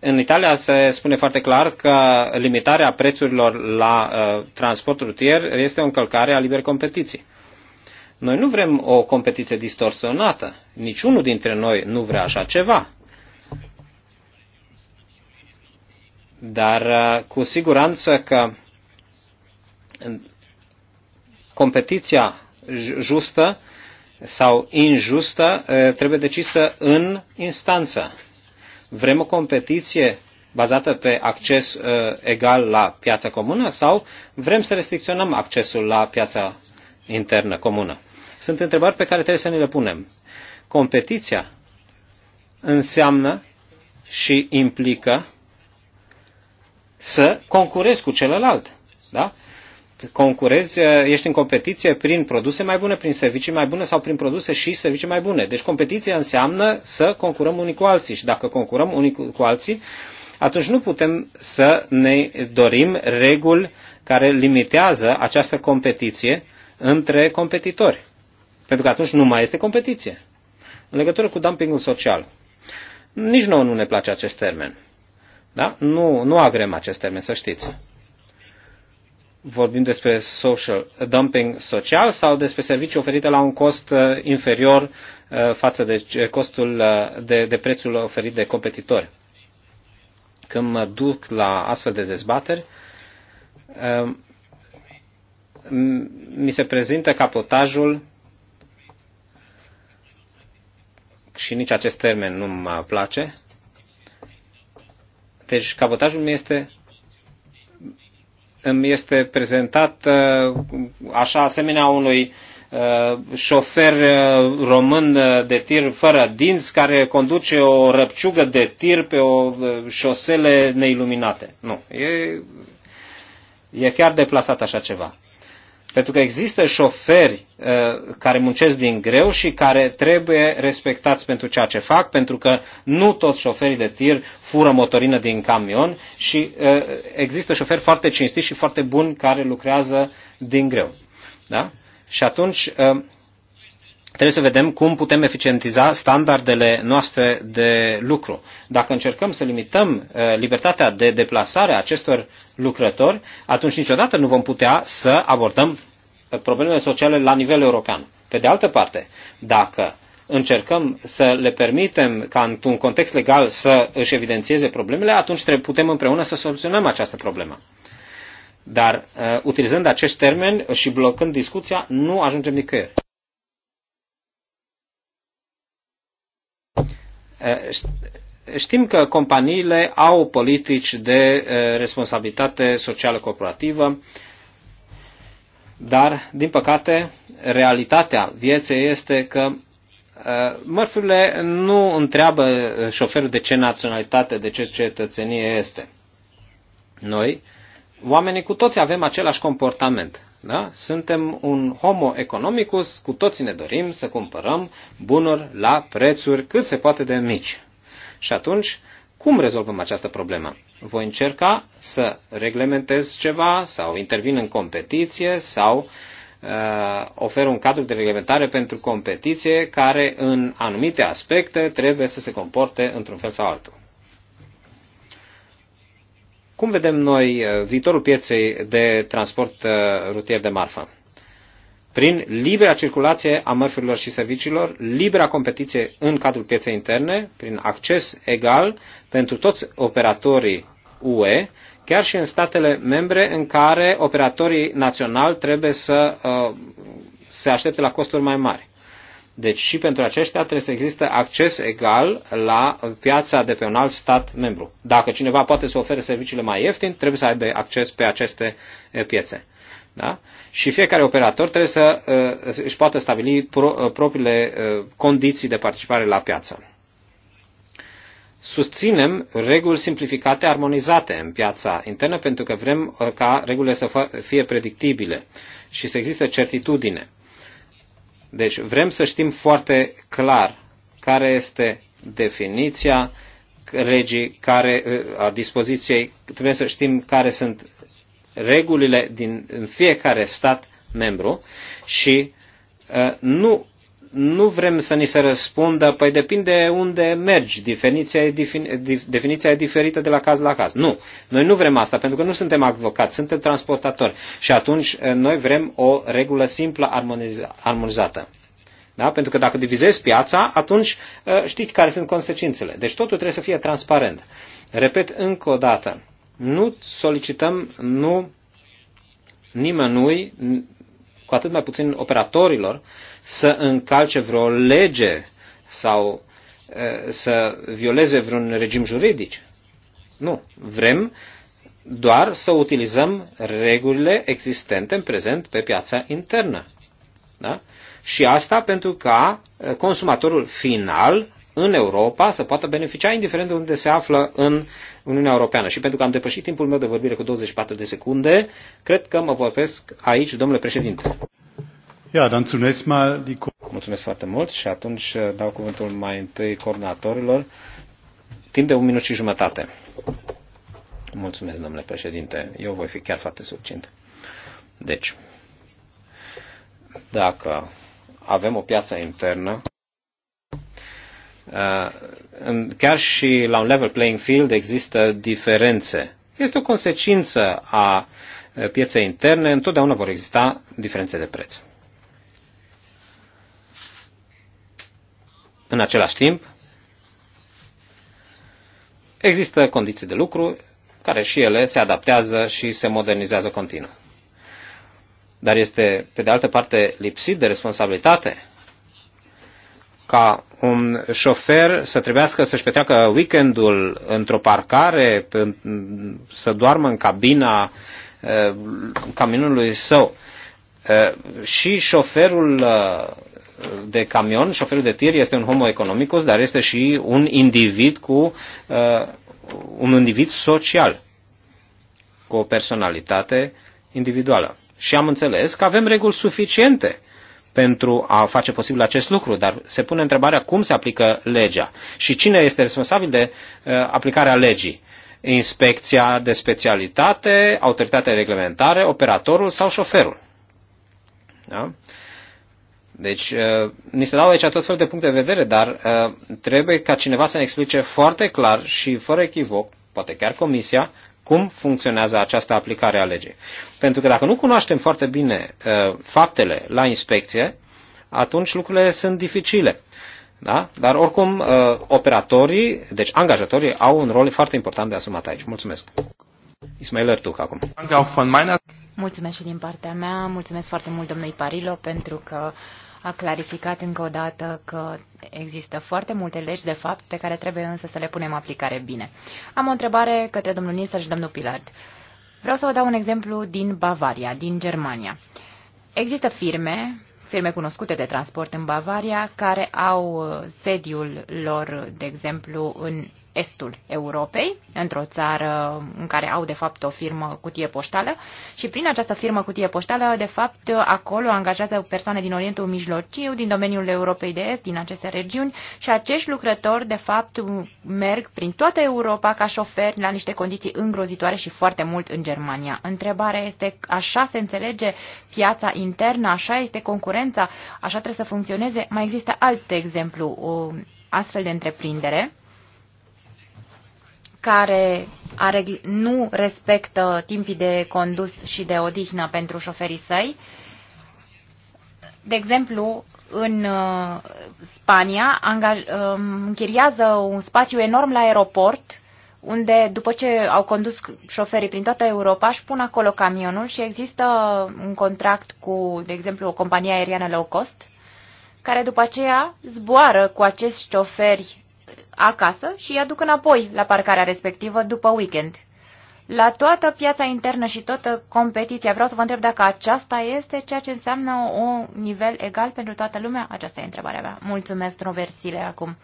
în Italia se spune foarte clar că limitarea prețurilor la transport rutier este o încălcare a liberei competiții. Noi nu vrem o competiție distorsionată. Niciunul dintre noi nu vrea așa ceva. Dar uh, cu siguranță că competiția justă sau injustă uh, trebuie decisă în instanță. Vrem o competiție bazată pe acces uh, egal la piața comună sau vrem să restricționăm accesul la piața internă comună? Sunt întrebări pe care trebuie să ne le punem. Competiția înseamnă și implică să concurezi cu celălalt. Da? Concurezi, uh, ești în competiție prin produse mai bune, prin servicii mai bune sau prin produse și servicii mai bune. Deci competiția înseamnă să concurăm unii cu alții și dacă concurăm unii cu alții, atunci nu putem să ne dorim reguli care limitează această competiție între competitori. Pentru că atunci nu mai este competiție. În legătură cu dumpingul social, nici nouă nu ne place acest termen. Da? Nu, nu agrem acest termen, să știți. Vorbim despre social dumping social sau despre servicii oferite la un cost uh, inferior uh, față de uh, costul de, de prețul oferit de competitori. Când mă duc la astfel de dezbateri, mi se prezintă capotajul și nici acest termen nu-mi place, deci cabotajul mi este îmi este prezentat uh, așa asemenea unui uh, șofer uh, român de tir fără dinți care conduce o răpciugă de tir pe o șosele neiluminate. Nu, e, e chiar deplasat așa ceva. Pentru că există șoferi uh, care muncesc din greu și care trebuie respectați pentru ceea ce fac, pentru că nu toți șoferii de tir fură motorină din camion și uh, există șoferi foarte cinstiți și foarte buni care lucrează din greu. Da? Și atunci uh, Trebuie să vedem cum putem eficientiza standardele noastre de lucru. Dacă încercăm să limităm uh, libertatea de deplasare a acestor lucrători, atunci niciodată nu vom putea să abordăm uh, problemele sociale la nivel european. Pe de altă parte, dacă încercăm să le permitem ca într-un context legal să își evidențieze problemele, atunci putem împreună să soluționăm această problemă. Dar uh, utilizând acești termeni și blocând discuția, nu ajungem nicăieri. Eh, știm că companiile au politici de eh, responsabilitate socială corporativă, dar, din păcate, realitatea vieții este că eh, mărfurile nu întreabă șoferul de ce naționalitate, de ce cetățenie este. Noi oamenii cu toți avem același comportament. Da? Suntem un homo economicus, cu toții ne dorim să cumpărăm bunuri la prețuri cât se poate de mici. Și atunci, cum rezolvăm această problemă? Voi încerca să reglementez ceva sau intervin în competiție sau uh, ofer un cadru de reglementare pentru competiție care în anumite aspecte trebuie să se comporte într-un fel sau altul. Cum vedem noi uh, viitorul pieței de transport uh, rutier de marfă? Prin libera circulație a mărfurilor și serviciilor, libera competiție în cadrul pieței interne, prin acces egal pentru toți operatorii UE, chiar și în statele membre în care operatorii naționali trebuie să uh, se aștepte la costuri mai mari. Deci și pentru aceștia trebuie să există acces egal la piața de pe un alt stat membru. Dacă cineva poate să ofere serviciile mai ieftin, trebuie să aibă acces pe aceste piețe. Da? Și fiecare operator trebuie să uh, își poată stabili pro, uh, propriile uh, condiții de participare la piață. Susținem reguli simplificate, armonizate în piața internă, pentru că vrem ca regulile să fie predictibile și să existe certitudine. Deci vrem să știm foarte clar care este definiția regii, care, a dispoziției, trebuie să știm care sunt regulile din în fiecare stat membru și uh, nu nu vrem să ni se răspundă, păi depinde unde mergi, definiția e, defini, definiția e diferită de la caz la caz. Nu, noi nu vrem asta, pentru că nu suntem avocați, suntem transportatori și atunci eh, noi vrem o regulă simplă armonizată. Da? Pentru că dacă divizezi piața, atunci eh, știți care sunt consecințele. Deci totul trebuie să fie transparent. Repet încă o dată, nu solicităm, nu nimănui cu atât mai puțin operatorilor, să încalce vreo lege sau să violeze vreun regim juridic. Nu. Vrem doar să utilizăm regulile existente în prezent pe piața internă. Da? Și asta pentru ca consumatorul final în Europa să poată beneficia, indiferent de unde se află în Uniunea Europeană. Și pentru că am depășit timpul meu de vorbire cu 24 de secunde, cred că mă vorbesc aici, domnule președinte. Ja, dann zunächst mal die... Mulțumesc foarte mult și atunci dau cuvântul mai întâi coordonatorilor, timp de un minut și jumătate. Mulțumesc, domnule președinte. Eu voi fi chiar foarte succint. Deci, dacă avem o piață internă, Uh, chiar și la un level playing field există diferențe. Este o consecință a uh, pieței interne, întotdeauna vor exista diferențe de preț. În același timp, există condiții de lucru care și ele se adaptează și se modernizează continuu. Dar este, pe de altă parte, lipsit de responsabilitate ca un șofer să trebuiască să-și petreacă weekendul într-o parcare, să doarmă în cabina eh, camionului său. Eh, și șoferul eh, de camion, șoferul de tir este un homo economicus, dar este și un individ cu un individ social, cu o personalitate individuală. Și am înțeles că avem reguli suficiente uh, pentru a face posibil acest lucru, dar se pune întrebarea cum se aplică legea și cine este responsabil de uh, aplicarea legii. Inspecția de specialitate, autoritatea reglementare, operatorul sau șoferul. Da? Deci, uh, ni se dau aici tot felul de puncte de vedere, dar uh, trebuie ca cineva să ne explice foarte clar și fără echivoc, poate chiar comisia, cum funcționează această aplicare a legii. Pentru că dacă nu cunoaștem foarte bine uh, faptele la inspecție, atunci lucrurile sunt dificile. Da? Dar oricum, uh, operatorii, deci angajatorii, au un rol foarte important de asumat aici. Mulțumesc. Ismail Ertuc acum. Mulțumesc și din partea mea. Mulțumesc foarte mult domnului Parilo pentru că uh, a clarificat încă o dată că există foarte multe legi, de fapt, pe care trebuie însă să le punem aplicare bine. Am o întrebare către domnul Nisa și domnul Pilard. Vreau să vă dau un exemplu din Bavaria, din Germania. Există firme, firme cunoscute de transport în Bavaria, care au sediul lor, de exemplu, în estul Europei, într-o țară în care au de fapt o firmă cutie poștală și prin această firmă cutie poștală, de fapt, acolo angajează persoane din Orientul Mijlociu, din domeniul Europei de Est, din aceste regiuni și acești lucrători, de fapt, merg prin toată Europa ca șoferi la niște condiții îngrozitoare și foarte mult în Germania. Întrebarea este, așa se înțelege piața internă, așa este concurența, așa trebuie să funcționeze? Mai există alt exemplu, o astfel de întreprindere care are, nu respectă timpii de condus și de odihnă pentru șoferii săi. De exemplu, în uh, Spania angaj, uh, închiriază un spațiu enorm la aeroport, unde după ce au condus șoferii prin toată Europa, își pun acolo camionul și există un contract cu, de exemplu, o companie aeriană low cost, care după aceea zboară cu acești șoferi acasă și îi aduc înapoi la parcarea respectivă după weekend. La toată piața internă și toată competiția, vreau să vă întreb dacă aceasta este ceea ce înseamnă un nivel egal pentru toată lumea? Aceasta e întrebarea mea. Mulțumesc, Robert Sile, acum.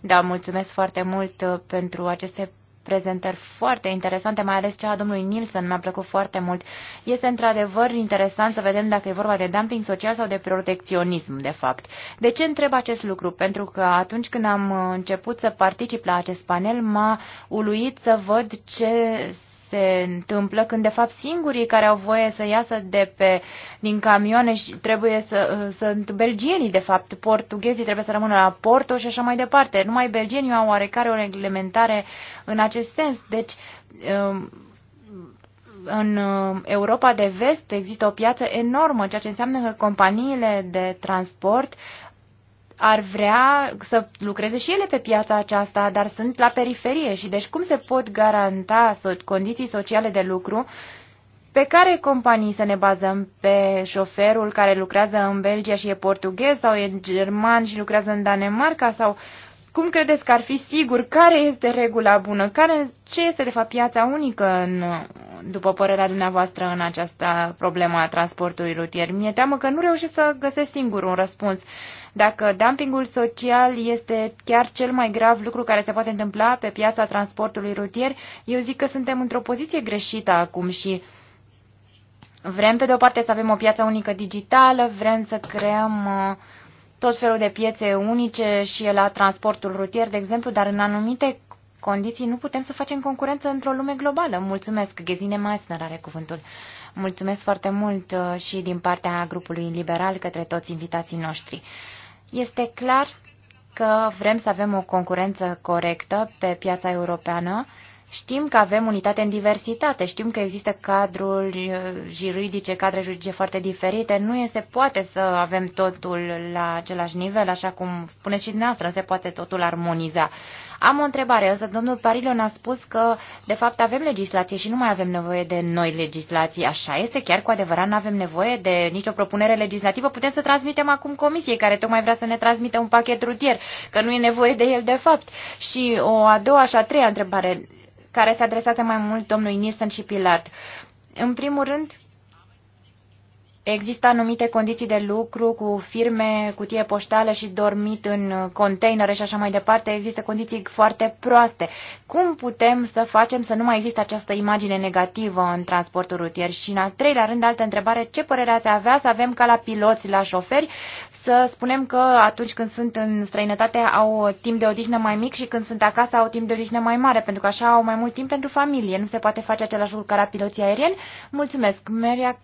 Da, mulțumesc foarte mult uh, pentru aceste prezentări foarte interesante, mai ales cea a domnului Nielsen, mi-a plăcut foarte mult. Este într-adevăr interesant să vedem dacă e vorba de dumping social sau de protecționism, de fapt. De ce întreb acest lucru? Pentru că atunci când am început să particip la acest panel, m-a uluit să văd ce se întâmplă, când de fapt singurii care au voie să iasă de pe, din camioane și trebuie să, sunt belgienii de fapt, portughezii trebuie să rămână la Porto și așa mai departe. Numai belgienii au oarecare o reglementare în acest sens. Deci, um, în um, Europa de vest există o piață enormă, ceea ce înseamnă că companiile de transport ar vrea să lucreze și ele pe piața aceasta, dar sunt la periferie și deci cum se pot garanta condiții sociale de lucru pe care companii să ne bazăm? Pe șoferul care lucrează în Belgia și e portughez sau e german și lucrează în Danemarca sau cum credeți că ar fi sigur? Care este regula bună? Care, ce este de fapt piața unică, în, după părerea dumneavoastră, în această problemă a transportului rutier? Mi-e teamă că nu reușesc să găsesc singur un răspuns. Uh, dacă dumpingul social este chiar cel mai grav lucru care se poate întâmpla pe piața transportului rutier, eu zic că suntem într-o poziție greșită acum și vrem pe de o parte să avem o piață unică digitală, vrem să creăm uh, tot felul de piețe unice și la transportul rutier, de exemplu, dar în anumite condiții nu putem să facem concurență într-o lume globală. Mulțumesc, Ghezine Meissner are cuvântul. Mulțumesc foarte mult uh, și din partea grupului liberal către toți invitații noștri. Este clar că vrem să avem o concurență corectă pe piața europeană Știm că avem unitate în diversitate, știm că există cadruri uh, juridice, cadre juridice foarte diferite. Nu se poate să avem totul la același nivel, așa cum spuneți și dumneavoastră, se poate totul armoniza. Am o întrebare, însă domnul Parilon a spus că, de fapt, avem legislație și nu mai avem nevoie de noi legislații. Așa este? Chiar cu adevărat nu avem nevoie de nicio propunere legislativă? Putem să transmitem acum comisiei, care tocmai vrea să ne transmită un pachet rutier, că nu e nevoie de el, de fapt. Și o a doua și a treia întrebare care se adresează mai mult domnului Nielsen și Pilat. În primul rând, Există anumite condiții de lucru cu firme, cutie poștală și dormit în containere și așa mai departe. Există condiții foarte proaste. Cum putem să facem să nu mai există această imagine negativă în transportul rutier? Și în al treilea rând, altă întrebare, ce părere ați avea să avem ca la piloți, la șoferi, să spunem că atunci când sunt în străinătate au timp de odihnă mai mic și când sunt acasă au timp de odihnă mai mare, pentru că așa au mai mult timp pentru familie. Nu se poate face același lucru ca la piloții aerieni. Mulțumesc, Maria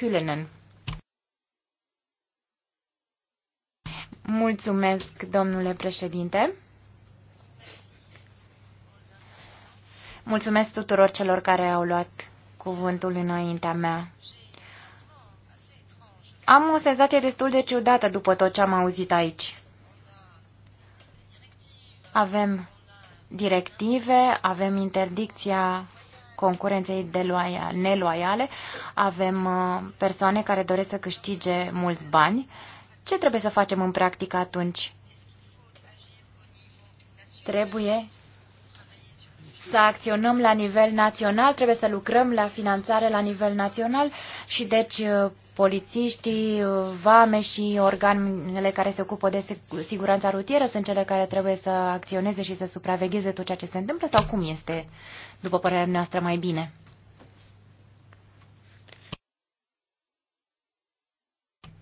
Kulenen. Mulțumesc, domnule președinte. Mulțumesc tuturor celor care au luat cuvântul înaintea mea. Am o senzație destul de ciudată după tot ce am auzit aici. Avem directive, avem interdicția concurenței de loia, neloiale, avem uh, persoane care doresc să câștige mulți bani. Ce trebuie să facem în practică atunci? Trebuie să acționăm la nivel național, trebuie să lucrăm la finanțare la nivel național și deci uh, polițiștii, vame și organele care se ocupă de siguranța rutieră sunt cele care trebuie să acționeze și să supravegheze tot ceea ce se întâmplă sau cum este, după părerea noastră, mai bine?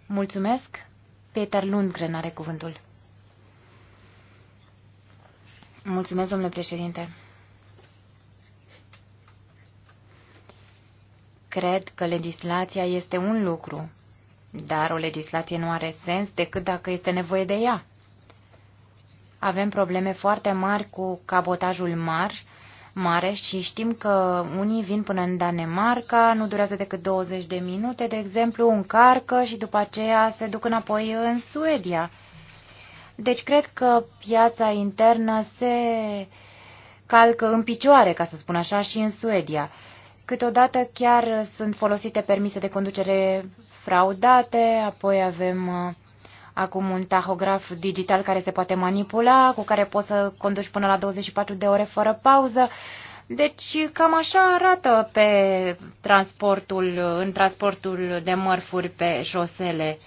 Mulțumesc. Peter Lundgren are cuvântul. Mulțumesc, domnule președinte. Cred că legislația este un lucru, dar o legislație nu are sens decât dacă este nevoie de ea. Avem probleme foarte mari cu cabotajul mar, mare și știm că unii vin până în Danemarca, nu durează decât 20 de minute, de exemplu, încarcă și după aceea se duc înapoi în Suedia. Deci cred că piața internă se calcă în picioare, ca să spun așa, și în Suedia. Câteodată chiar sunt folosite permise de conducere fraudate, apoi avem uh, acum un tahograf digital care se poate manipula, cu care poți să conduci până la 24 de ore fără pauză. Deci cam așa arată pe transportul, în transportul de mărfuri pe șosele.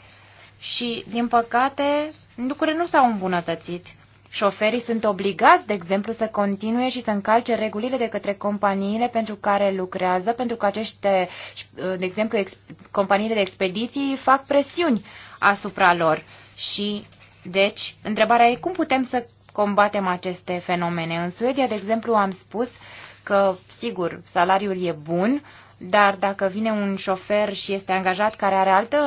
Și, din păcate, lucrurile nu s-au îmbunătățit. Șoferii sunt obligați, de exemplu, să continue și să încalce regulile de către companiile pentru care lucrează, pentru că aceste, de exemplu, companiile de expediții fac presiuni asupra lor. Și, deci, întrebarea e cum putem să combatem aceste fenomene. În Suedia, de exemplu, am spus că, sigur, salariul e bun, dar dacă vine un șofer și este angajat care are altă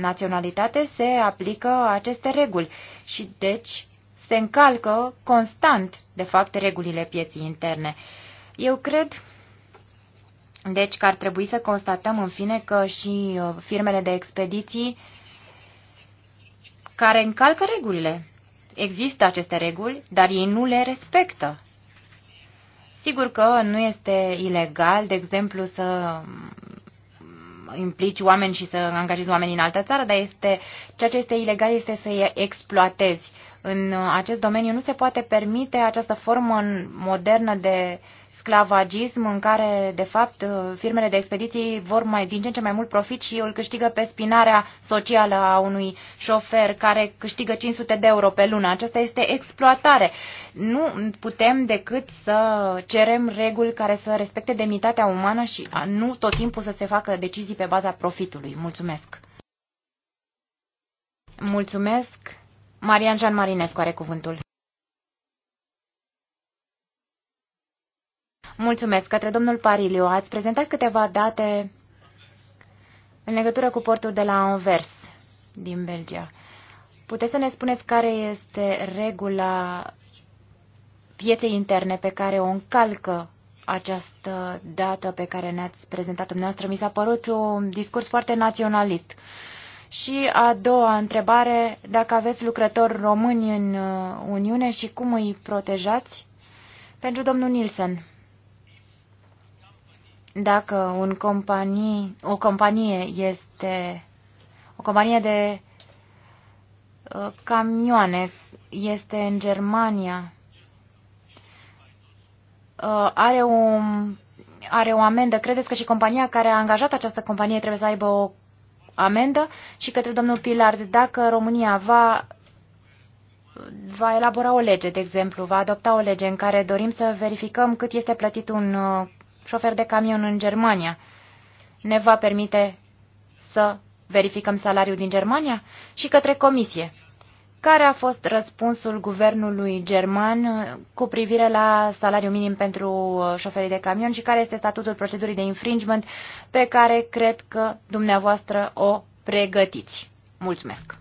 naționalitate, se aplică aceste reguli. Și, deci, se încalcă constant, de fapt, regulile pieții interne. Eu cred, deci, că ar trebui să constatăm, în fine, că și uh, firmele de expediții care încalcă regulile. Există aceste reguli, dar ei nu le respectă. Sigur că nu este ilegal, de exemplu, să mm, implici oameni și să angajezi oameni din altă țară, dar este, ceea ce este ilegal este să i exploatezi în acest domeniu nu se poate permite această formă modernă de sclavagism în care, de fapt, firmele de expediții vor mai, din ce în ce mai mult profit și îl câștigă pe spinarea socială a unui șofer care câștigă 500 de euro pe lună. Aceasta este exploatare. Nu putem decât să cerem reguli care să respecte demnitatea umană și nu tot timpul să se facă decizii pe baza profitului. Mulțumesc! Mulțumesc! Marian Jean Marinescu are cuvântul. Mulțumesc. Către domnul Pariliu, ați prezentat câteva date în legătură cu portul de la Anvers din Belgia. Puteți să ne spuneți care este regula pieței interne pe care o încalcă această dată pe care ne-ați prezentat dumneavoastră? Mi s-a părut un discurs foarte naționalist. Și a doua întrebare, dacă aveți lucrători români în uh, Uniune și cum îi protejați? Pentru domnul Nielsen, dacă un companie, o companie este o companie de uh, camioane este în Germania, uh, are o, are o amendă. Credeți că și compania care a angajat această companie trebuie să aibă o amendă și către domnul Pilar dacă România va va elabora o lege, de exemplu, va adopta o lege în care dorim să verificăm cât este plătit un uh, șofer de camion în Germania, ne va permite să verificăm salariul din Germania și către comisie. Care a fost răspunsul guvernului german uh, cu privire la salariul minim pentru uh, șoferii de camion și care este statutul procedurii de infringement pe care cred că dumneavoastră o pregătiți? Mulțumesc!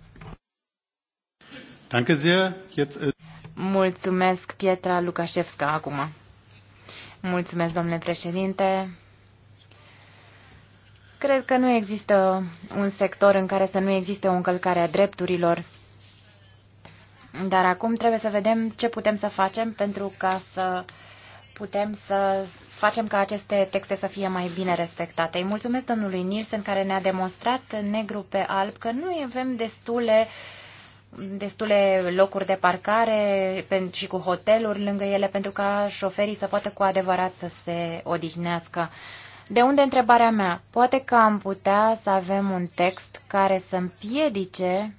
Danke sehr. Jetzt... Uh, Mulțumesc, Pietra Lukașevska, acum. Mulțumesc, domnule președinte. Cred că nu există un sector în care să nu existe o încălcare a drepturilor dar acum trebuie să vedem ce putem să facem pentru ca să putem să facem ca aceste texte să fie mai bine respectate. Îi mulțumesc domnului Nielsen care ne-a demonstrat negru pe alb că nu avem destule destule locuri de parcare și cu hoteluri lângă ele pentru ca șoferii să poată cu adevărat să se odihnească. De unde întrebarea mea? Poate că am putea să avem un text care să împiedice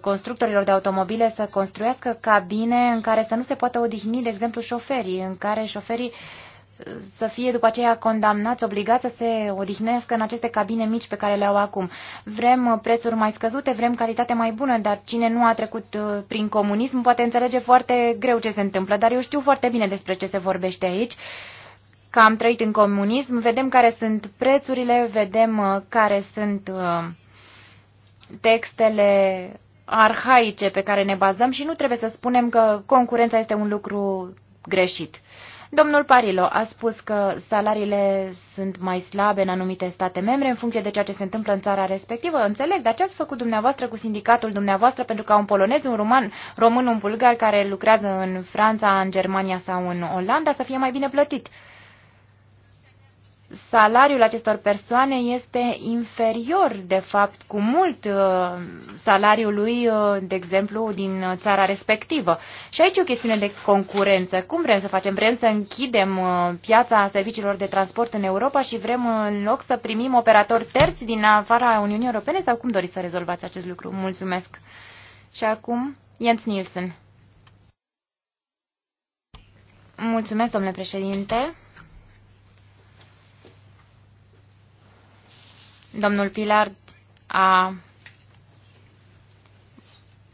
constructorilor de automobile să construiască cabine în care să nu se poată odihni, de exemplu, șoferii, în care șoferii uh, să fie după aceea condamnați, obligați să se odihnească în aceste cabine mici pe care le au acum. Vrem uh, prețuri mai scăzute, vrem calitate mai bună, dar cine nu a trecut uh, prin comunism poate înțelege foarte greu ce se întâmplă, dar eu știu foarte bine despre ce se vorbește aici că am trăit în comunism, vedem care sunt prețurile, vedem care sunt textele arhaice pe care ne bazăm și nu trebuie să spunem că concurența este un lucru greșit. Domnul Parilo a spus că salariile sunt mai slabe în anumite state membre în funcție de ceea ce se întâmplă în țara respectivă. Înțeleg, dar ce ați făcut dumneavoastră cu sindicatul dumneavoastră pentru ca un polonez, un roman, român, un bulgar care lucrează în Franța, în Germania sau în Olanda să fie mai bine plătit? salariul acestor persoane este inferior, de fapt, cu mult uh, salariului, uh, de exemplu, din țara respectivă. Și aici e o chestiune de concurență. Cum vrem să facem? Vrem să închidem uh, piața serviciilor de transport în Europa și vrem, în loc să primim operatori terți din afara Uniunii Europene? Sau cum doriți să rezolvați acest lucru? Mulțumesc! Și acum, Jens Nielsen. Mulțumesc, domnule președinte. Domnul Pilar a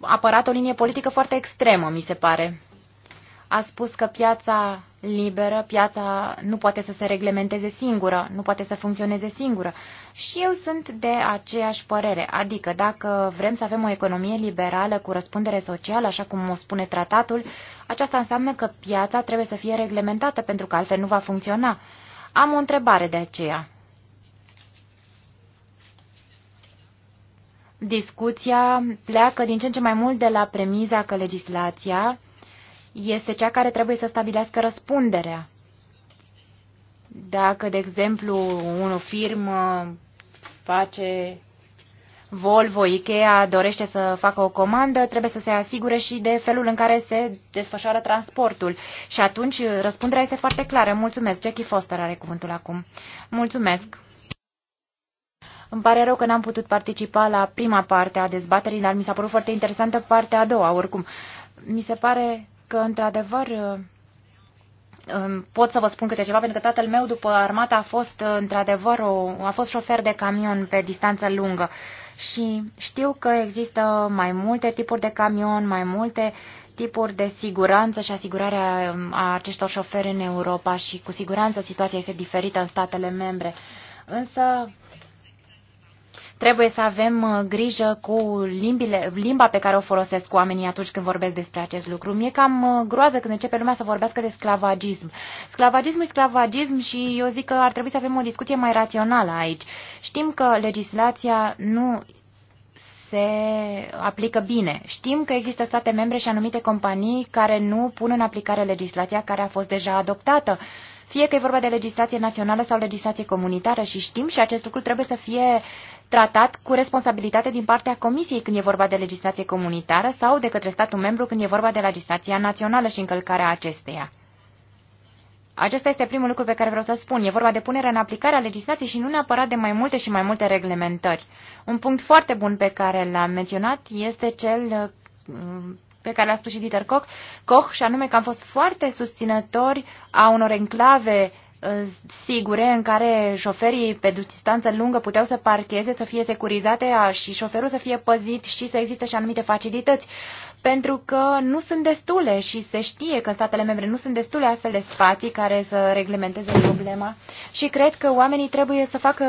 apărat o linie politică foarte extremă, mi se pare. A spus că piața liberă, piața nu poate să se reglementeze singură, nu poate să funcționeze singură. Și eu sunt de aceeași părere, adică dacă vrem să avem o economie liberală cu răspundere socială, așa cum o spune tratatul, aceasta înseamnă că piața trebuie să fie reglementată, pentru că altfel nu va funcționa. Am o întrebare de aceea. discuția pleacă din ce în ce mai mult de la premiza că legislația este cea care trebuie să stabilească răspunderea. Dacă, de exemplu, o firmă face Volvo, Ikea dorește să facă o comandă, trebuie să se asigure și de felul în care se desfășoară transportul. Și atunci răspunderea este foarte clară. Mulțumesc. Jackie Foster are cuvântul acum. Mulțumesc. Îmi pare rău că n-am putut participa la prima parte a dezbaterii, dar mi s-a părut foarte interesantă partea a doua, oricum. Mi se pare că, într-adevăr, um, pot să vă spun câte ceva, pentru că tatăl meu după armată a fost, uh, într-adevăr, a fost șofer de camion pe distanță lungă. Și știu că există mai multe tipuri de camion, mai multe tipuri de siguranță și asigurarea um, a acestor șoferi în Europa și cu siguranță situația este diferită în statele membre. Însă Trebuie să avem uh, grijă cu limbile, limba pe care o folosesc oamenii atunci când vorbesc despre acest lucru. Mi-e cam uh, groază când începe lumea să vorbească de sclavagism. Sclavagism e sclavagism și eu zic că ar trebui să avem o discuție mai rațională aici. Știm că legislația nu se aplică bine. Știm că există state membre și anumite companii care nu pun în aplicare legislația care a fost deja adoptată. Fie că e vorba de legislație națională sau legislație comunitară și știm și acest lucru trebuie să fie tratat cu responsabilitate din partea Comisiei când e vorba de legislație comunitară sau de către statul membru când e vorba de legislația națională și încălcarea acesteia. Acesta este primul lucru pe care vreau să spun. E vorba de punerea în aplicare a legislației și nu neapărat de mai multe și mai multe reglementări. Un punct foarte bun pe care l-am menționat este cel uh, pe care l-a spus și Dieter Koch, Koch și anume că am fost foarte susținători a unor enclave uh, Uh, sigure în care șoferii pe distanță lungă puteau să parcheze, să fie securizate și șoferul să fie păzit și să existe și anumite facilități, pentru că nu sunt destule și se știe că în statele membre nu sunt destule astfel de spații care să reglementeze problema și cred că oamenii trebuie să facă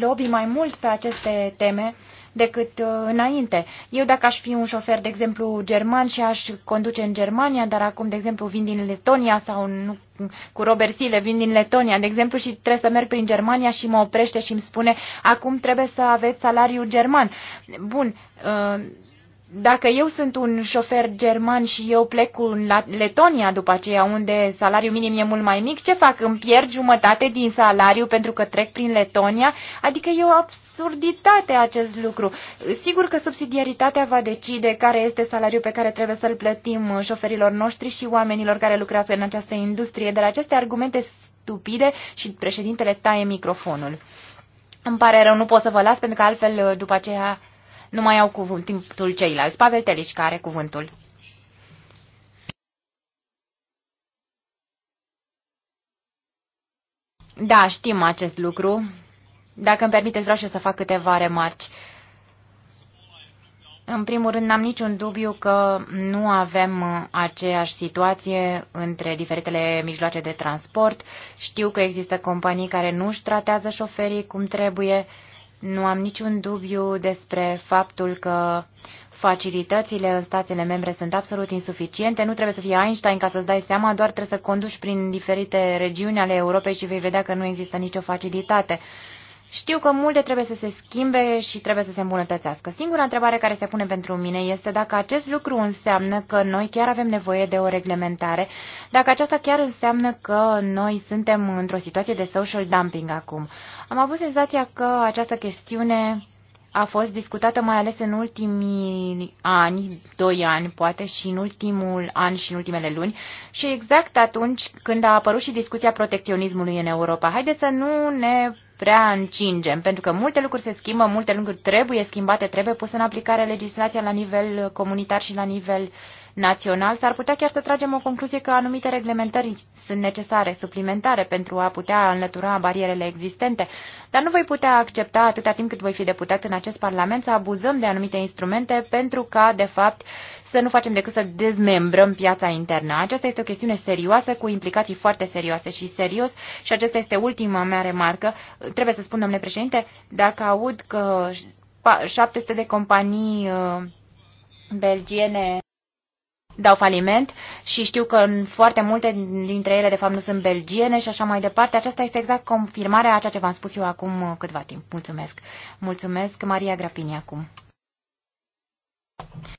lobby mai mult pe aceste teme decât uh, înainte. Eu dacă aș fi un șofer, de exemplu, german și aș conduce în Germania, dar acum, de exemplu, vin din Letonia sau nu, cu Robert Sile, vin din Letonia, de exemplu, și trebuie să merg prin Germania și mă oprește și îmi spune acum trebuie să aveți salariu german. Bun, uh, dacă eu sunt un șofer german și eu plec cu Letonia după aceea, unde salariul minim e mult mai mic, ce fac? Îmi pierd jumătate din salariu pentru că trec prin Letonia? Adică e o absurditate acest lucru. Sigur că subsidiaritatea va decide care este salariul pe care trebuie să-l plătim șoferilor noștri și oamenilor care lucrează în această industrie, dar aceste argumente stupide și președintele taie microfonul. Îmi pare rău, nu pot să vă las pentru că altfel după aceea nu mai au cuvântul ceilalți. Pavel Telici, care are cuvântul. Da, știm acest lucru. Dacă îmi permiteți, vreau și eu să fac câteva remarci. În primul rând, n-am niciun dubiu că nu avem uh, aceeași situație între diferitele mijloace de transport. Știu că există companii care nu și tratează șoferii cum trebuie. Uh, nu am niciun dubiu despre faptul că facilitățile în statele membre sunt absolut insuficiente. Nu trebuie să fii Einstein ca să-ți dai seama, doar trebuie să conduci prin diferite regiuni ale Europei și vei vedea că nu există nicio facilitate. Știu că multe trebuie să se schimbe și trebuie să se îmbunătățească. Singura întrebare care se pune pentru mine este dacă acest lucru înseamnă că noi chiar avem nevoie de o reglementare, dacă aceasta chiar înseamnă că noi suntem într-o situație de social dumping acum. Am avut senzația că această chestiune a fost discutată mai ales în ultimii ani, doi ani poate, și în ultimul an și în ultimele luni, și exact atunci când a apărut și discuția protecționismului în Europa. Haideți să nu ne prea încingem, pentru că multe lucruri se schimbă, multe lucruri trebuie schimbate, trebuie pus în aplicare legislația la nivel comunitar și la nivel național. S-ar putea chiar să tragem o concluzie că anumite reglementări sunt necesare, suplimentare, pentru a putea înlătura barierele existente, dar nu voi putea accepta atâta timp cât voi fi deputat în acest Parlament să abuzăm de anumite instrumente pentru ca, de fapt, uh, să nu facem decât să dezmembrăm piața internă. Aceasta este o chestiune serioasă, cu implicații foarte serioase și serios și aceasta este ultima mea remarcă. Trebuie să spun, domnule președinte, dacă aud că 700 de companii uh, belgiene dau faliment și știu că foarte multe dintre ele de fapt nu sunt belgiene și așa mai departe. Aceasta este exact confirmarea a ceea ce v-am spus eu acum uh, câtva timp. Mulțumesc. Mulțumesc, Maria Grapini, acum.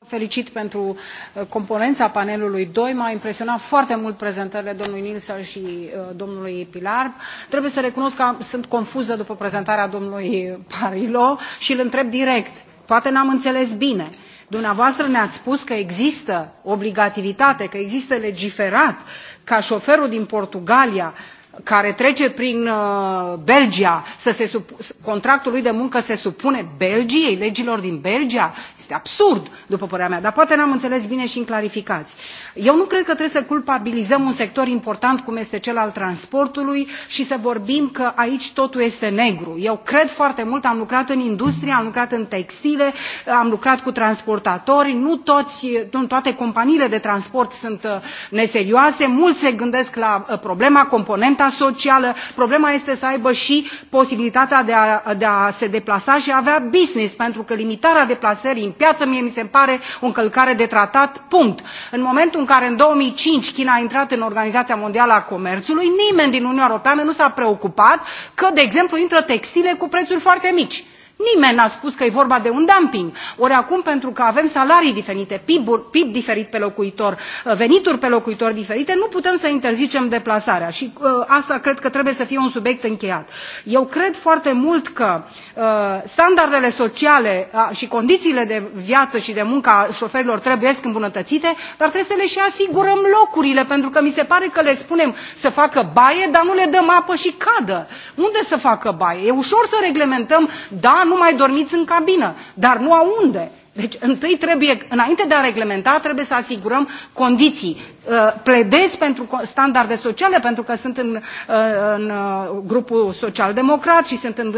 Felicit pentru uh, componența panelului doi, m au impresionat foarte mult prezentările domnului Nilsson și uh, domnului Pilar. Trebuie să recunosc că sunt confuză după prezentarea domnului Parilo și îl întreb direct. Poate nu am înțeles bine dumneavoastră ne ați spus că există obligativitate că există legiferat ca șoferul din portugalia care trece prin uh, Belgia, să se contractul lui de muncă se supune Belgiei, legilor din Belgia? Este absurd, după părerea mea, dar poate n-am înțeles bine și în clarificați. Eu nu cred că trebuie să culpabilizăm un sector important cum este cel al transportului și să vorbim că aici totul este negru. Eu cred foarte mult, am lucrat în industrie, am lucrat în textile, am lucrat cu transportatori, nu, toți, nu toate companiile de transport sunt uh, neserioase, mulți se gândesc la uh, problema componenta socială problema este să aibă și posibilitatea de a, de a se deplasa și a avea business pentru că limitarea deplasării în piață mie mi se pare o încălcare de tratat punct. în momentul în care în două mii cinci china a intrat în organizația mondială a comerțului nimeni din uniunea europeană nu s a preocupat că de exemplu intră textile cu prețuri foarte mici. Nimeni n-a spus că e vorba de un dumping. Ori acum, pentru că avem salarii diferite, PIB, PIB diferit pe locuitor, uh, venituri pe locuitor diferite, nu putem să interzicem deplasarea. Și uh, asta cred că trebuie să fie un subiect încheiat. Eu cred foarte mult că uh, standardele sociale și condițiile de viață și de muncă a șoferilor trebuie îmbunătățite, dar trebuie să le și asigurăm locurile, pentru că mi se pare că le spunem să facă baie, dar nu le dăm apă și cadă. Unde să facă baie? E ușor să reglementăm, da, nu mai dormiți în cabină dar nu au unde. Deci, întâi trebuie, înainte de a reglementa, trebuie să asigurăm condiții. Uh, pledez pentru standarde sociale, pentru că sunt în, uh, în uh, grupul social-democrat și sunt în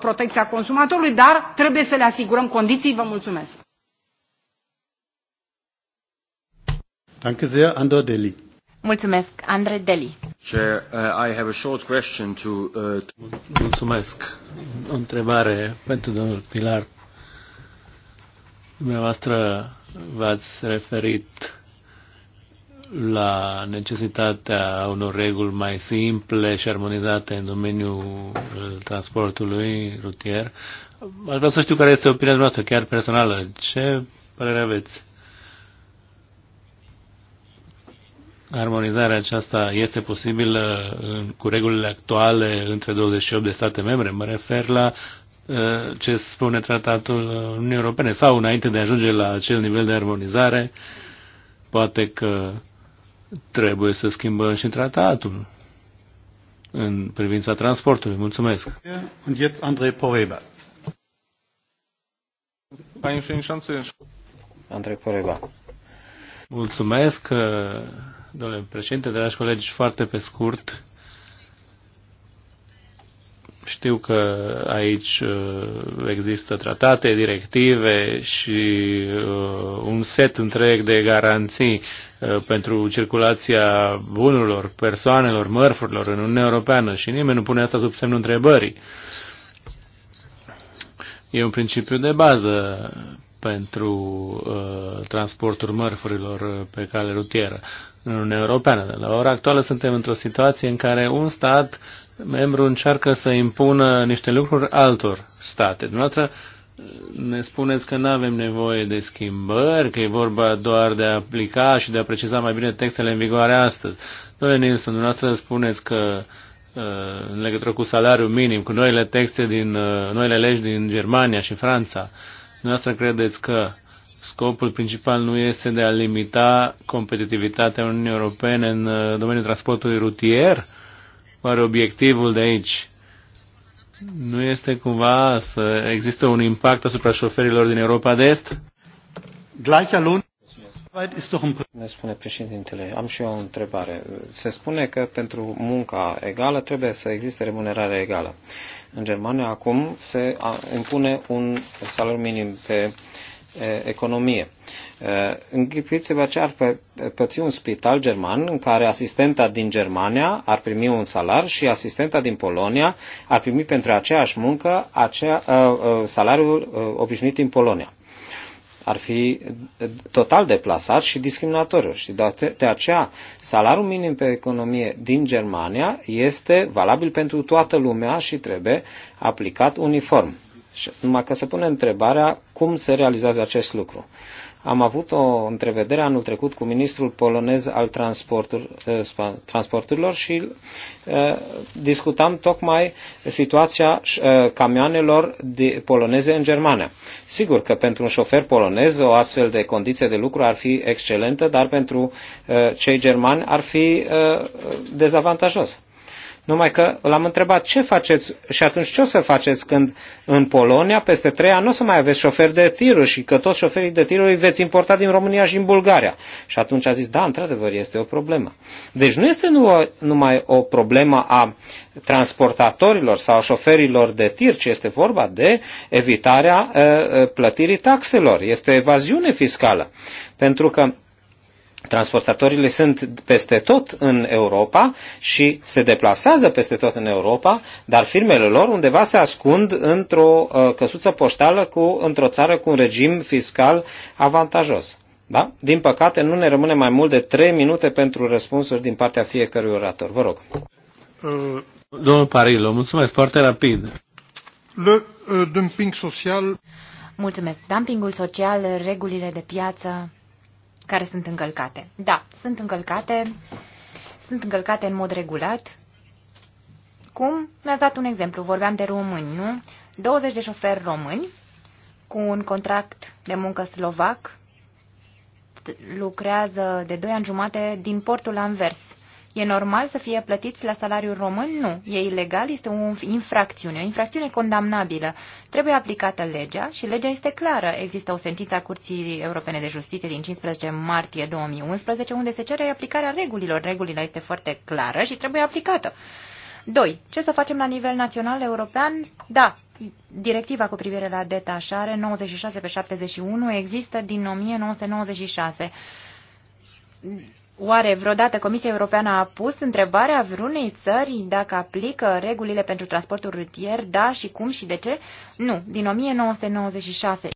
protecția consumatorului, dar trebuie să le asigurăm condiții. Vă mulțumesc. Mulțumesc, Andrei Deli. Uh, uh, Mulțumesc. O întrebare pentru domnul Pilar. Dumneavoastră v-ați referit la necesitatea unor reguli mai simple și armonizate în domeniul uh, transportului rutier. Aș vrea să știu care este opinia noastră, chiar personală. Ce părere aveți? armonizarea aceasta este posibilă uh, cu regulile actuale între 28 de state membre? Mă refer la uh, ce spune tratatul Uniunii Europene sau înainte de a ajunge la acel nivel de armonizare, poate că trebuie să schimbăm și tratatul în privința transportului. Mulțumesc. Und jetzt Andrei Poreba. Andrei Poreba. Mulțumesc. Uh, domnule președinte, dragi colegi, foarte pe scurt. Știu că aici uh, există tratate, directive și uh, un set întreg de garanții uh, pentru circulația bunurilor, persoanelor, mărfurilor în Uniunea Europeană și nimeni nu pune asta sub semnul întrebării. E un principiu de bază pentru uh, transportul mărfurilor pe cale rutieră în Uniunea Europeană. La ora actuală suntem într-o situație în care un stat membru încearcă să impună niște lucruri altor state. Dumneavoastră uh, ne spuneți că nu avem nevoie de schimbări, că e vorba doar de a aplica și de a preciza mai bine textele în vigoare astăzi. Domnule Nilsson, dumneavoastră spuneți că uh, în legătură cu salariul minim, cu noile texte din uh, noile legi din Germania și Franța, dumneavoastră credeți că uh, Scopul principal nu este de a limita competitivitatea Uniunii Europene în uh, domeniul transportului rutier, oare obiectivul de aici nu este cumva să există un impact asupra șoferilor din Europa de Est? Ne spune președintele, am și eu o întrebare. Se spune că pentru munca egală trebuie să existe remunerare egală. În Germania acum se impune un salariu minim pe economie. Închipuiți-vă ce ar păți un spital german în care asistenta din Germania ar primi un salar și asistenta din Polonia ar primi pentru aceeași muncă acea, salariul obișnuit în Polonia. Ar fi total deplasat și discriminatoriu. Și de aceea, salariul minim pe economie din Germania este valabil pentru toată lumea și trebuie aplicat uniform. Numai că se pune întrebarea cum se realizează acest lucru. Am avut o întrevedere anul trecut cu ministrul polonez al eh, transporturilor și eh, discutam tocmai situația eh, camioanelor poloneze în Germania. Sigur că pentru un șofer polonez o astfel de condiție de lucru ar fi excelentă, dar pentru cei germani ar fi dezavantajos. Numai că l-am întrebat ce faceți și atunci ce o să faceți când în Polonia peste trei ani nu o să mai aveți șoferi de tiruri și că toți șoferii de tiruri îi veți importa din România și în Bulgaria. Și atunci a zis, da, într-adevăr, este o problemă. Deci nu este numai o problemă a transportatorilor sau a șoferilor de tir, ci este vorba de evitarea uh, uh, plătirii taxelor. Este evaziune fiscală. Pentru că Transportatorile sunt peste tot în Europa și se deplasează peste tot în Europa, dar firmele lor undeva se ascund într-o uh, căsuță poștală cu, într-o țară cu un regim fiscal avantajos. Da? Din păcate, nu ne rămâne mai mult de 3 minute pentru răspunsuri din partea fiecărui orator. Vă rog. Uh, domnul Parilo, mulțumesc foarte rapid. Le uh, dumping social. Mulțumesc. Dumpingul social, regulile de piață, care sunt încălcate. Da, sunt încălcate, sunt încălcate în mod regulat. Cum? Mi-ați dat un exemplu, vorbeam de români, nu? 20 de șoferi români cu un contract de muncă slovac lucrează de 2 ani jumate din portul Anvers E normal să fie plătiți la salariul român? Nu. E ilegal, este o infracțiune, o infracțiune condamnabilă. Trebuie aplicată legea și legea este clară. Există o sentință a Curții Europene de Justiție din 15 martie 2011 unde se cere aplicarea regulilor. Regulile este foarte clară și trebuie aplicată. 2. Ce să facem la nivel național european? Da, directiva cu privire la detașare 96 pe 71 există din 1996 Oare vreodată Comisia Europeană a pus întrebarea vreunei țări dacă aplică regulile pentru transportul rutier, da și cum și de ce? Nu, din 1996.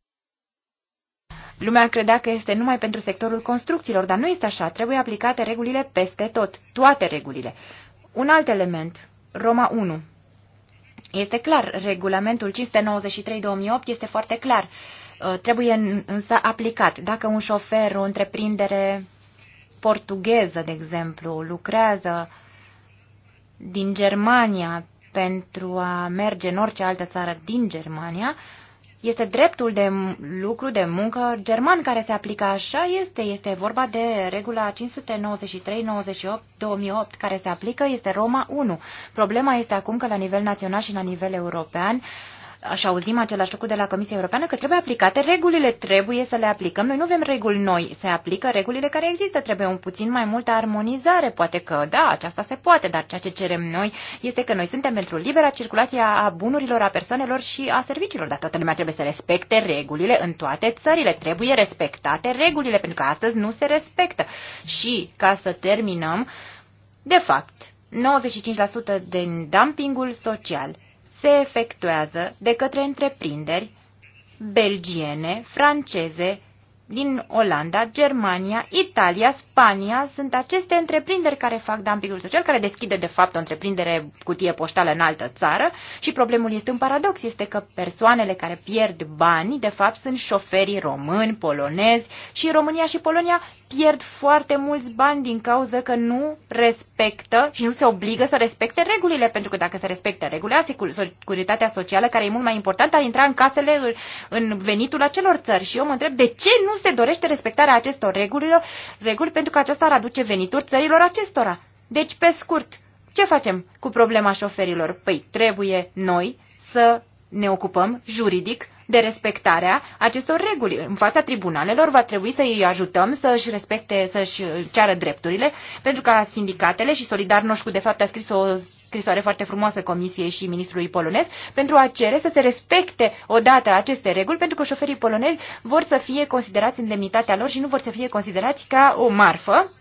Lumea credea că este numai pentru sectorul construcțiilor, dar nu este așa. Trebuie aplicate regulile peste tot, toate regulile. Un alt element, Roma 1. Este clar, regulamentul 593-2008 este foarte clar. Uh, trebuie însă aplicat. Dacă un șofer, o întreprindere, portugheză, de exemplu, lucrează din Germania pentru a merge în orice altă țară din Germania, este dreptul de lucru, de muncă german care se aplică așa este. Este vorba de regula 593, 98, 2008 care se aplică, este Roma 1. Problema este acum că la nivel național și la nivel european uh, și auzim același lucru de la Comisia Europeană, că trebuie aplicate regulile, trebuie să le aplicăm. Noi nu avem reguli noi, se aplică regulile care există, trebuie un puțin mai multă armonizare, poate că da, aceasta se poate, dar ceea ce cerem noi este că noi suntem pentru libera circulație a bunurilor, a persoanelor și a serviciilor, dar toată lumea trebuie să respecte regulile în toate țările, trebuie respectate regulile, pentru că astăzi nu se respectă. Și ca să terminăm, de fapt, 95% din dumpingul social se efectuează de către întreprinderi belgiene, franceze din Olanda, Germania, Italia, Spania sunt aceste întreprinderi care fac dumpingul social, care deschide de fapt o întreprindere cutie poștală în altă țară și problemul este un paradox, este că persoanele care pierd bani de fapt sunt șoferii români, polonezi și România și Polonia pierd foarte mulți bani din cauza că nu respectă și nu se obligă să respecte regulile, pentru că dacă se respectă regulile, securitatea socială, care e mult mai importantă, ar intra în casele în venitul acelor țări. Și eu mă întreb de ce nu se dorește respectarea acestor regulilor, reguli pentru că aceasta ar aduce venituri țărilor acestora. Deci, pe scurt, ce facem cu problema șoferilor? Păi trebuie noi să ne ocupăm juridic de respectarea acestor reguli. În fața tribunalelor va trebui să îi ajutăm să-și respecte, să-și ceară drepturile, pentru ca sindicatele și solidar Noșcu, de fapt a scris o scrisoare foarte frumoasă Comisiei și Ministrului polonez pentru a cere să se respecte odată aceste reguli, pentru că șoferii polonezi vor să fie considerați în demnitatea lor și nu vor să fie considerați ca o marfă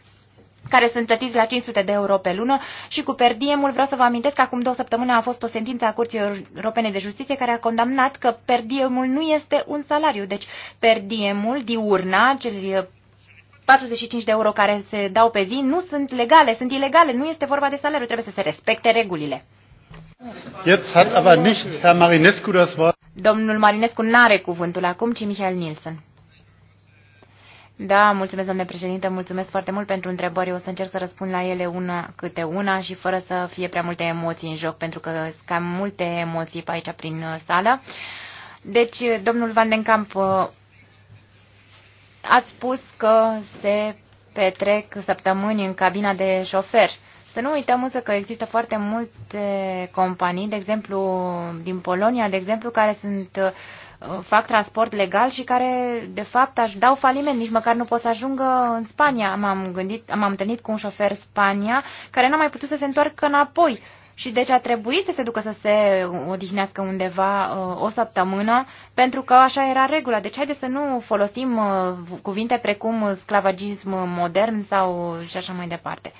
care sunt plătiți la 500 de euro pe lună și cu perdiemul vreau să vă amintesc că acum două săptămâni a fost o sentință a Curții Europene de Justiție care a condamnat că perdiemul nu este un salariu. Deci perdiemul, diurna, cel 45 de euro care se dau pe zi nu sunt legale, sunt ilegale, nu este vorba de salariu, trebuie să se respecte regulile. Jetzt hat aber nicht Herr Marinescu das Wort. Domnul Marinescu nu are cuvântul acum, ci Michael Nielsen. Da, mulțumesc, domnule președinte, mulțumesc foarte mult pentru întrebări. o să încerc să răspund la ele una câte una și fără să fie prea multe emoții în joc, pentru că sunt cam multe emoții pe aici prin uh, sală. Deci, domnul Van den Camp, uh, Ați spus că se petrec săptămâni în cabina de șofer. Să nu uităm însă că există foarte multe companii, de exemplu din Polonia, de exemplu, care sunt uh, fac transport legal și care, de fapt, aș dau faliment, nici măcar nu pot să ajungă în Spania. M-am, gândit, m-am întâlnit cu un șofer Spania care n-a mai putut să se întoarcă înapoi și deci a trebuit să se ducă să se odihnească undeva uh, o săptămână, pentru că așa era regula. Deci haideți să nu folosim uh, cuvinte precum sclavagism modern sau și așa mai departe.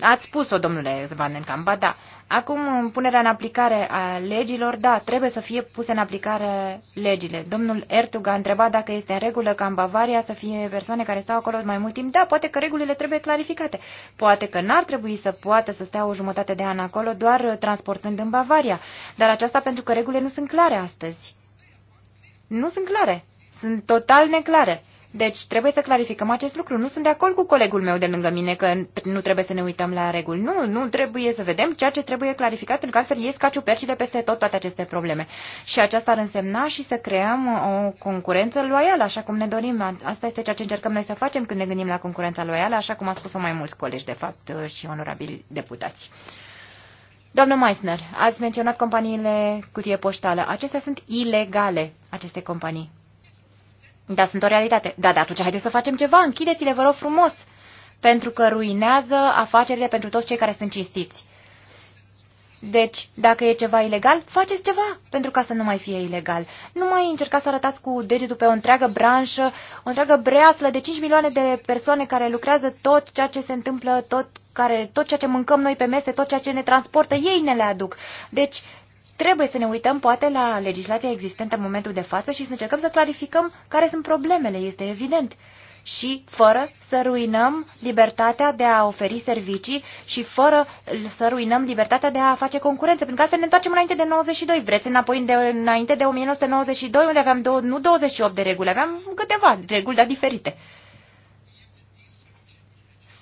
Ați spus-o, domnule Vandenkamp, ba da. Acum, punerea în aplicare a legilor, da, trebuie să fie puse în aplicare legile. Domnul Ertug a întrebat dacă este în regulă ca în Bavaria să fie persoane care stau acolo mai mult timp. Da, poate că regulile trebuie clarificate. Poate că n-ar trebui să poată să stea o jumătate de an acolo doar transportând în Bavaria. Dar aceasta pentru că regulile nu sunt clare astăzi. Nu sunt clare. Sunt total neclare. Deci trebuie să clarificăm acest lucru. Nu sunt de acord cu colegul meu de lângă mine că nu trebuie să ne uităm la reguli. Nu, nu trebuie să vedem ceea ce trebuie clarificat, pentru că altfel ies ca ciupercile de peste tot toate aceste probleme. Și aceasta ar însemna și să creăm o concurență loială, așa cum ne dorim. Asta este ceea ce încercăm noi să facem când ne gândim la concurența loială, așa cum a spus-o mai mulți colegi, de fapt, și onorabili deputați. Doamnă Meissner, ați menționat companiile cutie poștală. Acestea sunt ilegale, aceste companii. Dar sunt o realitate. Da, da, atunci haideți să facem ceva, închideți-le, vă rog frumos, pentru că ruinează afacerile pentru toți cei care sunt cinstiți. Deci, dacă e ceva ilegal, faceți ceva pentru ca să nu mai fie ilegal. Nu mai încercați să arătați cu degetul pe o întreagă branșă, o întreagă breaslă de 5 milioane de persoane care lucrează tot ceea ce se întâmplă, tot, care, tot ceea ce mâncăm noi pe mese, tot ceea ce ne transportă, ei ne le aduc. Deci, Trebuie să ne uităm poate la legislația existentă în momentul de față și să încercăm să clarificăm care sunt problemele, este evident și fără să ruinăm libertatea de a oferi servicii și fără să ruinăm libertatea de a face concurență. Pentru că altfel ne întoarcem înainte de 92. Vreți înapoi înainte de 1992, unde aveam două, nu 28 de reguli, aveam câteva reguli, dar diferite.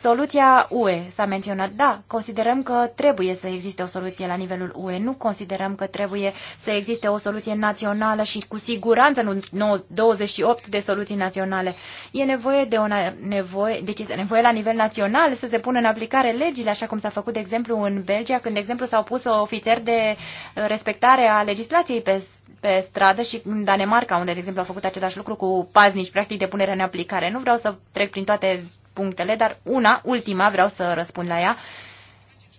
Soluția UE s-a menționat. Da, considerăm că trebuie să existe o soluție la nivelul UE. Nu considerăm că trebuie să existe o soluție națională și cu siguranță nu 28 de soluții naționale. E nevoie de o nevoie, deci este nevoie la nivel național să se pună în aplicare legile, așa cum s-a făcut, de exemplu, în Belgia, când, de exemplu, s-au pus ofițeri de uh, respectare a legislației pe pe stradă și în Danemarca, unde, de exemplu, au făcut același lucru cu paznici, practic, de punere în aplicare. Nu vreau să trec prin toate punctele, dar una, ultima, vreau să răspund la ea.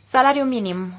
Salariul minim.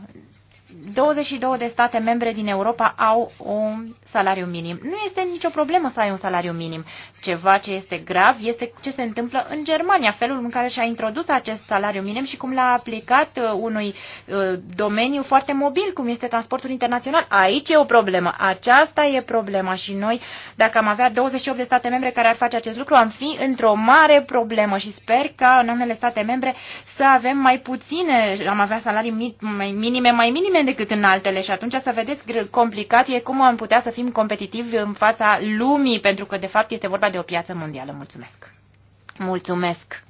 22 de state membre din Europa au un salariu minim. Nu este nicio problemă să ai un salariu minim. Ceva ce este grav este ce se întâmplă în Germania, felul în care și-a introdus acest salariu minim și cum l-a aplicat uh, unui uh, domeniu foarte mobil, cum este transportul internațional. Aici e o problemă. Aceasta e problema și noi, dacă am avea 28 de state membre care ar face acest lucru, am fi într-o mare problemă și sper ca în unele state membre să avem mai puține, am avea salarii minime mai minime decât în altele și atunci să vedeți complicat e cum am putea să fim competitivi în fața lumii, pentru că de fapt este vorba de o piață mondială. Mulțumesc! Mulțumesc!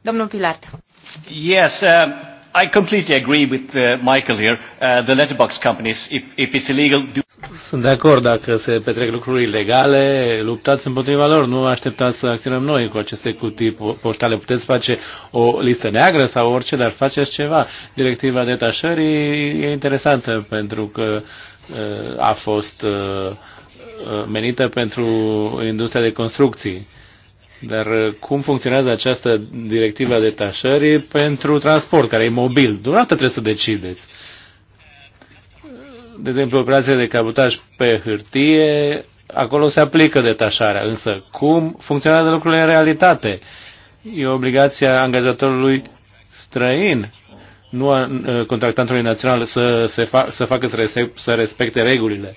Domnul pilar. Yes, uh... I completely agree with uh, Michael here. Uh, the letterbox companies, if, if it's illegal... Do... Sunt de acord dacă se petrec lucruri ilegale, luptați împotriva lor, nu așteptați să acționăm noi cu aceste cutii poștale. Puteți face o listă neagră sau orice, dar faceți ceva. Directiva detașării e interesantă pentru că uh, a fost uh, uh menită pentru industria de construcții dar uh, cum funcționează această directivă a detașării pentru transport, care e mobil? Durată trebuie să decideți. De exemplu, operațiile de cabotaj pe hârtie, acolo se aplică detașarea. Însă, cum funcționează lucrurile în realitate? E obligația angajatorului străin, nu a uh, contractantului național, să, se fa- să facă să, să respecte regulile.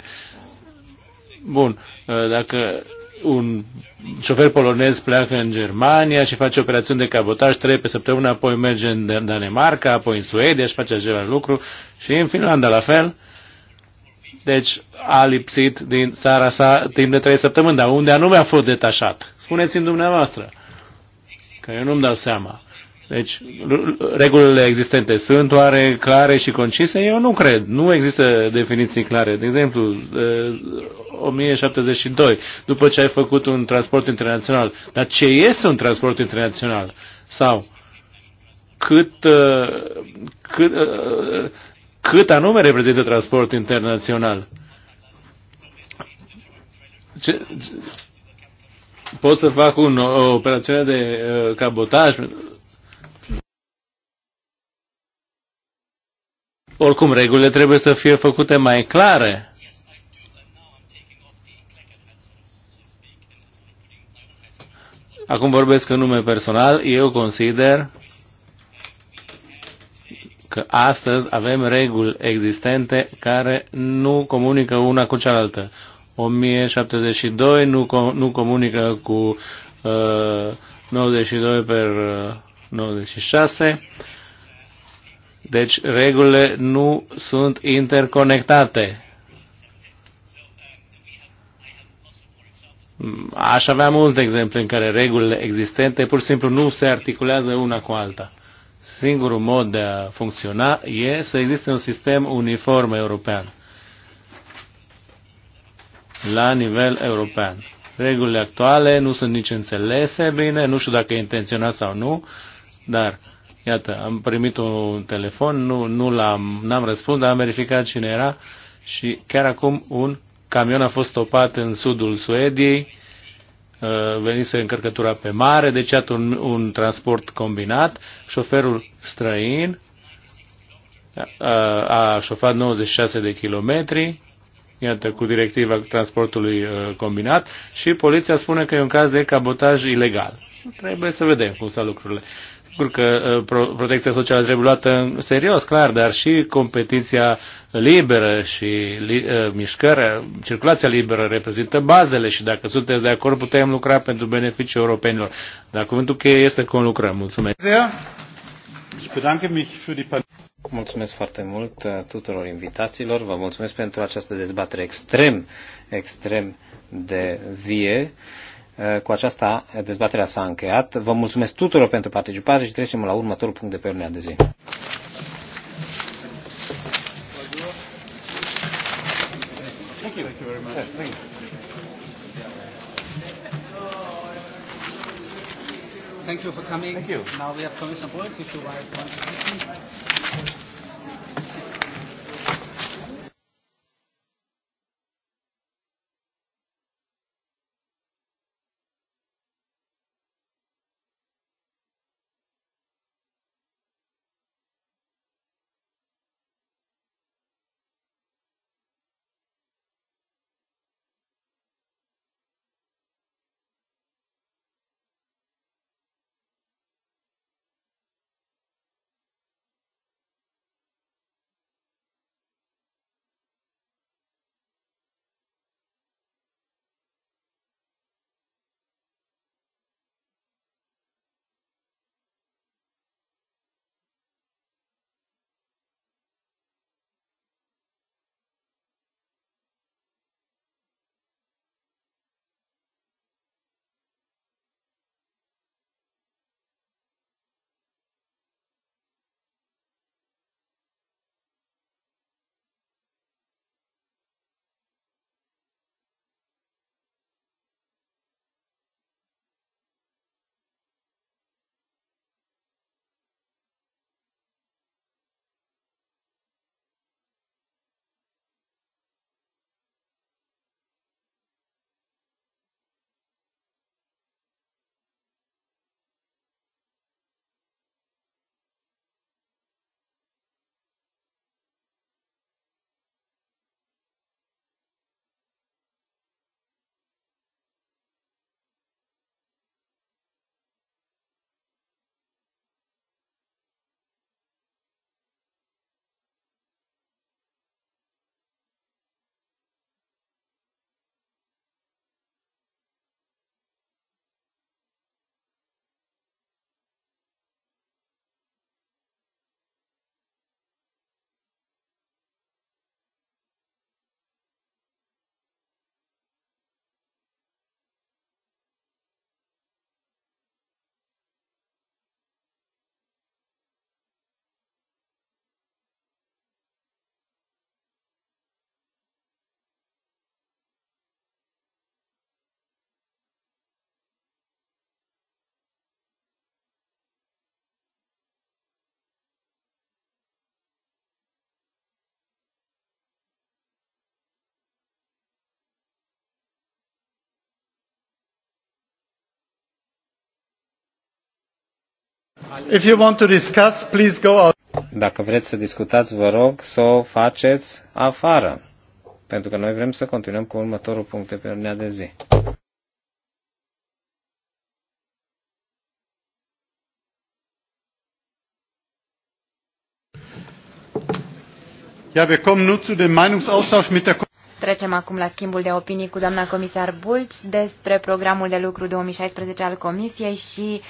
Bun, uh, dacă un șofer polonez pleacă în Germania și face operațiuni de cabotaj trei pe săptămână, apoi merge în Danemarca, apoi în Suedia și face același lucru și în Finlanda la fel. Deci a lipsit din țara sa timp de trei săptămâni, dar unde anume a fost detașat? Spuneți-mi dumneavoastră, că eu nu-mi dau seama. Deci, regulile existente sunt oare clare și concise? Eu nu cred. Nu există definiții clare. De exemplu, 1072, după ce ai făcut un transport internațional. Dar ce este un transport internațional? Sau cât, uh, cât, uh, cât anume reprezintă transport internațional? Ce, pot să fac un, o operațiune de uh, cabotaj? Oricum, regulile trebuie să fie făcute mai clare. Acum vorbesc în nume personal, eu consider că astăzi avem reguli existente care nu comunică una cu cealaltă. 1072 nu, com nu comunică cu uh, 92 per uh, 96. Deci regulile nu sunt interconectate. Aș avea multe exemple în care regulile existente pur și simplu nu se articulează una cu alta. Singurul mod de a funcționa e să existe un sistem uniform european la nivel european. Regulile actuale nu sunt nici înțelese bine, nu știu dacă e intenționat sau nu, dar iată, am primit un telefon, nu, nu l-am, n-am răspuns, dar am verificat cine era și chiar acum un camion a fost stopat în sudul Suediei, uh, venise încărcătura pe mare, deci iată un, un transport combinat, șoferul străin a, a șofat 96 de kilometri, iată, cu directiva transportului uh, combinat și poliția spune că e un caz de cabotaj ilegal. Trebuie să vedem cum stau lucrurile. Sigur că uh, protecția socială trebuie luată în serios, clar, dar și competiția liberă și li, uh, mișcarea, circulația liberă reprezintă bazele și dacă sunteți de acord putem lucra pentru beneficiul europenilor. Dar cuvântul cheie este că lucrăm. Mulțumesc! Mulțumesc foarte mult uh, tuturor invitațiilor, vă mulțumesc pentru această dezbatere extrem, extrem de vie. Eh, cu aceasta eh, dezbaterea s-a încheiat. Vă mulțumesc tuturor pentru participare și trecem la următorul punct de pe ordinea de zi. Thank you. Eh, for coming. Thank you. Now we have Commissioner Bulls, if you want to If you want to discuss, please go out. Dacă vreți să discutați, vă rog să o faceți afară, pentru că noi vrem să continuăm cu următorul punct de pe ordinea de zi. Ja, wir kommen nun zu dem Meinungsaustausch mit der Trecem acum la schimbul de opinii cu doamna comisar Bulci despre programul de lucru 2016 al Comisiei și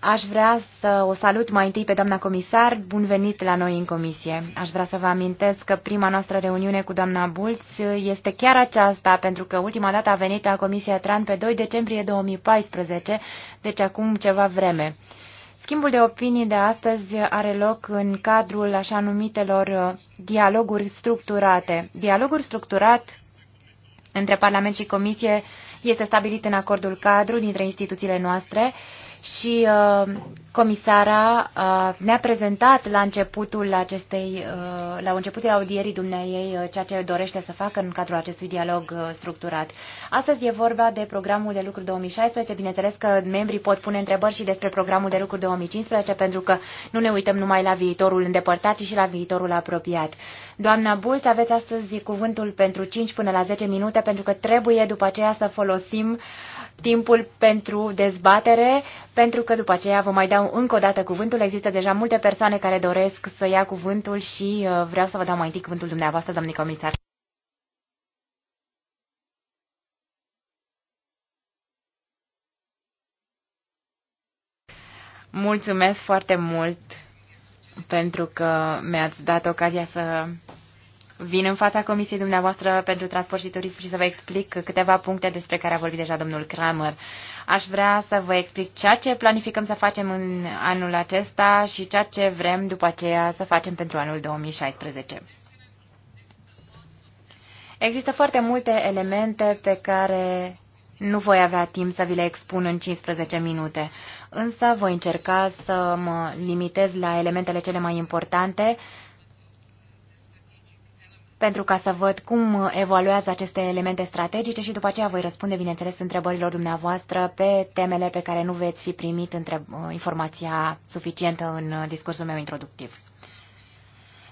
Aș vrea să o salut mai întâi pe doamna comisar. Bun venit la noi în comisie. Aș vrea să vă amintesc că prima noastră reuniune cu doamna Bulț este chiar aceasta, pentru că ultima dată a venit la Comisia Tran pe 2 decembrie 2014, deci acum ceva vreme. Schimbul de opinii de astăzi are loc în cadrul așa numitelor dialoguri structurate. Dialogul structurat între Parlament și Comisie este stabilit în acordul cadru dintre instituțiile noastre și uh, comisara uh, ne-a prezentat la începutul acestei, uh, la începutul audierii dumneiei uh, ceea ce dorește să facă în cadrul acestui dialog uh, structurat. Astăzi e vorba de programul de lucru 2016, bineînțeles că membrii pot pune întrebări și despre programul de lucru 2015, pentru că nu ne uităm numai la viitorul îndepărtat, ci și la viitorul apropiat. Doamna Bulț, aveți astăzi cuvântul pentru 5 până la 10 minute, pentru că trebuie după aceea să folosim uh, timpul pentru dezbatere, pentru că după aceea vă mai dau încă o dată cuvântul. Există deja multe persoane care doresc să ia cuvântul și uh, vreau să vă dau mai întâi cuvântul dumneavoastră, domnul comisar. Mulțumesc foarte mult pentru că mi-ați dat ocazia să vin în fața Comisiei dumneavoastră pentru transport și turism și să vă explic câteva puncte despre care a vorbit deja domnul Kramer. Aș vrea să vă explic ceea ce planificăm să facem în anul acesta și ceea ce vrem după aceea să facem pentru anul 2016. Există foarte multe elemente pe care nu voi avea timp să vi le expun în 15 minute, însă voi încerca să mă limitez la elementele cele mai importante pentru ca să văd cum evoluează aceste elemente strategice și după aceea voi răspunde, bineînțeles, întrebărilor dumneavoastră pe temele pe care nu veți fi primit între, informația suficientă în discursul meu introductiv.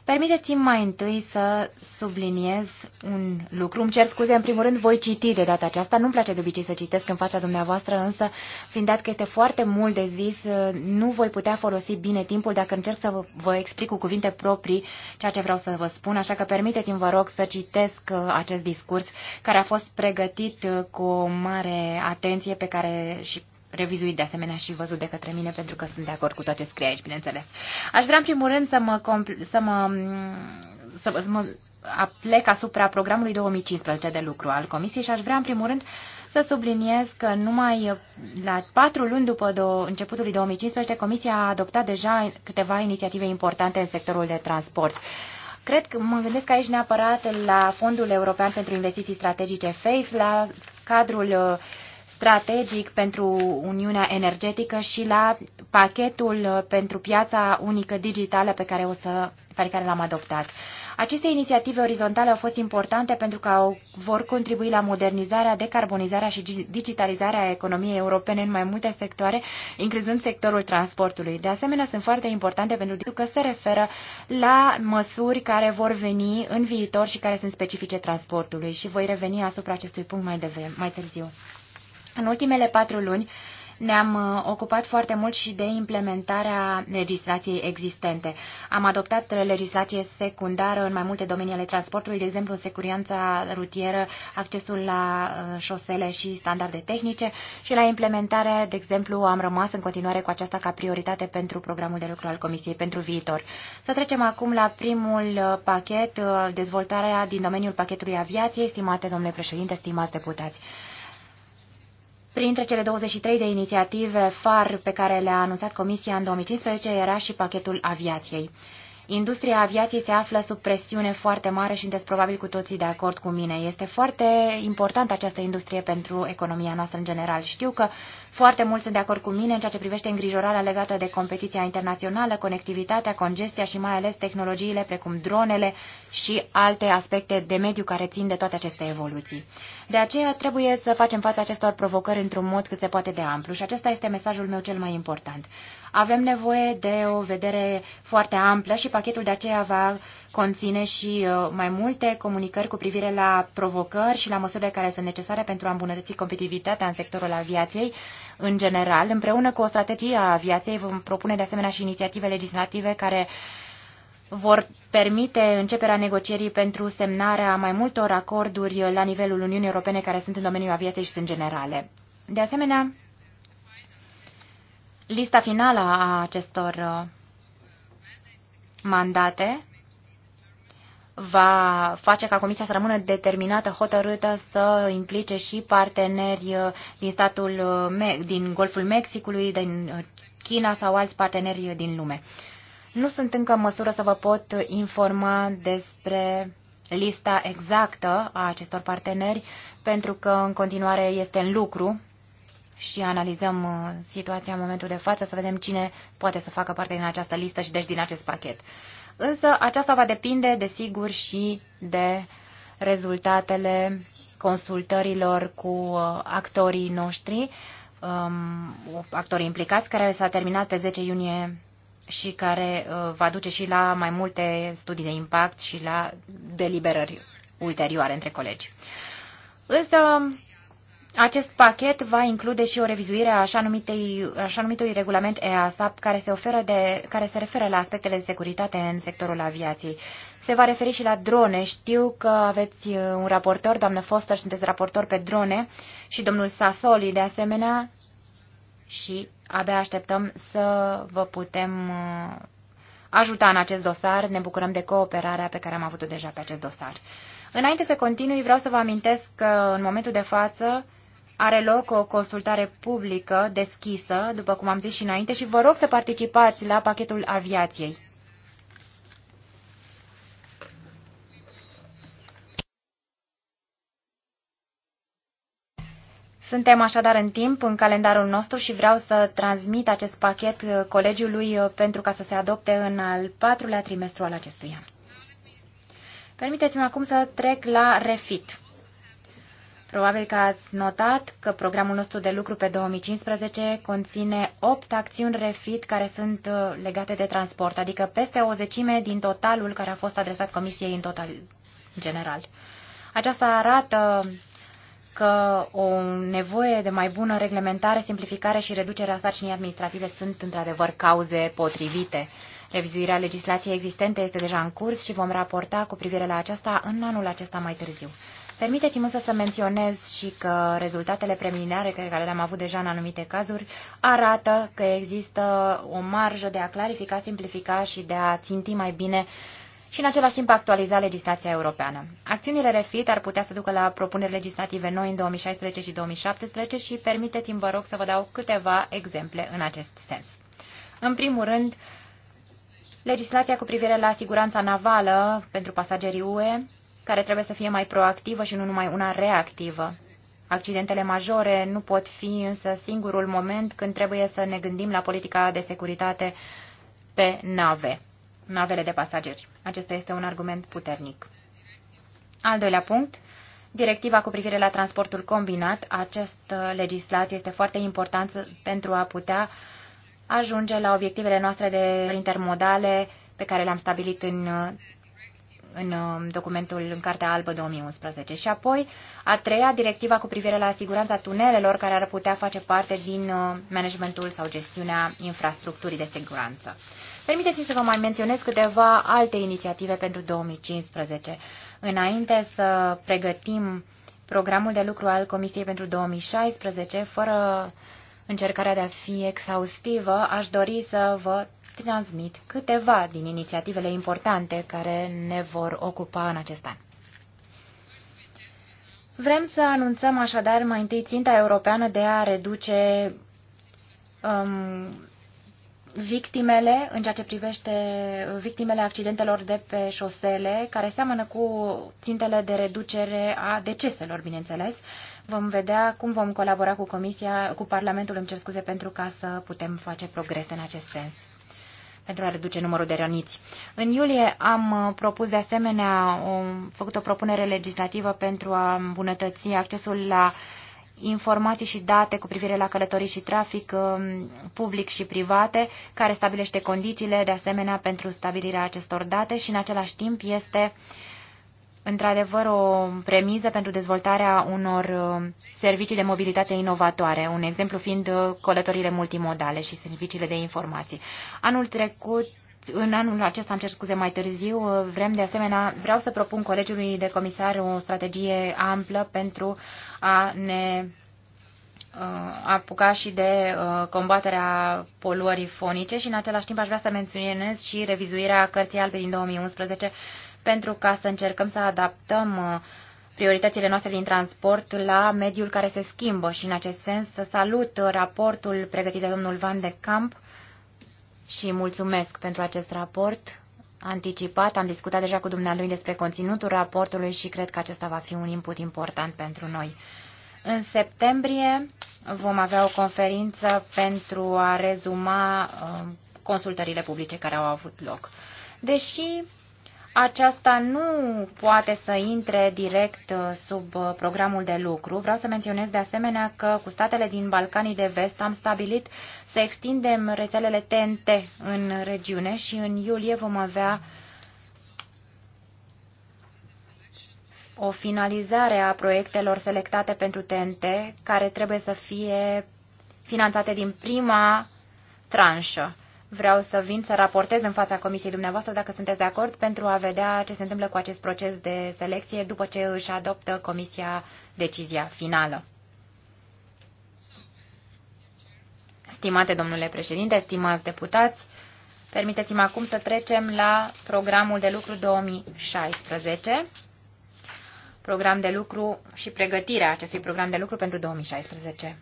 Permiteți-mi mai întâi să subliniez un lucru. Îmi cer scuze, în primul rând voi citi de data aceasta. Nu-mi place de obicei să citesc în fața dumneavoastră, însă, fiind dat că este foarte mult de zis, nu voi putea folosi bine timpul dacă încerc să vă explic cu cuvinte proprii ceea ce vreau să vă spun, așa că permiteți-mi, vă rog, să citesc uh, acest discurs care a fost pregătit uh, cu o mare atenție pe care și revizuit de asemenea și văzut de către mine, pentru că sunt de acord cu tot ce scrie aici, bineînțeles. Aș vrea, în primul rând, să mă, să mă, să, să mă plec asupra programului 2015 de lucru al Comisiei și aș vrea, în primul rând, să subliniez că numai la patru luni după do- începutul 2015, Comisia a adoptat deja câteva inițiative importante în sectorul de transport. Cred că mă gândesc aici neapărat la Fondul European pentru Investiții Strategice FACE, la cadrul uh, strategic pentru Uniunea Energetică și la pachetul pentru piața unică digitală pe care, o să, pe care l-am adoptat. Aceste inițiative orizontale au fost importante pentru că vor contribui la modernizarea, decarbonizarea și digitalizarea economiei europene în mai multe sectoare, incluzând sectorul transportului. De asemenea, sunt foarte importante pentru că se referă la măsuri care vor veni în viitor și care sunt specifice transportului și voi reveni asupra acestui punct mai, devreme, mai târziu. În ultimele patru luni ne-am uh, ocupat foarte mult și de implementarea legislației existente. Am adoptat legislație secundară în mai multe domenii ale transportului, de exemplu securianța rutieră, accesul la uh, șosele și standarde tehnice și la implementare, de exemplu, am rămas în continuare cu aceasta ca prioritate pentru programul de lucru al Comisiei pentru viitor. Să trecem acum la primul uh, pachet, dezvoltarea din domeniul pachetului aviației, stimate domnule președinte, stimați deputați. Printre cele 23 de inițiative FAR pe care le-a anunțat Comisia în 2015 era și pachetul aviației. Industria aviației se află sub presiune foarte mare și sunteți probabil cu toții de acord cu mine. Este foarte importantă această industrie pentru economia noastră în general. Știu că foarte mulți sunt de acord cu mine în ceea ce privește îngrijorarea legată de competiția internațională, conectivitatea, congestia și mai ales tehnologiile precum dronele și alte aspecte de mediu care țin de toate aceste evoluții. De aceea trebuie să facem față acestor provocări într-un mod cât se poate de amplu și acesta este mesajul meu cel mai important. Avem nevoie de o vedere foarte amplă și pachetul de aceea va conține și uh, mai multe comunicări cu privire la provocări și la măsurile care sunt necesare pentru a îmbunătăți competitivitatea în sectorul aviației, în general. Împreună cu o strategie a aviației vom propune de asemenea și inițiative legislative care vor permite începerea negocierii pentru semnarea mai multor acorduri la nivelul Uniunii Europene care sunt în domeniul aviației și sunt generale. De asemenea, lista finală a acestor uh, mandate va face ca Comisia să rămână determinată, hotărâtă să implice și parteneri uh, din statul uh, din Golful Mexicului, din uh, China sau alți parteneri din lume. Nu sunt încă în măsură să vă pot informa despre lista exactă a acestor parteneri, pentru că în continuare este în lucru și analizăm situația în momentul de față să vedem cine poate să facă parte din această listă și deci din acest pachet. Însă aceasta va depinde, desigur, și de rezultatele consultărilor cu uh, actorii noștri, um, actorii implicați, care s-a terminat pe 10 iunie și care uh, va duce și la mai multe studii de impact și la deliberări ulterioare între colegi. Însă, acest pachet va include și o revizuire a așa, numitei, așa numitului regulament EASAP care se, oferă de, care se referă la aspectele de securitate în sectorul aviației. Se va referi și la drone. Știu că aveți uh, un raportor, doamnă Foster, sunteți raportor pe drone și domnul Sasoli de asemenea și abia așteptăm să vă putem uh, ajuta în acest dosar. Ne bucurăm de cooperarea pe care am avut-o deja pe acest dosar. Înainte să continui, vreau să vă amintesc că în momentul de față are loc o consultare publică deschisă, după cum am zis și înainte, și vă rog să participați la pachetul aviației. Suntem așadar în timp, în calendarul nostru și vreau să transmit acest pachet uh, colegiului uh, pentru ca să se adopte în al patrulea trimestru al acestui an. Permiteți-mi acum să trec la refit. Probabil că ați notat că programul nostru de lucru pe 2015 conține 8 acțiuni refit care sunt uh, legate de transport, adică peste o zecime din totalul care a fost adresat Comisiei în total general. Aceasta arată că o nevoie de mai bună reglementare, simplificare și reducerea sarcinii administrative sunt într-adevăr cauze potrivite. Revizuirea legislației existente este deja în curs și vom raporta cu privire la aceasta în anul acesta mai târziu. Permiteți-mi însă să menționez și că rezultatele preliminare pe care le-am avut deja în anumite cazuri arată că există o marjă de a clarifica, simplifica și de a ținti mai bine și în același timp actualiza legislația europeană. Acțiunile REFIT ar putea să ducă la propuneri legislative noi în 2016 și 2017 și permiteți-mi, vă rog, să vă dau câteva exemple în acest sens. În primul rând, legislația cu privire la siguranța navală pentru pasagerii UE care trebuie să fie mai proactivă și nu numai una reactivă. Accidentele majore nu pot fi însă singurul moment când trebuie să ne gândim la politica de securitate pe nave, navele de pasageri. Acesta este un argument puternic. Al doilea punct, directiva cu privire la transportul combinat. Această legislație este foarte importantă pentru a putea ajunge la obiectivele noastre de intermodale pe care le-am stabilit în în um, documentul în Cartea Albă 2011. Și apoi, a treia, directiva cu privire la siguranța tunelelor care ar putea face parte din uh, managementul sau gestiunea infrastructurii de siguranță. Permiteți-mi să vă mai menționez câteva alte inițiative pentru 2015. Înainte să pregătim programul de lucru al Comisiei pentru 2016, fără încercarea de a fi exhaustivă, aș dori să vă transmit câteva din inițiativele importante care ne vor ocupa în acest an. Vrem să anunțăm așadar mai întâi ținta europeană de a reduce um, victimele în ceea ce privește uh, victimele accidentelor de pe șosele, care seamănă cu țintele de reducere a deceselor, bineînțeles. Vom vedea cum vom colabora cu Comisia, cu Parlamentul, îmi cer scuze, pentru ca să putem face progrese în acest sens pentru a reduce numărul de răniți. În iulie am uh, propus de asemenea, o, făcut o propunere legislativă pentru a îmbunătăți accesul la informații și date cu privire la călătorii și trafic um, public și private, care stabilește condițiile de asemenea pentru stabilirea acestor date și în același timp este uh, într-adevăr o premiză pentru dezvoltarea unor uh, servicii de mobilitate inovatoare, un exemplu fiind uh, călătorile multimodale și serviciile de informații. Anul trecut în anul acesta, am cer scuze mai târziu, uh, vrem de asemenea, vreau să propun colegiului de comisar o strategie amplă pentru a ne apuca și de combaterea poluării fonice și în același timp aș vrea să menționez și revizuirea cărții albe din 2011 pentru ca să încercăm să adaptăm uh, prioritățile noastre din transport la mediul care se schimbă și în acest sens să salut uh, raportul pregătit de domnul Van de Camp și mulțumesc pentru acest raport anticipat. Am discutat deja cu dumnealui despre conținutul raportului și cred că acesta va fi un input important pentru noi. În septembrie vom avea o conferință pentru a rezuma uh, consultările publice care au avut loc. Deși aceasta nu poate să intre direct uh, sub uh, programul de lucru. Vreau să menționez de asemenea că cu statele din Balcanii de Vest am stabilit să extindem rețelele TNT în regiune și în iulie vom avea o finalizare a proiectelor selectate pentru TNT, care trebuie să fie finanțate din prima tranșă vreau să vin să raportez în fața comisiei dumneavoastră dacă sunteți de acord pentru a vedea ce se întâmplă cu acest proces de selecție după ce își adoptă comisia decizia finală. Stimate domnule președinte, stimați deputați, permiteți-mi acum să trecem la programul de lucru 2016, program de lucru și pregătirea acestui program de lucru pentru 2016.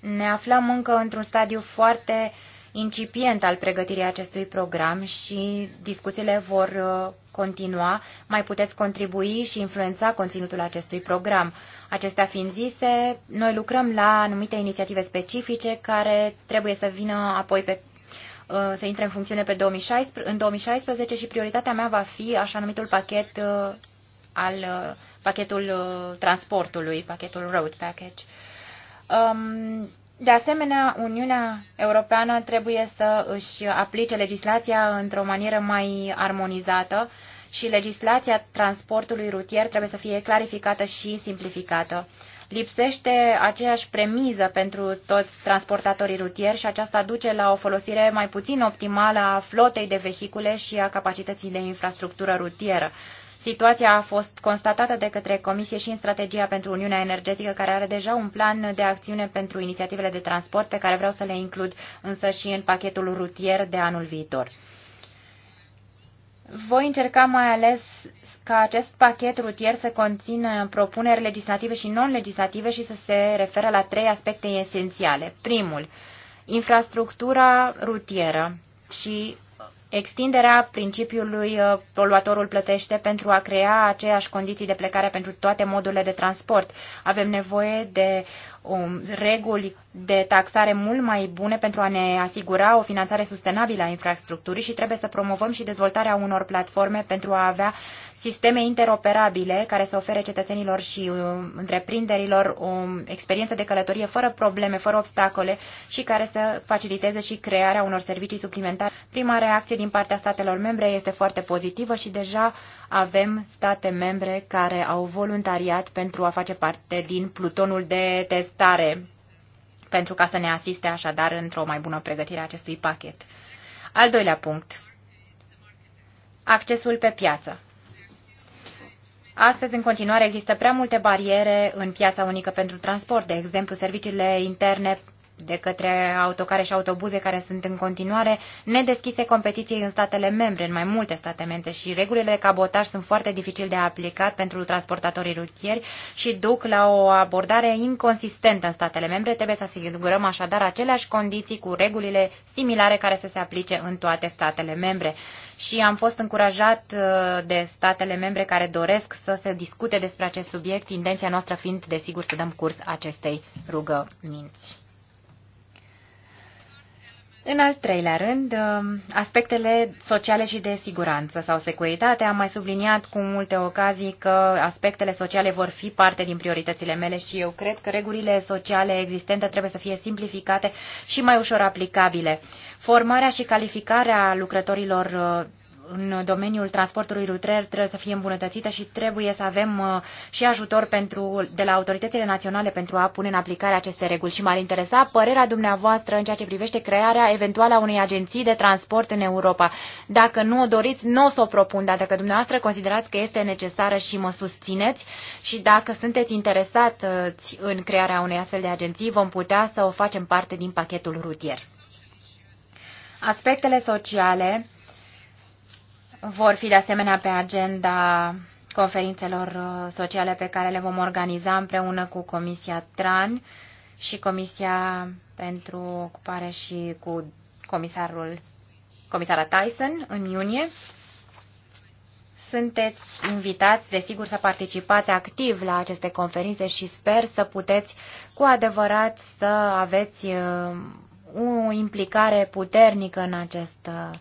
Ne aflăm încă într-un stadiu foarte uh, incipient al pregătirii acestui program și discuțiile vor uh, continua. Mai puteți contribui și influența conținutul acestui program. Acestea fiind zise, noi lucrăm la anumite inițiative specifice care trebuie să vină apoi pe uh, să intre în funcțiune pe 2016, în 2016 și prioritatea mea va fi așa numitul pachet uh, al pachetul transportului, pachetul road package. Um, de asemenea, Uniunea Europeană trebuie să își aplice legislația într-o manieră mai armonizată și legislația transportului rutier trebuie să fie clarificată și simplificată. Lipsește aceeași premiză pentru toți transportatorii rutieri și aceasta duce la o folosire mai puțin optimală a flotei de vehicule și a capacității de infrastructură rutieră. Situația a fost constatată de către Comisie și în strategia pentru Uniunea Energetică, care are deja un plan de acțiune pentru inițiativele de transport, pe care vreau să le includ însă și în pachetul rutier de anul viitor. Voi încerca mai ales ca acest pachet rutier să conțină propuneri legislative și non-legislative și să se referă la trei aspecte esențiale. Primul, infrastructura rutieră și extinderea principiului uh, poluatorul plătește pentru a crea aceeași condiții de plecare pentru toate modurile de transport. Avem nevoie de um, reguli de taxare mult mai bune pentru a ne asigura o finanțare sustenabilă a infrastructurii și trebuie să promovăm și dezvoltarea unor platforme pentru a avea sisteme interoperabile care să ofere cetățenilor și um, întreprinderilor o um, experiență de călătorie fără probleme, fără obstacole și care să faciliteze și crearea unor servicii suplimentare. Prima reacție din partea statelor membre este foarte pozitivă și deja avem state membre care au voluntariat pentru a face parte din plutonul de testare, pentru ca să ne asiste așadar într-o mai bună pregătire a acestui pachet. Al doilea punct. Accesul pe piață. Astăzi, în continuare, există prea multe bariere în piața unică pentru transport, de exemplu, serviciile interne de către autocare și autobuze care sunt în continuare nedeschise competiției în statele membre, în mai multe state membre și regulile de cabotaj sunt foarte dificil de aplicat pentru transportatorii rutieri și duc la o abordare inconsistentă în statele membre. Trebuie să asigurăm așadar aceleași condiții cu regulile similare care să se aplice în toate statele membre. Și am fost încurajat uh, de statele membre care doresc să se discute despre acest subiect, intenția noastră fiind, desigur, să dăm curs acestei rugăminți. În al treilea rând, um, aspectele sociale și de siguranță sau securitate. Am mai subliniat cu multe ocazii că aspectele sociale vor fi parte din prioritățile mele și eu cred că regulile sociale existente trebuie să fie simplificate și mai ușor aplicabile. Formarea și calificarea lucrătorilor uh, în domeniul transportului rutier trebuie să fie îmbunătățită și trebuie să avem uh, și ajutor pentru, de la autoritățile naționale pentru a pune în aplicare aceste reguli. Și m-ar interesa părerea dumneavoastră în ceea ce privește crearea eventuală a unei agenții de transport în Europa. Dacă nu o doriți, nu o să o propun, dar dacă dumneavoastră considerați că este necesară și mă susțineți și dacă sunteți interesați în crearea unei astfel de agenții, vom putea să o facem parte din pachetul rutier. Aspectele sociale vor fi de asemenea pe agenda conferințelor uh, sociale pe care le vom organiza împreună cu Comisia TRAN și Comisia pentru Ocupare și cu comisarul, comisara Tyson în iunie. Sunteți invitați, desigur, să participați activ la aceste conferințe și sper să puteți cu adevărat să aveți uh, o implicare puternică în această uh,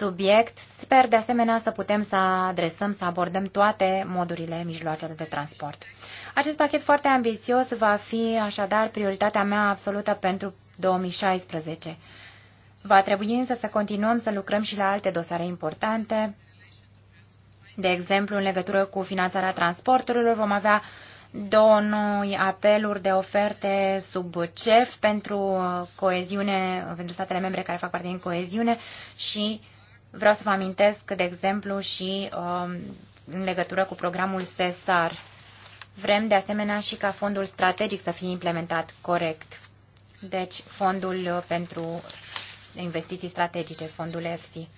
subiect. Sper de asemenea să putem să adresăm, să abordăm toate modurile mijloacelor de transport. Acest pachet foarte ambițios va fi așadar prioritatea mea absolută pentru 2016. Va trebui însă să continuăm să lucrăm și la alte dosare importante. De exemplu, în legătură cu finanțarea transporturilor, vom avea două noi apeluri de oferte sub CEF pentru coeziune, pentru statele membre care fac parte din coeziune și uh, Vreau să vă amintesc, de exemplu, și um, în legătură cu programul SESAR. Vrem, de asemenea, și ca fondul strategic să fie implementat corect. Deci, fondul uh, pentru investiții strategice, fondul EFSI.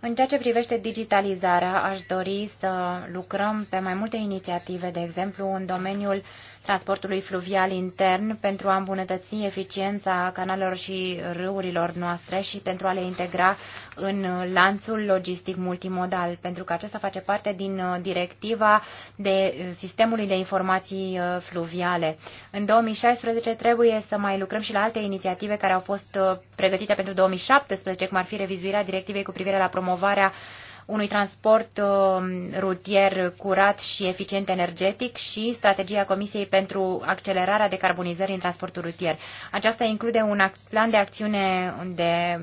În ceea ce privește digitalizarea, aș dori să lucrăm pe mai multe inițiative, de exemplu, în domeniul transportului fluvial intern pentru a îmbunătăți eficiența canalelor și râurilor noastre și pentru a le integra în lanțul logistic multimodal, pentru că acesta face parte din uh, directiva de uh, sistemului de informații uh, fluviale. În 2016 trebuie să mai lucrăm și la alte inițiative care au fost pregătite pentru 2017, cum ar fi revizuirea directivei cu privire la promovarea uh, unui transport uh, rutier curat și eficient energetic și strategia Comisiei pentru accelerarea decarbonizării în transportul rutier. Aceasta include un plan de acțiune de,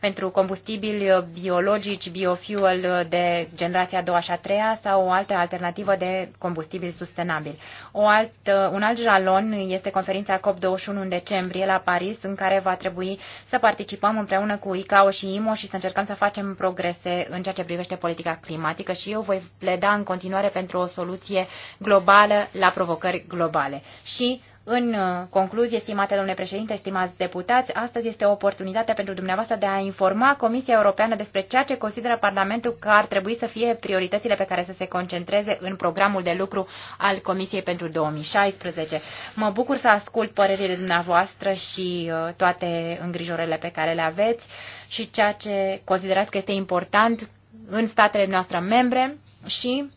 pentru combustibili biologici, biofuel de generația a doua și a treia sau o altă alternativă de combustibil sustenabil. O alt, un alt jalon este conferința COP21 în decembrie la Paris, în care va trebui să participăm împreună cu ICAO și IMO și să încercăm să facem progrese în ceea ce privește politica climatică și eu voi pleda în continuare pentru o soluție globală la provocări globale. Și în uh, concluzie, stimate domnule președinte, stimați deputați, astăzi este o oportunitate pentru dumneavoastră de a informa Comisia Europeană despre ceea ce consideră Parlamentul că ar trebui să fie prioritățile pe care să se concentreze în programul de lucru al Comisiei pentru 2016. Mă bucur să ascult părerile dumneavoastră și uh, toate îngrijorările pe care le aveți și ceea ce considerați că este important în statele noastre membre și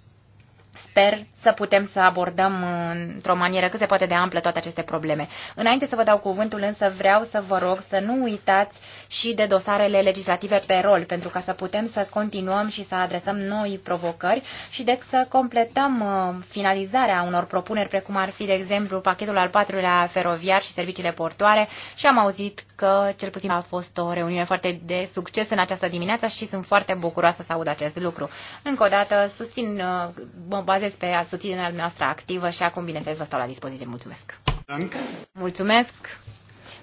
Sper să putem să abordăm uh, într-o manieră cât se poate de amplă toate aceste probleme. Înainte să vă dau cuvântul, însă vreau să vă rog să nu uitați și de dosarele legislative pe rol, pentru ca să putem să continuăm și să adresăm noi provocări și de deci, să completăm uh, finalizarea unor propuneri, precum ar fi, de exemplu, pachetul al patrulea feroviar și serviciile portoare și am auzit că cel puțin a fost o reuniune foarte de succes în această dimineață și sunt foarte bucuroasă să aud acest lucru. Încă o dată, susțin uh, mă bazez pe susținerea noastră activă și acum, bineînțeles, vă stau la dispoziție. Mulțumesc! Dank. Mulțumesc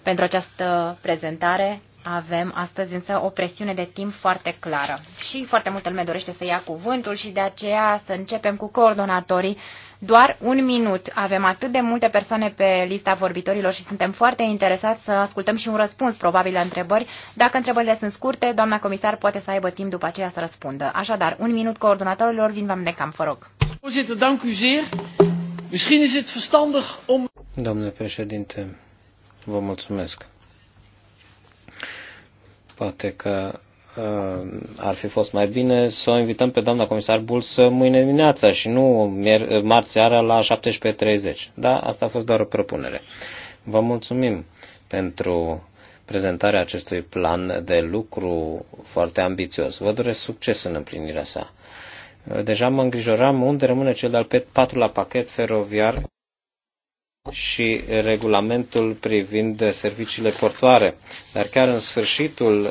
pentru această prezentare. Avem astăzi însă o presiune de timp foarte clară și foarte multă lume dorește să ia cuvântul și de aceea să începem cu coordonatorii. Doar un minut. Avem atât de multe persoane pe lista vorbitorilor și suntem foarte interesați să ascultăm și un răspuns probabil la întrebări. Dacă întrebările sunt scurte, doamna comisar poate să aibă timp după aceea să răspundă. Așadar, un minut coordonatorilor, vin v-am de cam, vă rog. Voorzitter, dank u zeer. Misschien is het verstandig om... Domnule președinte, vă mulțumesc. Poate că uh, ar fi fost mai bine să o invităm pe doamna comisar Bulls mâine dimineața și nu marți seara la 17.30. Da, asta a fost doar o propunere. Vă mulțumim pentru prezentarea acestui plan de lucru foarte ambițios. Vă doresc succes în împlinirea sa deja mă îngrijoram unde rămâne cel de-al patrulea pachet feroviar și regulamentul privind serviciile portoare. Dar chiar în sfârșitul uh,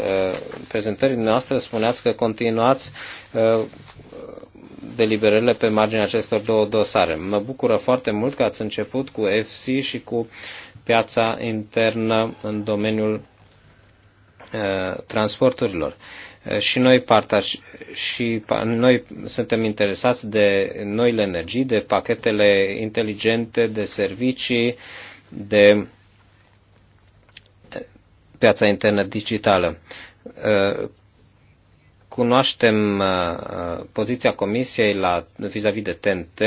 prezentării noastre spuneați că continuați uh, deliberările pe marginea acestor două dosare. Mă bucură foarte mult că ați început cu FC și cu piața internă în domeniul uh, transporturilor și noi, partaj, și noi suntem interesați de noile energii, de pachetele inteligente, de servicii, de piața internă digitală. Uh, cunoaștem uh, poziția Comisiei la, vis-a-vis -vis de TNT,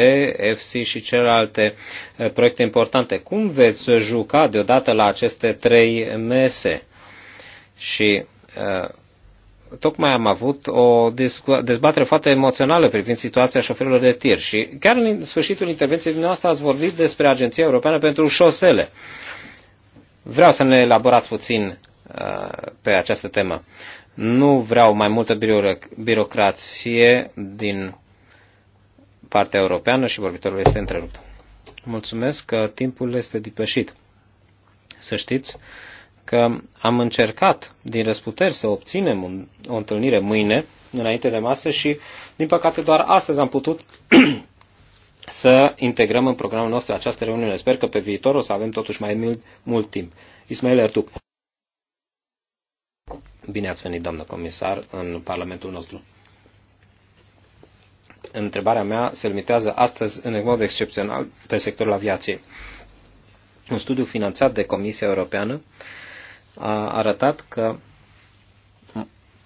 FC și celelalte uh, proiecte importante. Cum veți juca deodată la aceste trei mese? Și tocmai am avut o dezbatere foarte emoțională privind situația șoferilor de tir și chiar în sfârșitul intervenției dumneavoastră ați vorbit despre Agenția Europeană pentru Șosele. Vreau să ne elaborați puțin uh, pe această temă. Nu vreau mai multă birocrație din partea europeană și vorbitorul este întrerupt. Mulțumesc că timpul este depășit. Să știți că am încercat din răsputeri să obținem un, o întâlnire mâine, înainte de masă și, din păcate, doar astăzi am putut [clears throat] să integrăm în programul nostru această reuniune. Sper că pe viitor o să avem totuși mai mult, mult timp. Ismail Ertuc. Bine ați venit, doamnă comisar, în Parlamentul nostru. Întrebarea mea se limitează astăzi, în mod excepțional, pe sectorul aviației. Un studiu finanțat de Comisia Europeană uh, a arătat că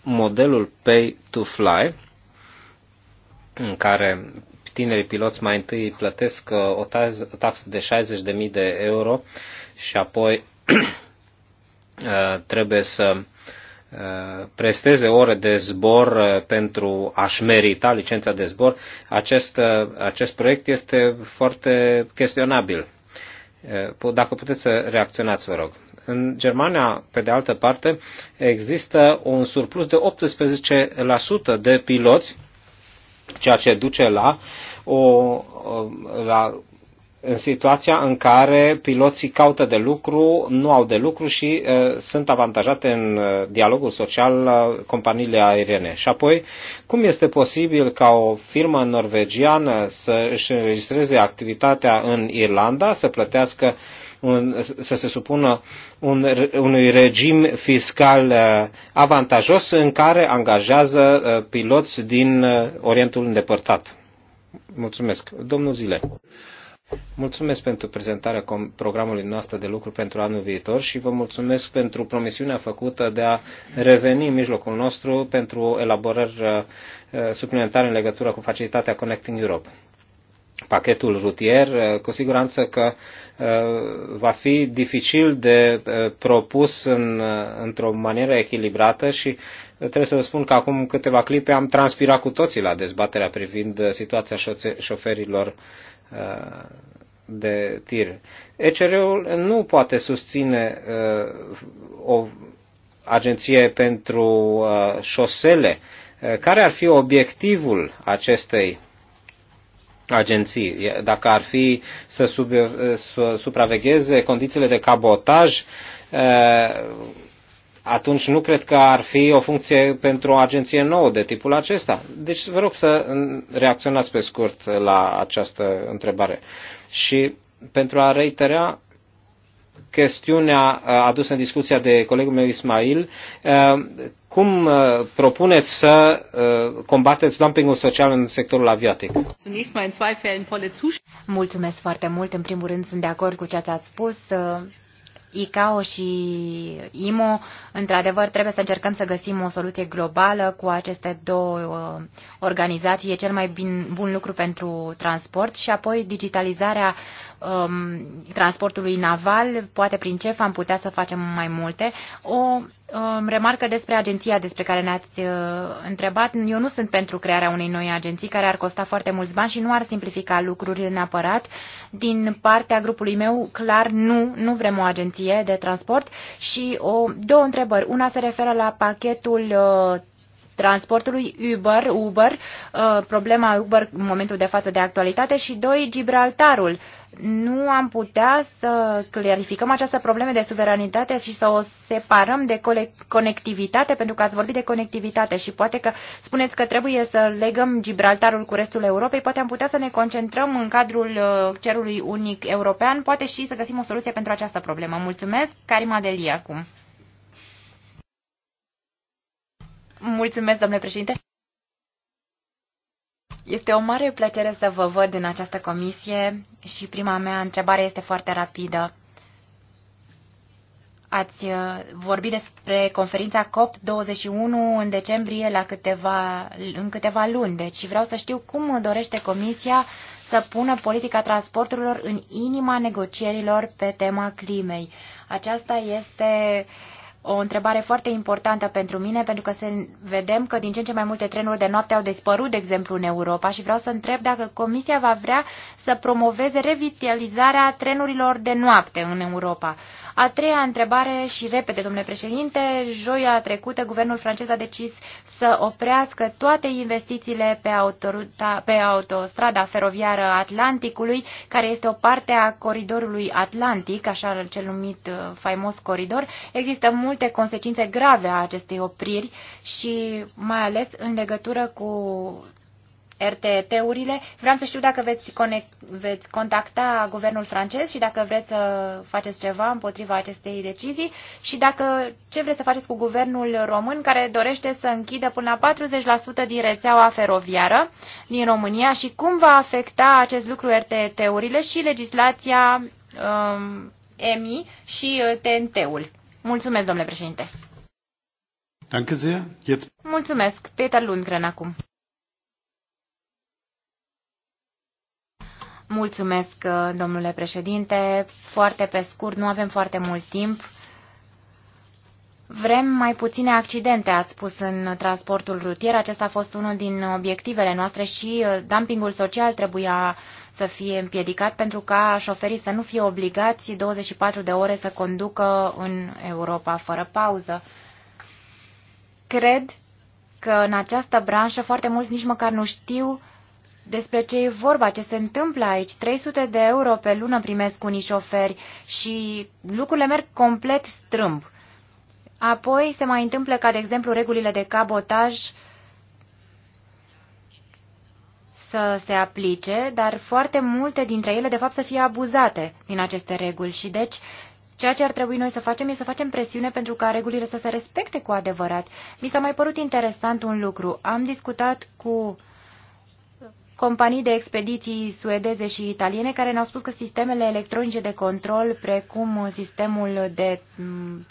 modelul Pay to Fly, în care tinerii piloți mai întâi plătesc uh, o taxă de 60.000 de euro și apoi uh, trebuie să uh, presteze ore de zbor pentru a-și merita licența de zbor, acest, acest proiect este foarte chestionabil. Dacă puteți să reacționați, vă rog. În Germania, pe de altă parte, există un surplus de 18% de piloți, ceea ce duce la o, la în situația în care piloții caută de lucru, nu au de lucru și uh, sunt avantajate în uh, dialogul social uh, companiile aeriene. Și apoi, cum este posibil ca o firmă norvegiană să își înregistreze activitatea în Irlanda, să plătească un, să se supună un, unui regim fiscal uh, avantajos în care angajează uh, piloți din uh, Orientul îndepărtat. Mulțumesc. Domnul Zile. Mulțumesc pentru prezentarea programului nostru de lucru pentru anul viitor și vă mulțumesc pentru promisiunea făcută de a reveni în mijlocul nostru pentru elaborări suplimentare în legătură cu facilitatea Connecting Europe pachetul rutier, uh, cu siguranță că uh, va fi dificil de uh, propus în, într-o manieră echilibrată și trebuie să vă spun că acum câteva clipe am transpirat cu toții la dezbaterea privind situația șoferilor de tir. ECR-ul nu poate susține o agenție pentru șosele. Care ar fi obiectivul acestei agenții. Dacă ar fi să, sub, să supravegheze condițiile de cabotaj, atunci nu cred că ar fi o funcție pentru o agenție nouă de tipul acesta. Deci vă rog să reacționați pe scurt la această întrebare. Și pentru a reitera chestiunea uh, adusă în discuția de colegul meu Ismail. Uh, cum uh, propuneți să combateți dumpingul social în sectorul aviatic? Mulțumesc foarte mult. În primul rând sunt de acord cu ce ați spus. ICAO și IMO, într-adevăr, trebuie să încercăm să găsim o soluție globală cu aceste două organizații. E cel mai bun lucru pentru transport și apoi digitalizarea um, transportului naval, poate prin ce am putea să facem mai multe. O um, remarcă despre agenția despre care ne-ați uh, întrebat. Eu nu sunt pentru crearea unei noi agenții care ar costa foarte mulți bani și nu ar simplifica lucrurile neapărat. Din partea grupului meu, clar, nu, nu vrem o agenție de transport și o, două întrebări. Una se referă la pachetul uh, transportului Uber, Uber uh, problema Uber în momentul de față de actualitate și, doi, Gibraltarul. Nu am putea să clarificăm această problemă de suveranitate și să o separăm de conectivitate, pentru că ați vorbit de conectivitate și poate că spuneți că trebuie să legăm Gibraltarul cu restul Europei, poate am putea să ne concentrăm în cadrul uh, cerului unic european, poate și să găsim o soluție pentru această problemă. Mulțumesc, Karima Delia acum. Mulțumesc, domnule președinte. Este o mare plăcere să vă văd în această comisie și prima mea întrebare este foarte rapidă. Ați uh, vorbit despre conferința COP21 în decembrie la câteva, în câteva luni, deci vreau să știu cum dorește comisia să pună politica transporturilor în inima negocierilor pe tema climei. Aceasta este uh, o întrebare foarte importantă pentru mine, pentru că se, vedem că din ce în ce mai multe trenuri de noapte au dispărut, de exemplu, în Europa și vreau să întreb dacă Comisia va vrea să promoveze revitalizarea trenurilor de noapte în Europa. A treia întrebare și repede, domnule președinte, joia trecută guvernul francez a decis să oprească toate investițiile pe, autoruta, pe autostrada feroviară Atlanticului, care este o parte a coridorului Atlantic, așa cel numit uh, faimos coridor. Există multe consecințe grave a acestei opriri și mai ales în legătură cu RTT-urile. Vreau să știu dacă veți, conect, veți contacta guvernul francez și dacă vreți să faceți ceva împotriva acestei decizii și dacă ce vreți să faceți cu guvernul român care dorește să închidă până la 40% din rețeaua feroviară din România și cum va afecta acest lucru RTT-urile și legislația um, EMI și uh, TNT-ul. Mulțumesc, domnule președinte. Mulțumesc. Peter Lundgren acum. Mulțumesc, uh, domnule președinte. Foarte pe scurt, nu avem foarte mult timp. Vrem mai puține accidente, ați spus, în transportul rutier. Acesta a fost unul din obiectivele noastre și uh, dumpingul social trebuia să fie împiedicat pentru ca șoferii să nu fie obligați 24 de ore să conducă în Europa fără pauză. Cred că în această branșă foarte mulți nici măcar nu știu despre ce e vorba, ce se întâmplă aici. 300 de euro pe lună primesc unii șoferi și lucrurile merg complet strâmb. Apoi se mai întâmplă ca, de exemplu, regulile de cabotaj să se aplice, dar foarte multe dintre ele, de fapt, să fie abuzate din aceste reguli și, deci, Ceea ce ar trebui noi să facem e să facem presiune pentru ca regulile să se respecte cu adevărat. Mi s-a mai părut interesant un lucru. Am discutat cu companii de expediții suedeze și italiene care ne-au spus că sistemele electronice de control, precum sistemul de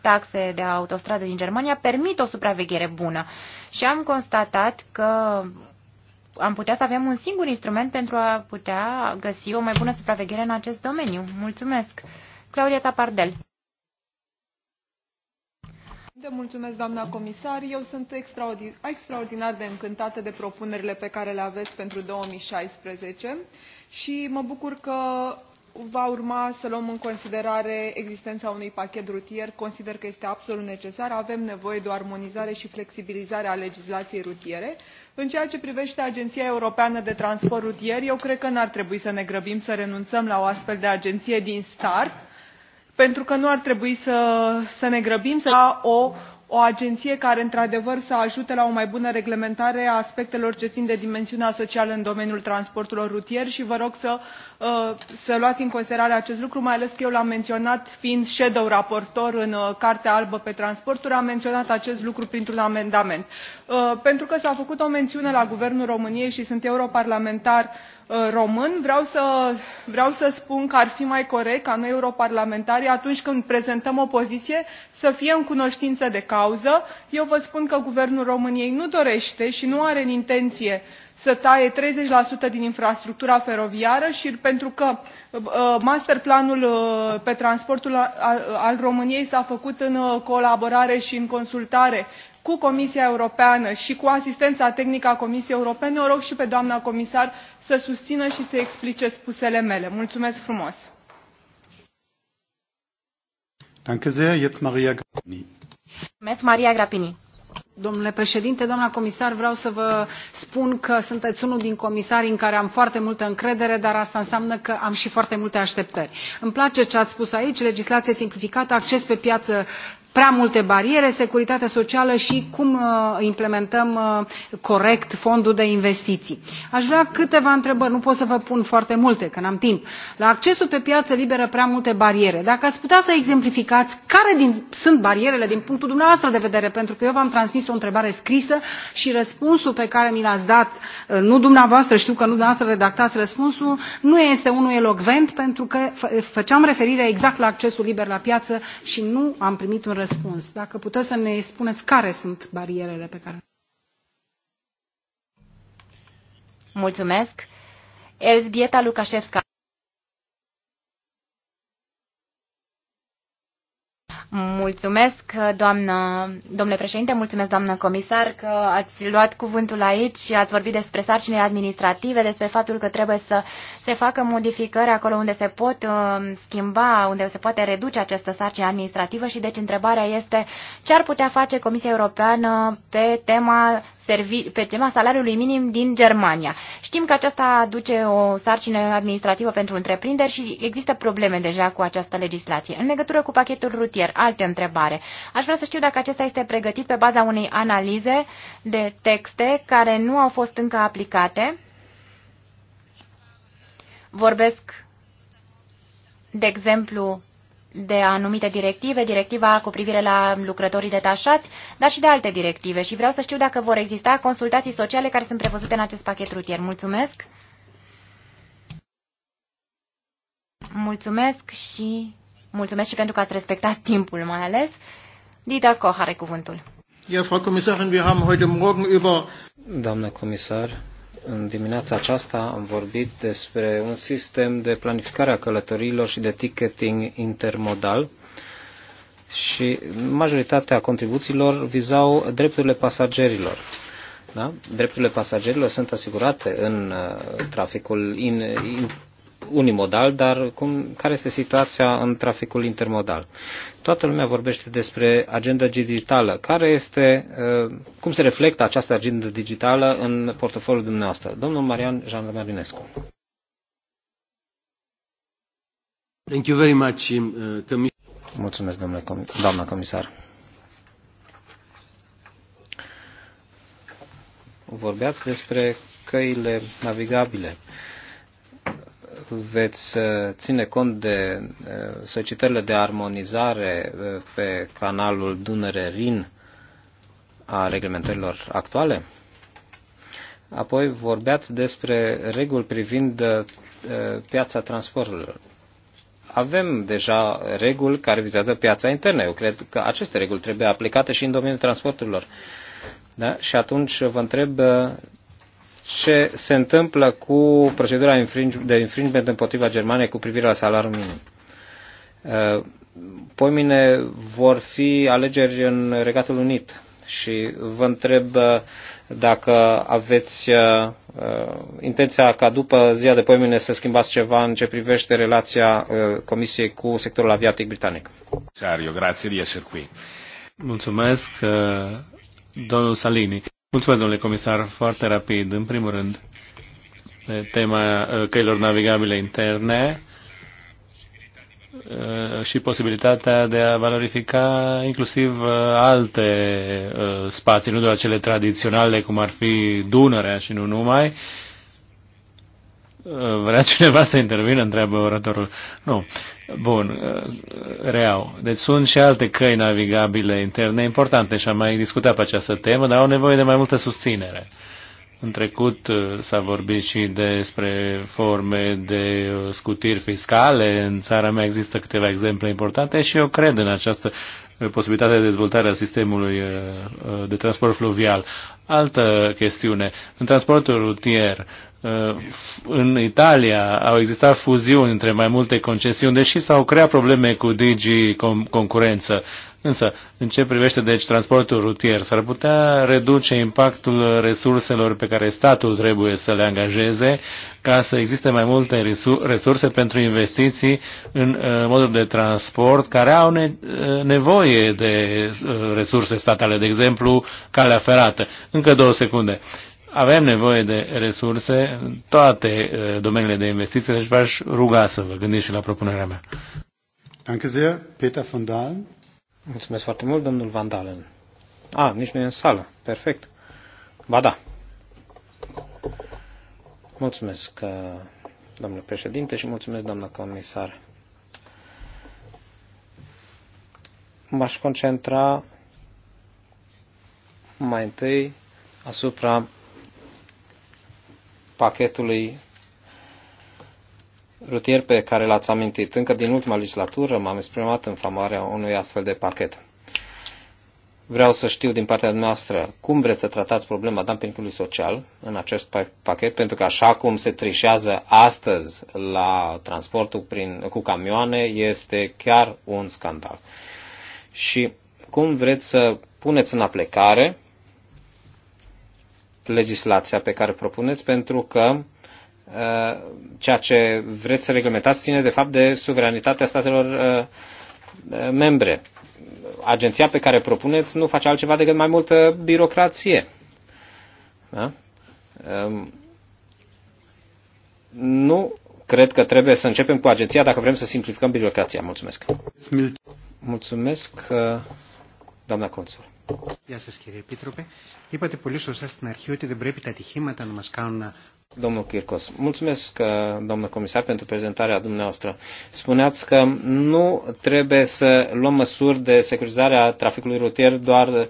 taxe de autostradă din Germania, permit o supraveghere bună. Și am constatat că am putea să avem un singur instrument pentru a putea găsi o mai bună supraveghere în acest domeniu. Mulțumesc! Claudia Tapardel doamnă comisar. Eu sunt extraordinar, de încântată de propunerile pe care le aveți pentru 2016 și mă bucur că va urma să luăm în considerare existența unui pachet rutier. Consider că este absolut necesar. Avem nevoie de o armonizare și flexibilizare a legislației rutiere. În ceea ce privește Agenția Europeană de Transport Rutier, eu cred că nu ar trebui să ne grăbim să renunțăm la o astfel de agenție din start, pentru că nu ar trebui să, să ne grăbim să o, o agenție care într adevăr să ajute la o mai bună reglementare a aspectelor ce țin de dimensiunea socială în domeniul transporturilor rutier și vă rog să, uh, să luați în considerare acest lucru mai ales că eu l am menționat fiind shadow raportor în uh, cartea albă pe transporturi am menționat acest lucru printr un amendament. Uh, pentru că s a făcut o mențiune la guvernul româniei și sunt europarlamentar Uh, român vreau să, vreau să spun că ar fi mai corect ca noi europarlamentarii atunci când prezentăm o poziție să fie în cunoștință de cauză. eu vă spun că guvernul româniei nu dorește și nu are în intenție să taie treizeci din infrastructura feroviară și pentru că uh, master planul uh, pe transportul al româniei s a făcut în colaborare și în consultare cu comisia europeană și cu asistența tehnică a comisiei europene o rog și pe doamna comisar să susțină și să explice spusele mele. mulțumesc frumos! Mulțumesc, Maria Grapini domnule președinte doamna comisar vreau să vă spun că sunteți unul din comisarii în care am foarte multă încredere dar asta înseamnă că am și foarte multe așteptări. îmi place ce ați spus aici legislație simplificată acces pe piață prea multe bariere securitatea socială și cum uh, implementăm uh, corect fondul de investiții. aș vrea câteva întrebări nu pot să vă pun foarte multe că nu am timp. la accesul pe piață liberă prea multe bariere dacă ați putea să exemplificați care din, sunt barierele din punctul dumneavoastră de vedere pentru că eu v am transmis o întrebare scrisă și răspunsul pe care mi l ați dat uh, nu dumneavoastră știu că nu dumneavoastră redactați răspunsul nu este unul elocvent pentru că făceam referire exact la accesul liber la piață și nu am primit un răspuns. Dacă puteți să ne spuneți care sunt barierele pe care. Mulțumesc. Elzbieta Lukașevska. Mulțumesc, doamnă, domnule președinte, mulțumesc, doamnă comisar, că ați luat cuvântul aici și ați vorbit despre sarcinile administrative, despre faptul că trebuie să se facă modificări acolo unde se pot uh, schimba, unde se poate reduce această sarcină administrativă și deci întrebarea este ce ar putea face Comisia Europeană pe tema servi- pe tema salariului minim din Germania. Știm că aceasta aduce o sarcină administrativă pentru întreprinderi și există probleme deja cu această legislație. În legătură cu pachetul rutier, alte întrebare. Aș vrea să știu dacă acesta este pregătit pe baza unei analize de texte care nu au fost încă aplicate. Vorbesc, de exemplu, de anumite directive, directiva cu privire la lucrătorii detașați, dar și de alte directive. Și vreau să știu dacă vor exista consultații sociale care sunt prevăzute în acest pachet rutier. Mulțumesc! Mulțumesc și mulțumesc și pentru că ați respectat timpul, mai ales. Dita Koch are cuvântul. Ja, Doamnă comisar, în dimineața aceasta am vorbit despre un sistem de planificare a călătorilor și de ticketing intermodal și majoritatea contribuțiilor vizau drepturile pasagerilor. Da? Drepturile pasagerilor sunt asigurate în uh, traficul in, in, unimodal, dar cum, care este situația în traficul intermodal? Toată lumea vorbește despre agenda digitală. Care este, uh, cum se reflectă această agenda digitală în portofoliul dumneavoastră? Domnul Marian Jean Marinescu. Thank you very much, uh, Mulțumesc, domnule, com doamna comisar. Vorbeați despre căile navigabile. Uh, veți uh, ține cont de uh, solicitările de armonizare uh, pe canalul Dunăre-Rin a reglementărilor actuale? Apoi vorbeați despre reguli privind piața transporturilor. Avem deja reguli care vizează piața internă. Eu cred că aceste reguli trebuie aplicate și în domeniul transporturilor. Da? Și atunci vă întreb ce se întâmplă cu procedura de infringement împotriva Germaniei cu privire la salariul minim. Uh, poimine vor fi alegeri în Regatul Unit și vă întreb uh, dacă aveți uh, intenția ca după ziua de poimine să schimbați ceva în ce privește relația Comisiei cu sectorul aviatic britanic. Sario, grazie di essere qui. Mulțumesc, domnul Salini. Mulțumesc, domnule comisar, foarte rapid. În primul rând, tema uh, căilor navigabile interne uh, și posibilitatea de a valorifica inclusiv uh, alte spații, nu doar cele tradiționale, cum ar fi Dunărea și nu numai, Vrea cineva să intervină, întreabă oratorul. Nu. Bun, reau. Deci sunt și alte căi navigabile interne importante și am mai discutat pe această temă, dar au nevoie de mai multă susținere. În trecut uh, s-a vorbit și despre forme de uh, scutiri fiscale. În țara mea există câteva exemple importante și eu cred în această uh, posibilitate de dezvoltare a sistemului de transport fluvial. Altă chestiune. În transportul rutier, Uh, în Italia au existat fuziuni între mai multe concesiuni, deși s-au creat probleme cu Digi concurență. Însă, în ce privește deci transportul rutier, s-ar putea reduce impactul resurselor pe care statul trebuie să le angajeze ca să existe mai multe resurse pentru investiții în uh, modul de transport care au ne uh, nevoie de uh, resurse statale, de exemplu, calea ferată. Încă două secunde. Avem nevoie de resurse în toate uh, domeniile de investiție, deci v-aș ruga să vă gândiți și la propunerea mea. Danke sehr, Peter von Mulțumesc foarte mult, domnul Van Dalen. A, ah, nici nu e în sală. Perfect. Ba da. Mulțumesc, uh, domnule președinte, și mulțumesc, doamna comisar. M-aș concentra mai întâi asupra pachetului rutier pe care l-ați amintit. Încă din ultima legislatură m-am exprimat în favoarea unui astfel de pachet. Vreau să știu din partea noastră cum vreți să tratați problema dumpingului social în acest pachet, pentru că așa cum se trișează astăzi la transportul prin, cu camioane, este chiar un scandal. Și cum vreți să puneți în aplicare legislația pe care propuneți, pentru că uh, ceea ce vreți să reglementați ține de fapt de suveranitatea statelor uh, uh, membre. Agenția pe care propuneți nu face altceva decât mai multă birocrație. Da? Um, nu cred că trebuie să începem cu agenția dacă vrem să simplificăm birocrația. Mulțumesc. Mulțumesc, doamna consul. Γεια σας κύριε Επίτροπε. Είπατε πολύ σωστά στην αρχή ότι δεν πρέπει τα ατυχήματα να μας κάνουν να... Domnul Chircos, mulțumesc, uh, domnul comisar, pentru prezentarea dumneavoastră. Spuneați că nu trebuie să luăm măsuri de securizare a traficului rutier doar uh,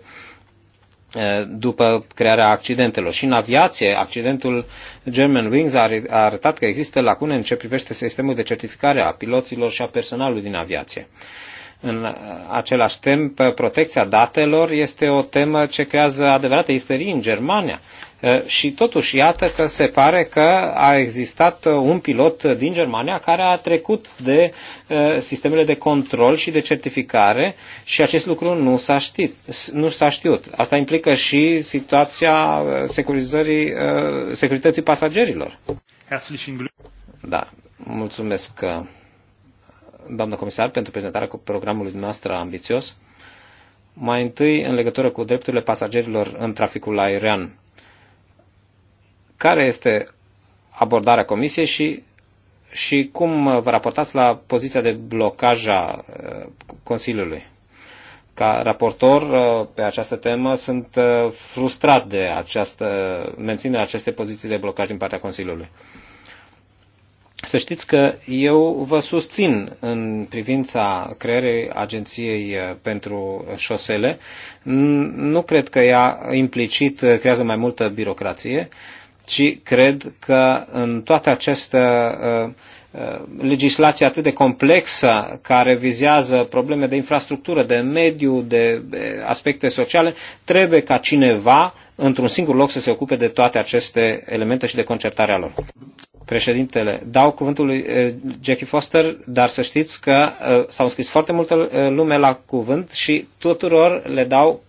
după crearea accidentelor. Și în aviație, accidentul German Wings a arătat că există lacune în ce privește sistemul de certificare a piloților și a personalului din aviație. În același timp, protecția datelor este o temă ce creează adevărate isterii în Germania. Și totuși, iată că se pare că a existat un pilot din Germania care a trecut de sistemele de control și de certificare și acest lucru nu s-a, știut, nu s-a știut. Asta implică și situația securizării, securității pasagerilor. Da, mulțumesc doamnă comisar, pentru prezentarea cu programului noastră ambițios. Mai întâi, în legătură cu drepturile pasagerilor în traficul aerian. Care este abordarea comisiei și, și cum vă raportați la poziția de blocaj a uh, Consiliului? Ca raportor uh, pe această temă sunt uh, frustrat de această, menținerea acestei poziții de blocaj din partea Consiliului. Să știți că eu vă susțin în privința creării agenției uh, pentru șosele. Nu cred că ea implicit uh, creează mai multă birocrație, ci cred că în toată această uh, legislație atât de complexă care vizează probleme de infrastructură, de mediu, de aspecte sociale, trebuie ca cineva într-un singur loc să se ocupe de toate aceste elemente și de concertarea lor. Președintele, dau cuvântul lui eh, Jackie Foster, dar să știți că eh, s-au scris foarte multă eh, lume la cuvânt și tuturor le dau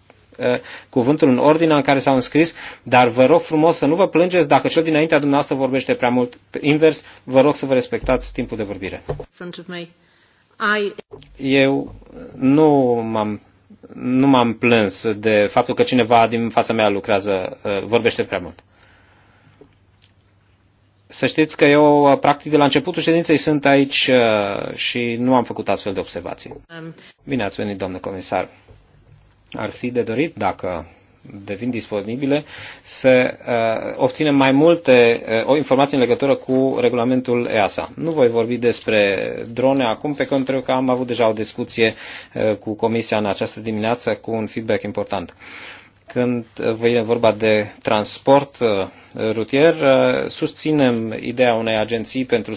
cuvântul în ordinea în care s-au înscris, dar vă rog frumos să nu vă plângeți dacă cel dinaintea dumneavoastră vorbește prea mult invers, vă rog să vă respectați timpul de vorbire. Eu nu m-am nu m-am plâns de faptul că cineva din fața mea lucrează, vorbește prea mult. Să știți că eu, uh, practic, de la începutul ședinței sunt aici uh, și nu am făcut astfel de observații. Um. Bine ați venit, domnule comisar. Ar fi de dorit, dacă devin disponibile, să uh, obținem mai multe uh, o informații în legătură cu regulamentul EASA. Nu voi vorbi despre drone acum, pe contră, că am avut deja o discuție uh, cu Comisia în această dimineață cu un feedback important. Uh, când uh, vine vorba de transport uh, rutier, uh, susținem ideea unei agenții pentru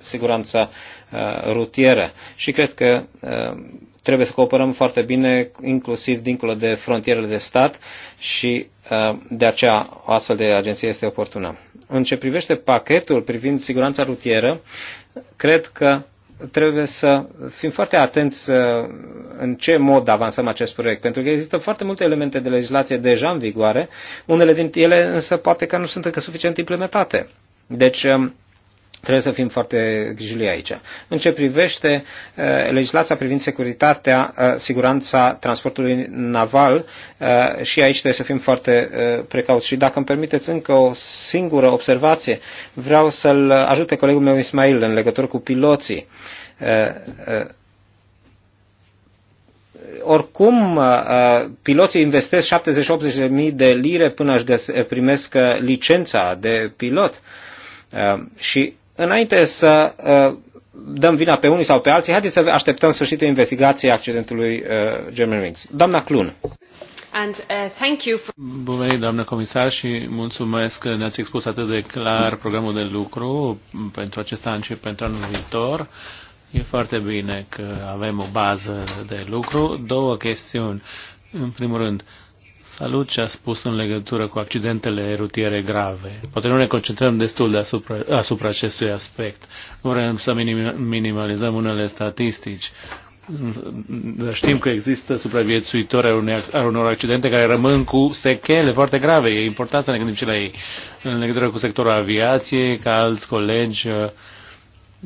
siguranța rutieră și cred că trebuie să cooperăm foarte bine, inclusiv dincolo de frontierele de stat și de aceea o astfel de agenție este oportună. În ce privește pachetul privind siguranța rutieră, cred că trebuie să fim foarte atenți uh, în ce mod avansăm acest proiect, pentru că există foarte multe elemente de legislație deja în vigoare, unele dintre ele însă poate că nu sunt încă suficient implementate. Deci um, Trebuie să fim foarte grijulii aici. În ce privește eh, legislația privind securitatea, eh, siguranța transportului naval, eh, și aici trebuie să fim foarte precauți. Și dacă îmi permiteți încă o singură observație, vreau să-l ajut pe colegul meu Ismail în legătură cu piloții oricum piloții investesc 70-80 de de lire până își primesc licența de pilot. Și înainte să uh, dăm vina pe unii sau pe alții, haideți să așteptăm sfârșitul investigației accidentului uh, German Wings. Doamna Clun. And, uh, thank you for... Bun venit, doamnă comisar, și mulțumesc că ne-ați expus atât de clar programul de lucru pentru acest an și pentru anul viitor. E foarte bine că avem o bază de lucru. Două chestiuni. În primul rând, uh, Salut ce a spus în legătură cu accidentele rutiere grave. Poate nu ne concentrăm destul de asupra, asupra acestui aspect. Nu vrem să minim, minimalizăm unele statistici. Dar știm că există supraviețuitori al, unei, al unor accidente care rămân cu sechele foarte grave. E important să ne gândim și la ei. În legătură cu sectorul aviației, ca alți colegi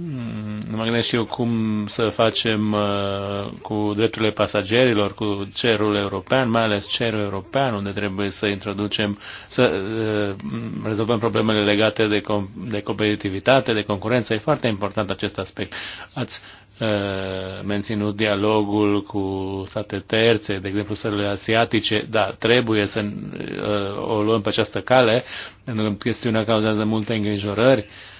Mm, mă gândesc și eu cum să facem uh, cu drepturile pasagerilor, cu cerul european, mai ales cerul european, unde trebuie să introducem, să uh, rezolvăm problemele legate de, com- de competitivitate, de concurență. E foarte important acest aspect. Ați uh, menținut dialogul cu state terțe, de exemplu țările asiatice, da, trebuie să o luăm pe această cale, că chestiunea cauzează multe îngrijorări. Uh,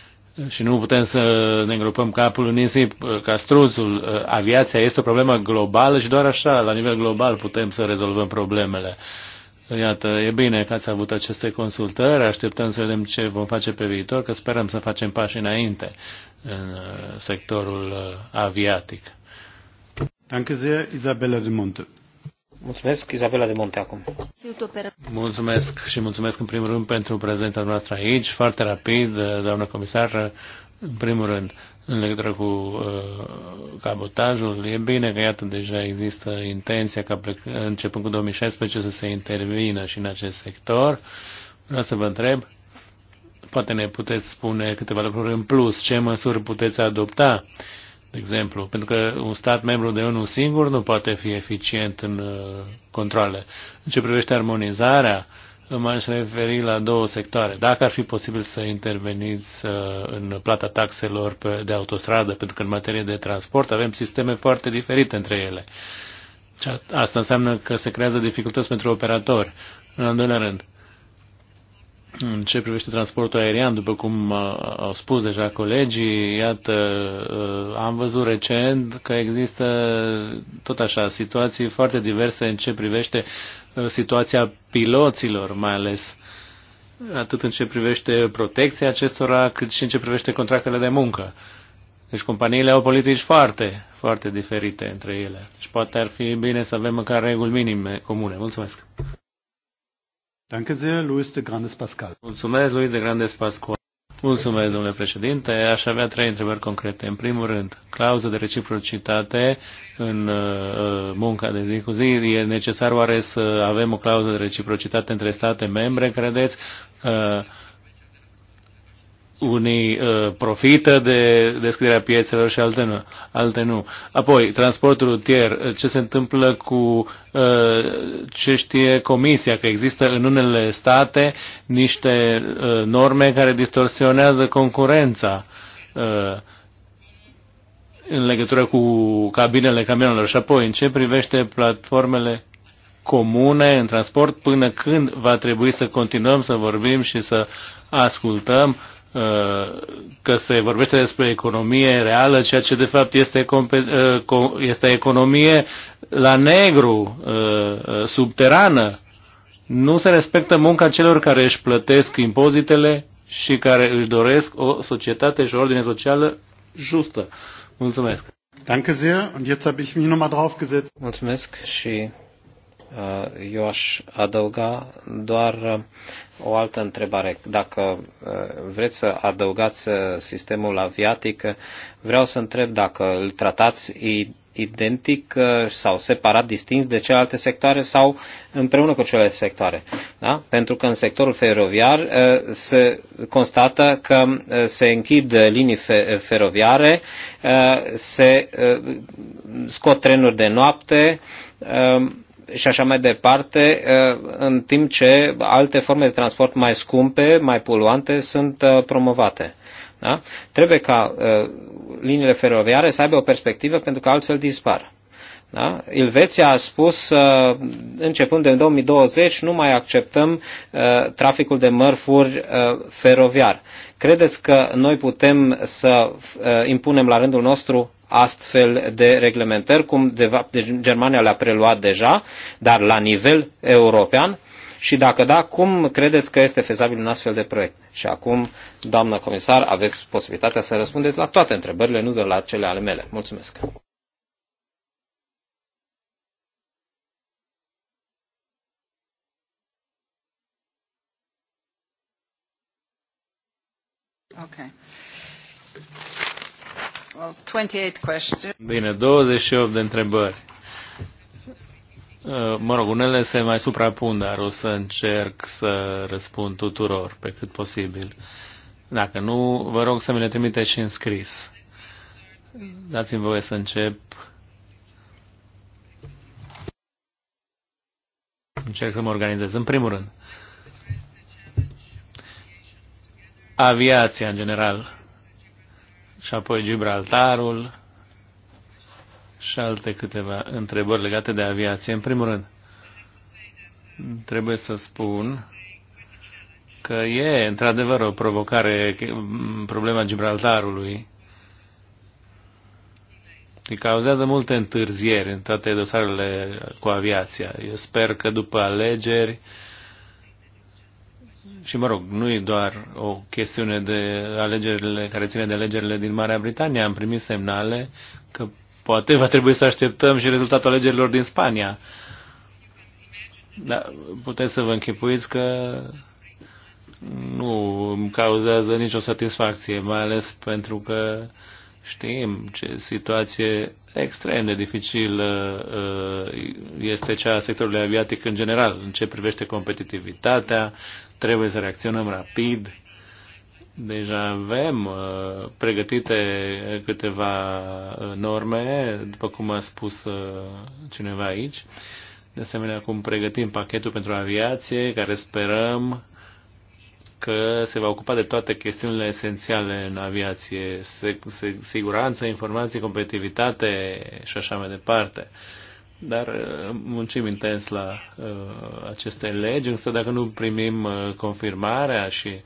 și nu putem să ne îngropăm capul în nisip uh, ca struțul. Uh, aviația este o problemă globală și doar așa, la nivel global, putem să rezolvăm problemele. Iată, e bine că ați avut aceste consultări, așteptăm să vedem ce vom face pe viitor, că sperăm să facem pași înainte în uh, sectorul aviatic. Danke sehr, Isabella de Monte. Mulțumesc, Izabela de Monte, acum. Mulțumesc și mulțumesc în primul rând pentru prezența noastră aici. Foarte rapid, doamnă comisar, în primul rând, în legătură cu uh, cabotajul, e bine că, iată, deja există intenția ca începând cu 2016 să se intervină și în acest sector. Vreau să vă întreb, poate ne puteți spune câteva lucruri în plus, ce măsuri puteți adopta de exemplu, pentru că un stat membru de unul singur nu poate fi eficient în uh, controle. În ce privește armonizarea, m-aș referi la două sectoare. Dacă ar fi posibil să interveniți uh, în plata taxelor de autostradă, pentru că în materie de transport avem sisteme foarte diferite între ele. Asta înseamnă că se creează dificultăți pentru operatori. În al doilea rând, în ce privește transportul aerian, după cum uh, au spus deja colegii, iată, uh, am văzut recent că există tot așa situații foarte diverse în ce privește uh, situația piloților, mai ales atât în ce privește protecția acestora, cât și în ce privește contractele de muncă. Deci companiile au politici foarte, foarte diferite între ele. Și deci poate ar fi bine să avem măcar reguli minime comune. Mulțumesc! Danke sehr, Luis de Grandes Pascal. Mulțumesc, Luis de Grandes Pascal. Mulțumesc, domnule președinte. Aș avea trei întrebări concrete. În primul rând, clauza de reciprocitate în uh, uh munca de zi cu zi. E necesar oare să avem o clauză de reciprocitate între state membre, credeți? Uh, unii uh, profită de descrierea piețelor și alte nu. Alte nu. Apoi, transportul rutier, uh, ce se întâmplă cu uh, ce știe Comisia, că există în unele state niște uh, norme care distorsionează concurența uh, în legătură cu cabinele camionelor. Și apoi, în ce privește platformele comune în transport, până când va trebui să continuăm să vorbim și să ascultăm Uh, că se vorbește despre economie reală, ceea ce de fapt este, uh, este economie la negru, uh, subterană. Nu se respectă munca celor care își plătesc impozitele și care își doresc o societate și o ordine socială justă. Mulțumesc! Danke sehr und jetzt habe ich mich nochmal draufgesetzt. Mulțumesc și Uh, eu aș adăuga doar uh, o altă întrebare. Dacă uh, vreți să adăugați sistemul aviatic, vreau să întreb dacă îl tratați identic sau separat, distins de celelalte sectoare sau împreună cu celelalte sectoare. Da? Pentru că în sectorul feroviar se constată că se închid linii feroviare, se scot trenuri de noapte, și așa mai departe, ă, în timp ce alte forme de transport mai scumpe, mai poluante sunt ă, promovate. Da? Trebuie ca ă, liniile feroviare să aibă o perspectivă pentru că altfel dispar. Da? Ilveția a spus, începând de 2020, nu mai acceptăm traficul de mărfuri feroviar. Credeți că noi putem să impunem la rândul nostru astfel de reglementări, cum de, fapt deci, Germania le-a preluat deja, dar la nivel european? Și dacă da, cum credeți că este fezabil un astfel de proiect? Și acum, doamnă comisar, aveți posibilitatea să răspundeți la toate întrebările, nu doar la cele ale mele. Mulțumesc! Okay. Bine, 28 de întrebări. Uh, mă rog, unele se mai suprapun, dar o să încerc să răspund tuturor pe cât posibil. Dacă nu, vă rog să mi le trimiteți și în scris. Dați-mi voie să încep. Încerc să mă organizez. În primul rând, aviația în general și apoi Gibraltarul și alte câteva întrebări legate de aviație. În primul rând, trebuie să spun că e într-adevăr o provocare problema Gibraltarului. Îi cauzează multe întârzieri în toate dosarele cu aviația. Eu sper că după alegeri și mă rog, nu e doar o chestiune de alegerile care ține de alegerile din Marea Britanie. Am primit semnale că poate va trebui să așteptăm și rezultatul alegerilor din Spania. Dar puteți să vă închipuiți că nu îmi cauzează nicio satisfacție, mai ales pentru că uh, Știm ce situație extrem de dificilă uh, este cea a sectorului aviatic în general, în ce privește competitivitatea, trebuie să reacționăm rapid. Deja avem uh, pregătite câteva uh, norme, după cum a spus cineva aici. De asemenea, acum pregătim pachetul pentru aviație, care sperăm că se va ocupa de toate chestiunile esențiale în aviație, siguranță, informații, competitivitate și așa mai departe. Dar uh, muncim intens la uh, aceste legi, însă dacă nu primim uh, confirmarea și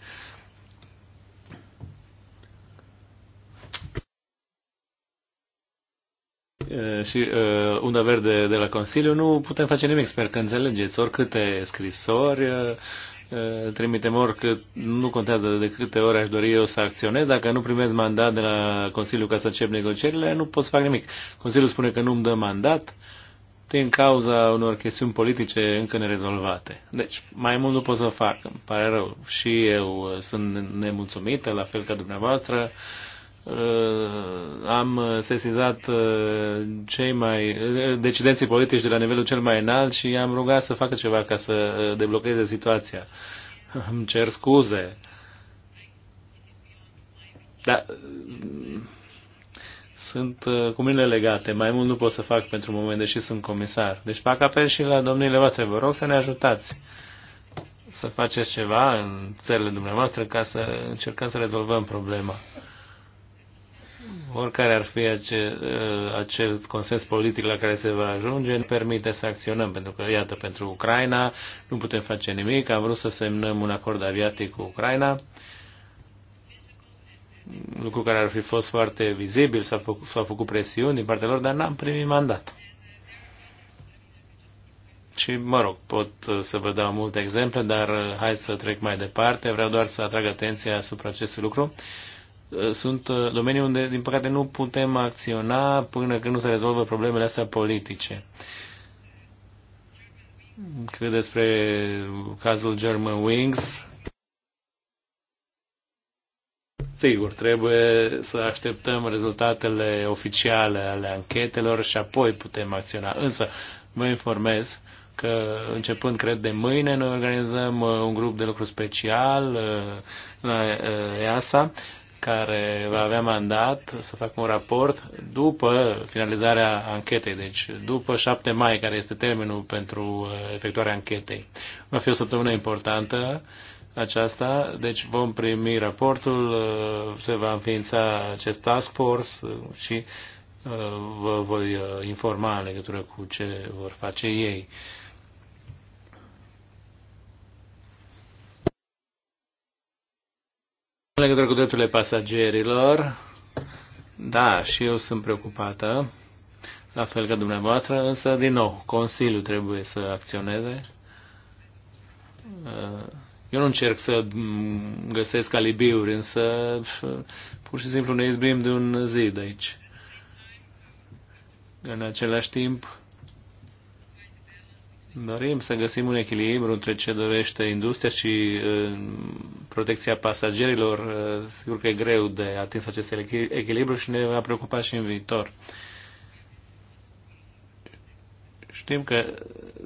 uh, și uh, undă verde de la Consiliu, nu putem face nimic. Sper că înțelegeți oricâte scrisori, uh, trimitem oricât, nu contează de câte ori aș dori eu să acționez, dacă nu primez mandat de la Consiliu ca să încep negocierile, nu pot să fac nimic. Consiliul spune că nu-mi dă mandat din cauza unor chestiuni politice încă nerezolvate. Deci, mai mult nu pot să fac, îmi pare rău. Și eu sunt nemulțumită, la fel ca dumneavoastră, uh, Uh, am sesizat uh, cei mai uh, decidenții politici de la nivelul cel mai înalt și am rugat să facă ceva ca să deblocheze situația. [laughs] Îmi cer scuze. Dar sunt cu mine legate. Mai mult nu pot să fac pentru moment, deși sunt comisar. Deci fac apel și la domnile voastre. Vă rog să ne ajutați să faceți ceva în țările dumneavoastră ca să încercăm să rezolvăm problema oricare ar fi acel, uh, acel consens politic la care se va ajunge, nu permite să acționăm, pentru că, iată, pentru Ucraina nu putem face nimic, am vrut să semnăm un acord aviatic cu Ucraina, lucru care ar fi fost foarte vizibil, s-au făcut, făcut presiuni din partea lor, dar n-am primit mandat. Și, mă rog, pot uh, să vă dau multe exemple, dar uh, hai să trec mai departe. Vreau doar să atrag atenția asupra acestui lucru. Uh, sunt uh, domenii unde, din păcate, nu putem acționa până când nu se rezolvă problemele astea politice. Cât despre cazul German Wings, sigur, trebuie să așteptăm rezultatele oficiale ale anchetelor și apoi putem acționa. Însă, vă informez că începând, cred, de mâine, noi organizăm uh, un grup de lucru special la EASA care va avea mandat să facă un raport după finalizarea anchetei, deci după 7 mai, care este termenul pentru uh, efectuarea anchetei. Va fi o săptămână importantă aceasta, deci vom primi raportul, uh, se va înființa acest task force uh, și vă voi informa în legătură cu ce vor face ei. În legătură cu drepturile pasagerilor, da, și eu sunt preocupată, la fel ca dumneavoastră, însă, din nou, Consiliul trebuie să acționeze. Uh, eu nu încerc să găsesc alibiuri, însă pur și simplu ne izbim de un zid aici. În același timp, Dorim să găsim un echilibru între ce dorește industria și uh, protecția pasagerilor. Uh, sigur că e greu de atins acest echilibru și ne va preocupa și în viitor. Știm că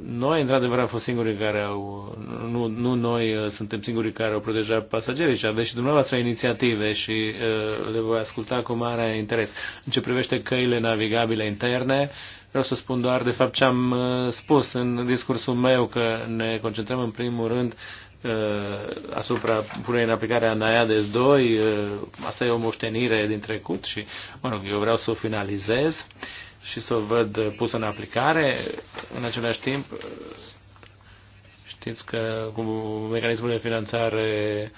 noi, într-adevăr, am fost singurii care au, nu, nu noi uh, suntem singurii care au protejat pasagerii, ci aveți și dumneavoastră inițiative și uh, le voi asculta cu mare interes. În ce privește căile navigabile interne, uh, Vreau să spun doar, de fapt, ce am uh, spus în discursul meu, că ne concentrăm în primul rând uh, asupra punerii în aplicare a Naiades 2. Uh, asta e o moștenire din trecut și, mă rog, eu vreau să o finalizez și să o văd pusă în aplicare. În același timp, știți că cu mecanismul de finanțare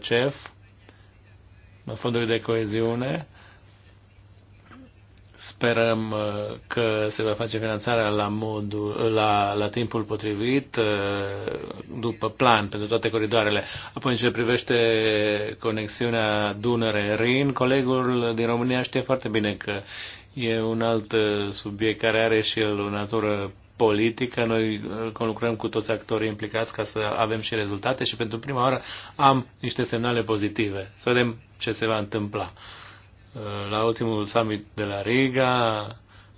CEF, fondurile de coeziune, Sperăm uh, că se va face finanțarea la, modul, la, la timpul potrivit, uh, după plan, pentru toate coridoarele. Apoi, în ce privește conexiunea Dunăre-Rin, colegul din România știe foarte bine că e un alt uh, subiect care are și el o natură politică. Noi lucrăm cu toți actorii implicați ca să avem și rezultate și pentru prima oară am niște semnale pozitive. Să vedem ce se va întâmpla. Uh, la ultimul summit de la Riga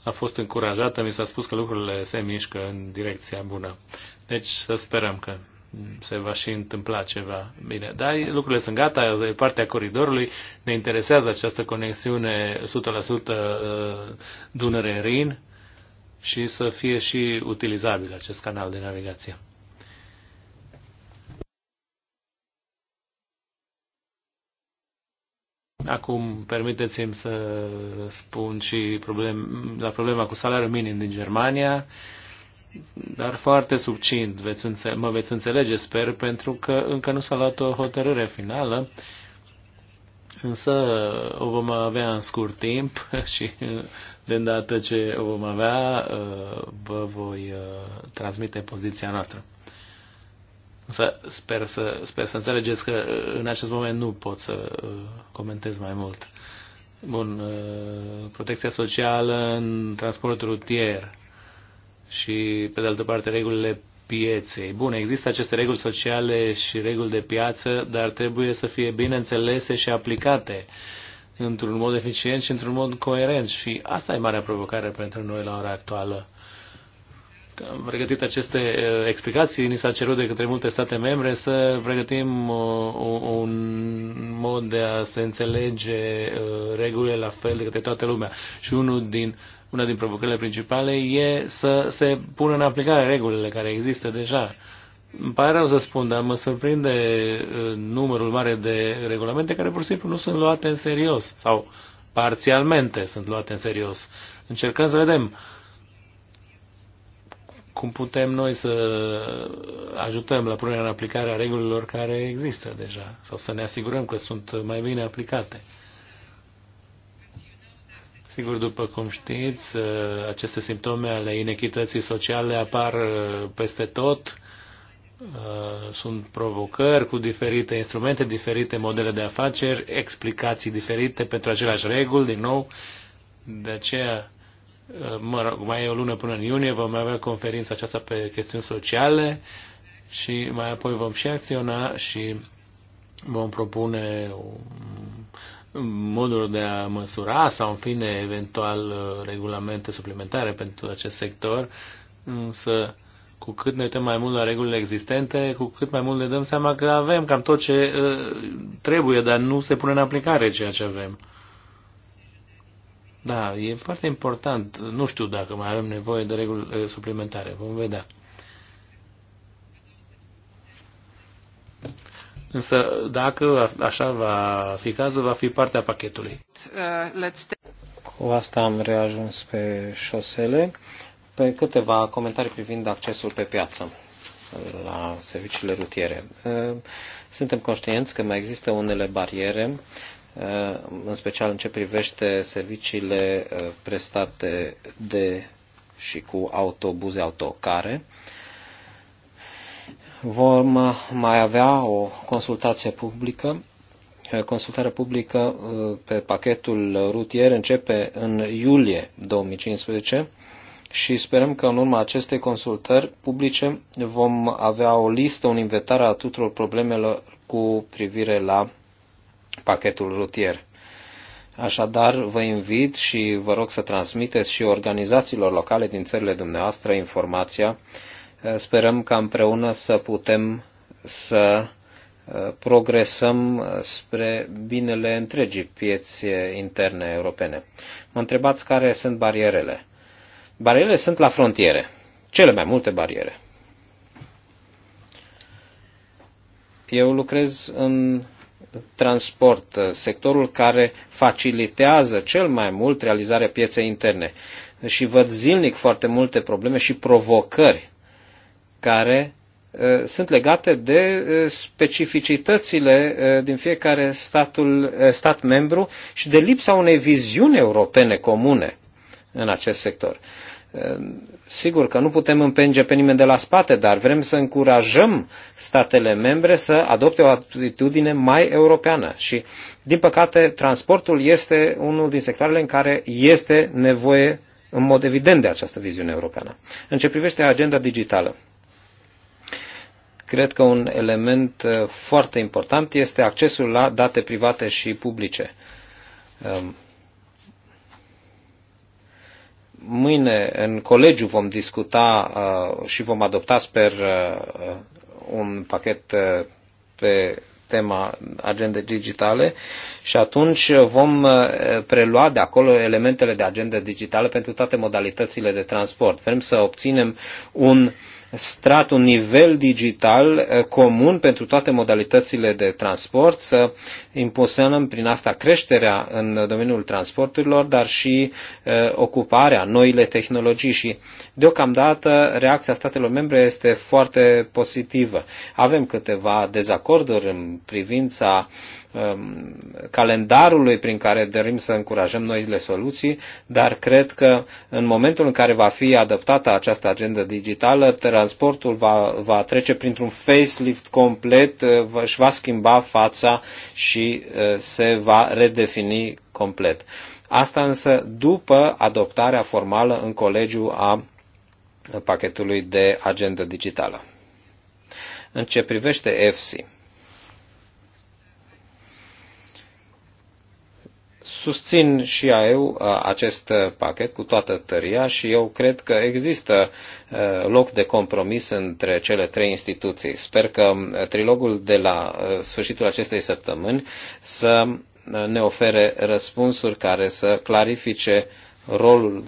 a fost încurajată, mi s-a spus că lucrurile se mișcă în direcția bună. Deci să sperăm că se va și întâmpla ceva. Bine, dar lucrurile sunt gata, e partea coridorului, ne interesează această conexiune 100% uh, Dunăre-Rin și să fie și utilizabil acest canal de navigație. Acum, permiteți-mi să spun și problem, la problema cu salariul minim din Germania, dar foarte subțint veți înțe- mă veți înțelege, sper, pentru că încă nu s-a luat o hotărâre finală, însă o vom avea în scurt timp [laughs] și de îndată ce o vom avea, uh, vă voi uh, transmite poziția noastră. Să, sper să, sper să înțelegeți că uh, în acest moment nu pot să uh, comentez mai mult. Bun, uh, protecția socială în transport rutier și, pe de altă parte, regulile pieței. Bun, există aceste reguli sociale și reguli de piață, dar trebuie să fie bine înțelese și aplicate într-un mod eficient și într-un mod coerent. Și asta e marea provocare pentru noi la ora actuală pregătit aceste explicații, ni s-a cerut de către multe state membre să pregătim un mod de a se înțelege regulile la fel de către toată lumea. Și unul din, una din provocările principale e să se pună în aplicare regulile care există deja. Îmi pare rău să spun, dar mă surprinde numărul mare de regulamente care pur și simplu nu sunt luate în serios sau parțialmente sunt luate în serios. Încercăm să vedem uh, cum putem noi să ajutăm la punerea în aplicare a regulilor care există deja sau să ne asigurăm că sunt mai bine aplicate. Sigur, după cum știți, aceste simptome ale inechității sociale apar peste tot. Sunt provocări cu diferite instrumente, diferite modele de afaceri, explicații diferite pentru aceleași reguli, din nou. De aceea, mă rog, mai e o lună până în iunie, vom avea conferința aceasta pe chestiuni sociale și mai apoi vom și acționa și vom propune modul de a măsura sau, în fine, eventual uh, regulamente suplimentare pentru acest sector, însă cu cât ne uităm mai mult la regulile existente, cu cât mai mult ne dăm seama că avem cam tot ce uh, trebuie, dar nu se pune în aplicare ceea ce avem. Da, e foarte important. Nu știu dacă mai avem nevoie de reguli eh, suplimentare. Vom vedea. Însă, dacă așa va fi cazul, va fi partea pachetului. Uh, Cu asta am reajuns pe șosele. Pe câteva comentarii privind accesul pe piață la serviciile rutiere. Eh, suntem conștienți că mai există unele bariere Uh, în special în ce privește serviciile uh, prestate de și cu autobuze autocare. Vom uh, mai avea o consultație publică. Consultarea publică pe pachetul rutier începe în iulie 2015 și sperăm că în urma acestei consultări publice vom avea o listă, un inventar a tuturor problemelor cu privire la pachetul rutier. Așadar, vă invit și vă rog să transmiteți și organizațiilor locale din țările dumneavoastră informația. Sperăm ca împreună să putem să uh, progresăm spre binele întregii piețe interne europene. Mă întrebați care sunt barierele. Barierele sunt la frontiere. Cele mai multe bariere. Eu lucrez în transport, sectorul care facilitează cel mai mult realizarea pieței interne. Și văd zilnic foarte multe probleme și provocări care sunt legate de specificitățile din fiecare statul, stat membru și de lipsa unei viziuni europene comune în acest sector. Ehm, sigur că nu putem împinge pe nimeni de la spate, dar vrem să încurajăm statele membre să adopte o atitudine mai europeană. Și, din păcate, transportul este unul din sectoarele în care este nevoie în mod evident de această viziune europeană. În ce privește agenda digitală, cred că un element eh, foarte important este accesul la date private și publice. Ehm, mâine în colegiu vom discuta uh, și vom adopta, sper, uh, un pachet uh, pe tema agende digitale și atunci vom prelua de acolo elementele de agende digitale pentru toate modalitățile de transport. Vrem să obținem un uh, strat, un nivel digital eh, comun pentru toate modalitățile de transport, să impulsionăm prin asta creșterea în domeniul transporturilor, dar și eh, ocuparea, noile tehnologii și deocamdată reacția statelor membre este foarte pozitivă. Avem câteva dezacorduri în privința uh, Um, calendarului prin care dorim să încurajăm noile soluții, dar cred că în momentul în care va fi adoptată această agendă digitală, transportul va, va trece printr-un facelift complet, uh, își va schimba fața și uh, se va redefini complet. Asta însă după adoptarea formală în colegiu a pachetului de agendă digitală. În ce privește EFSI, susțin și eu uh, acest uh, pachet cu toată tăria și eu cred că există uh, loc de compromis între cele trei instituții. Sper că trilogul de la sfârșitul acestei săptămâni să ne ofere răspunsuri care să clarifice rolul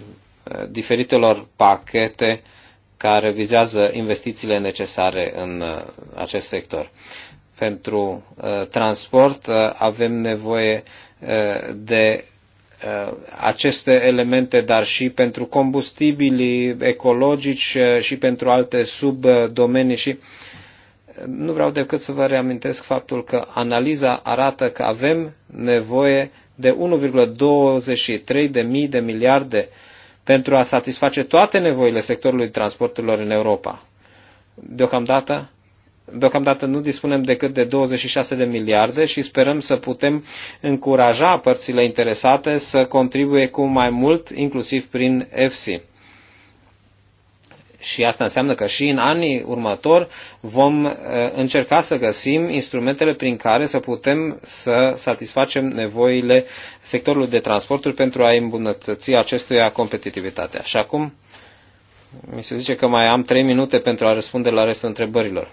diferitelor pachete care vizează investițiile necesare în acest sector. Pentru transport avem nevoie Eh, de eh, aceste elemente, dar și pentru combustibilii ecologici eh, și pentru alte subdomenii și nu vreau decât să vă reamintesc faptul că analiza arată că avem nevoie de 1,23 de mii de miliarde pentru a satisface toate nevoile sectorului transporturilor în Europa. Deocamdată Deocamdată nu dispunem decât de 26 de miliarde și sperăm să putem încuraja părțile interesate să contribuie cu mai mult, inclusiv prin EFSI și asta înseamnă că și în anii următori vom uh, încerca să găsim instrumentele prin care să putem să satisfacem nevoile sectorului de transporturi pentru a îmbunătăți acestuia competitivitatea. Și acum mi se zice că mai am 3 minute pentru a răspunde la restul întrebărilor.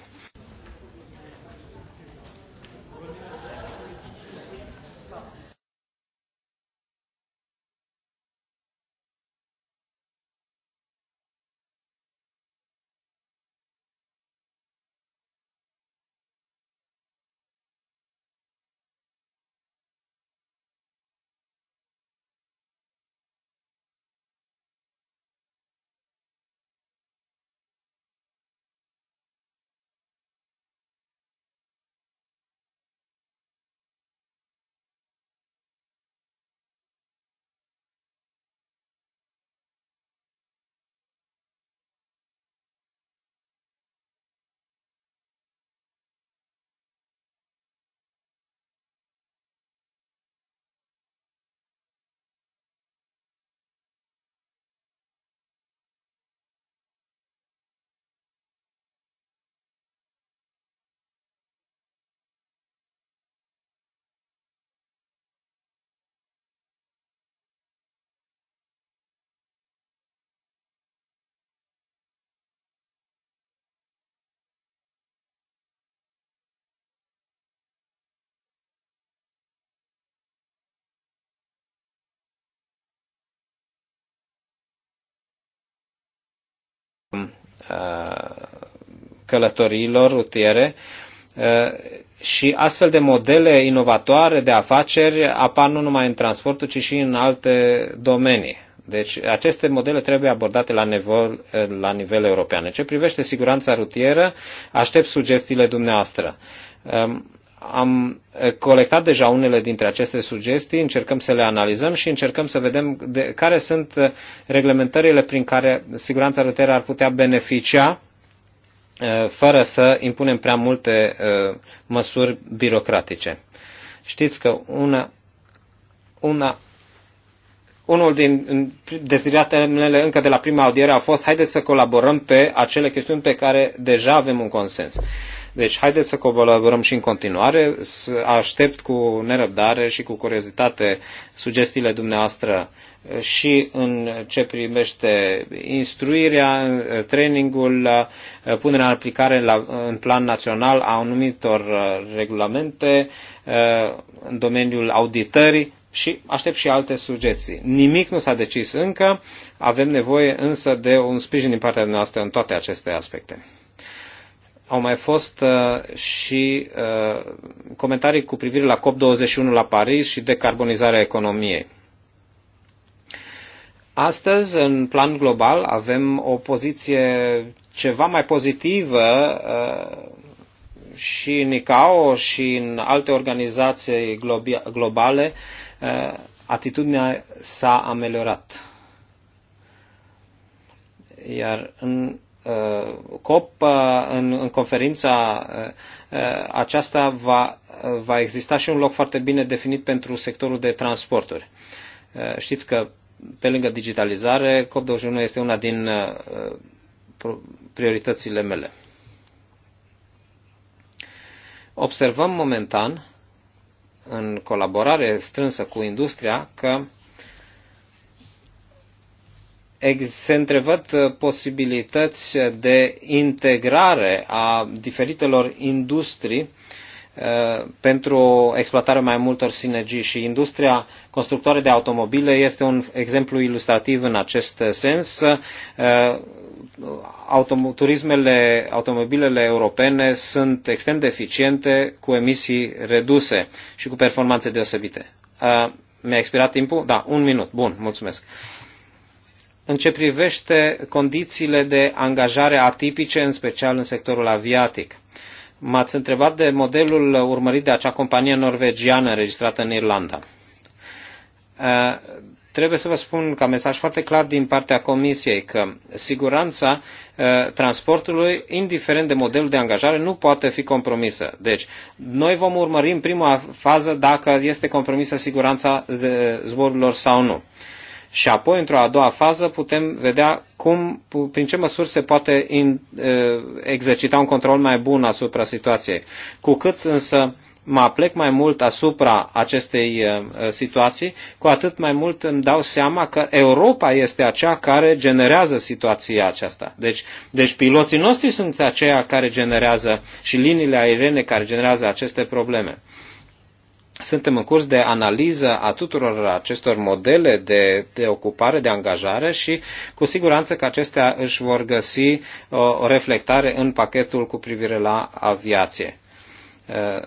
Uh, călătorilor rutiere uh, și astfel de modele inovatoare de afaceri apar nu numai în transportul, ci și în alte domenii. Deci aceste modele trebuie abordate la nivel, uh, la nivel european. ce privește siguranța rutieră, aștept sugestiile dumneavoastră. Um, am colectat deja unele dintre aceste sugestii, încercăm să le analizăm și încercăm să vedem de, care sunt reglementările prin care siguranța rutieră ar putea beneficia fără să impunem prea multe măsuri birocratice. Știți că una, una unul din deziratele mele încă de la prima audiere a fost haideți să colaborăm pe acele chestiuni pe care deja avem un consens. Deci, haideți să colaborăm și în continuare. Aștept cu nerăbdare și cu curiozitate sugestiile dumneavoastră și în ce primește instruirea, trainingul, punerea în aplicare la, în plan național a anumitor uh, regulamente uh, în domeniul auditării și aștept și alte sugestii. Nimic nu s-a decis încă, avem nevoie însă de un sprijin din partea noastră în toate aceste aspecte au mai fost uh, și uh, comentarii cu privire la COP21 la Paris și decarbonizarea economiei. Astăzi, în plan global, avem o poziție ceva mai pozitivă uh, și în ICAO și în alte organizații globale, uh, atitudinea s-a ameliorat. Iar în Uh, COP, uh, în, în conferința uh, aceasta va, va exista și un loc foarte bine definit pentru sectorul de transporturi. Știți că pe lângă digitalizare, COP21 este una din prioritățile mele. Observăm momentan, în colaborare strânsă cu industria, că se întrevăd uh, posibilități de integrare a diferitelor industrii uh, pentru o exploatare mai multor sinergii și industria constructoare de automobile este un exemplu ilustrativ în acest sens. Uh, turismele, automobilele europene sunt extrem de eficiente, cu emisii reduse și cu performanțe deosebite. Mi-a expirat timpul? Da, un minut. Bun, mulțumesc. Uh, în ce privește condițiile de angajare atipice, în special în sectorul aviatic. M-ați întrebat de modelul urmărit de acea companie norvegiană înregistrată în Irlanda. Uh, trebuie să vă spun ca mesaj foarte clar din partea Comisiei că siguranța uh, transportului, indiferent de modelul de angajare, nu poate fi compromisă. Deci, noi vom urmări în prima fază dacă este compromisă siguranța zborurilor sau nu. Și apoi, într-o a doua fază, putem vedea cum, prin ce măsuri se poate in, exercita un control mai bun asupra situației. Cu cât însă mă aplec mai mult asupra acestei situații, cu atât mai mult îmi dau seama că Europa este aceea care generează situația aceasta. Deci, deci piloții noștri sunt aceia care generează și liniile aeriene care generează aceste probleme suntem în curs de analiză a tuturor acestor modele de, de ocupare, de angajare și cu siguranță că acestea își vor găsi uh, o reflectare în pachetul cu privire la aviație. Uh,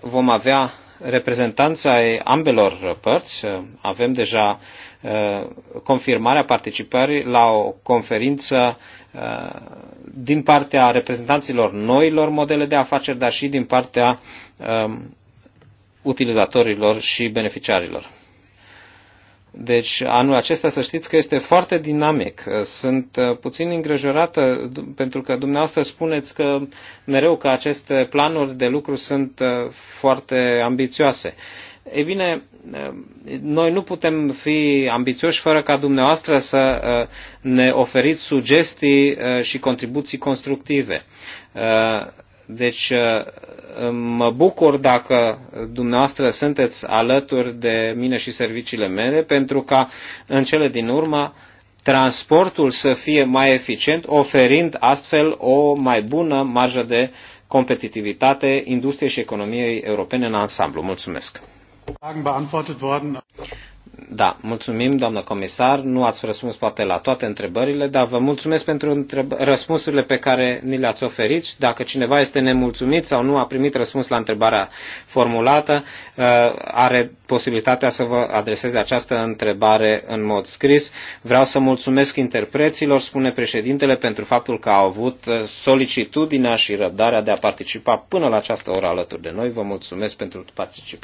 vom avea reprezentanța ambelor părți. Uh, avem deja confirmarea participării la o conferință din partea reprezentanților noilor modele de afaceri, dar și din partea um, utilizatorilor și beneficiarilor. Deci anul acesta să știți că este foarte dinamic. Sunt uh, puțin îngrijorată pentru că dumneavoastră spuneți că mereu că aceste planuri de lucru sunt uh, foarte ambițioase. Ei bine, uh, noi nu putem fi ambițioși fără ca dumneavoastră să ne oferiți sugestii și contribuții constructive. Deci uh, mă bucur dacă dumneavoastră sunteți alături de mine și serviciile mele pentru ca în cele din urmă transportul să fie mai eficient, oferind astfel o mai bună marjă de competitivitate industriei și economiei europene în ansamblu. Mulțumesc! Da, mulțumim, doamnă comisar. Nu ați răspuns poate la toate întrebările, dar vă mulțumesc pentru răspunsurile pe care ni le-ați oferit. Dacă cineva este nemulțumit sau nu a primit răspuns la întrebarea formulată, uh, are posibilitatea să vă adreseze această întrebare în mod scris. Vreau să mulțumesc interpreților, spune președintele, pentru faptul că au avut uh, solicitudinea și răbdarea de a participa până la această oră alături de noi. Vă mulțumesc pentru participare.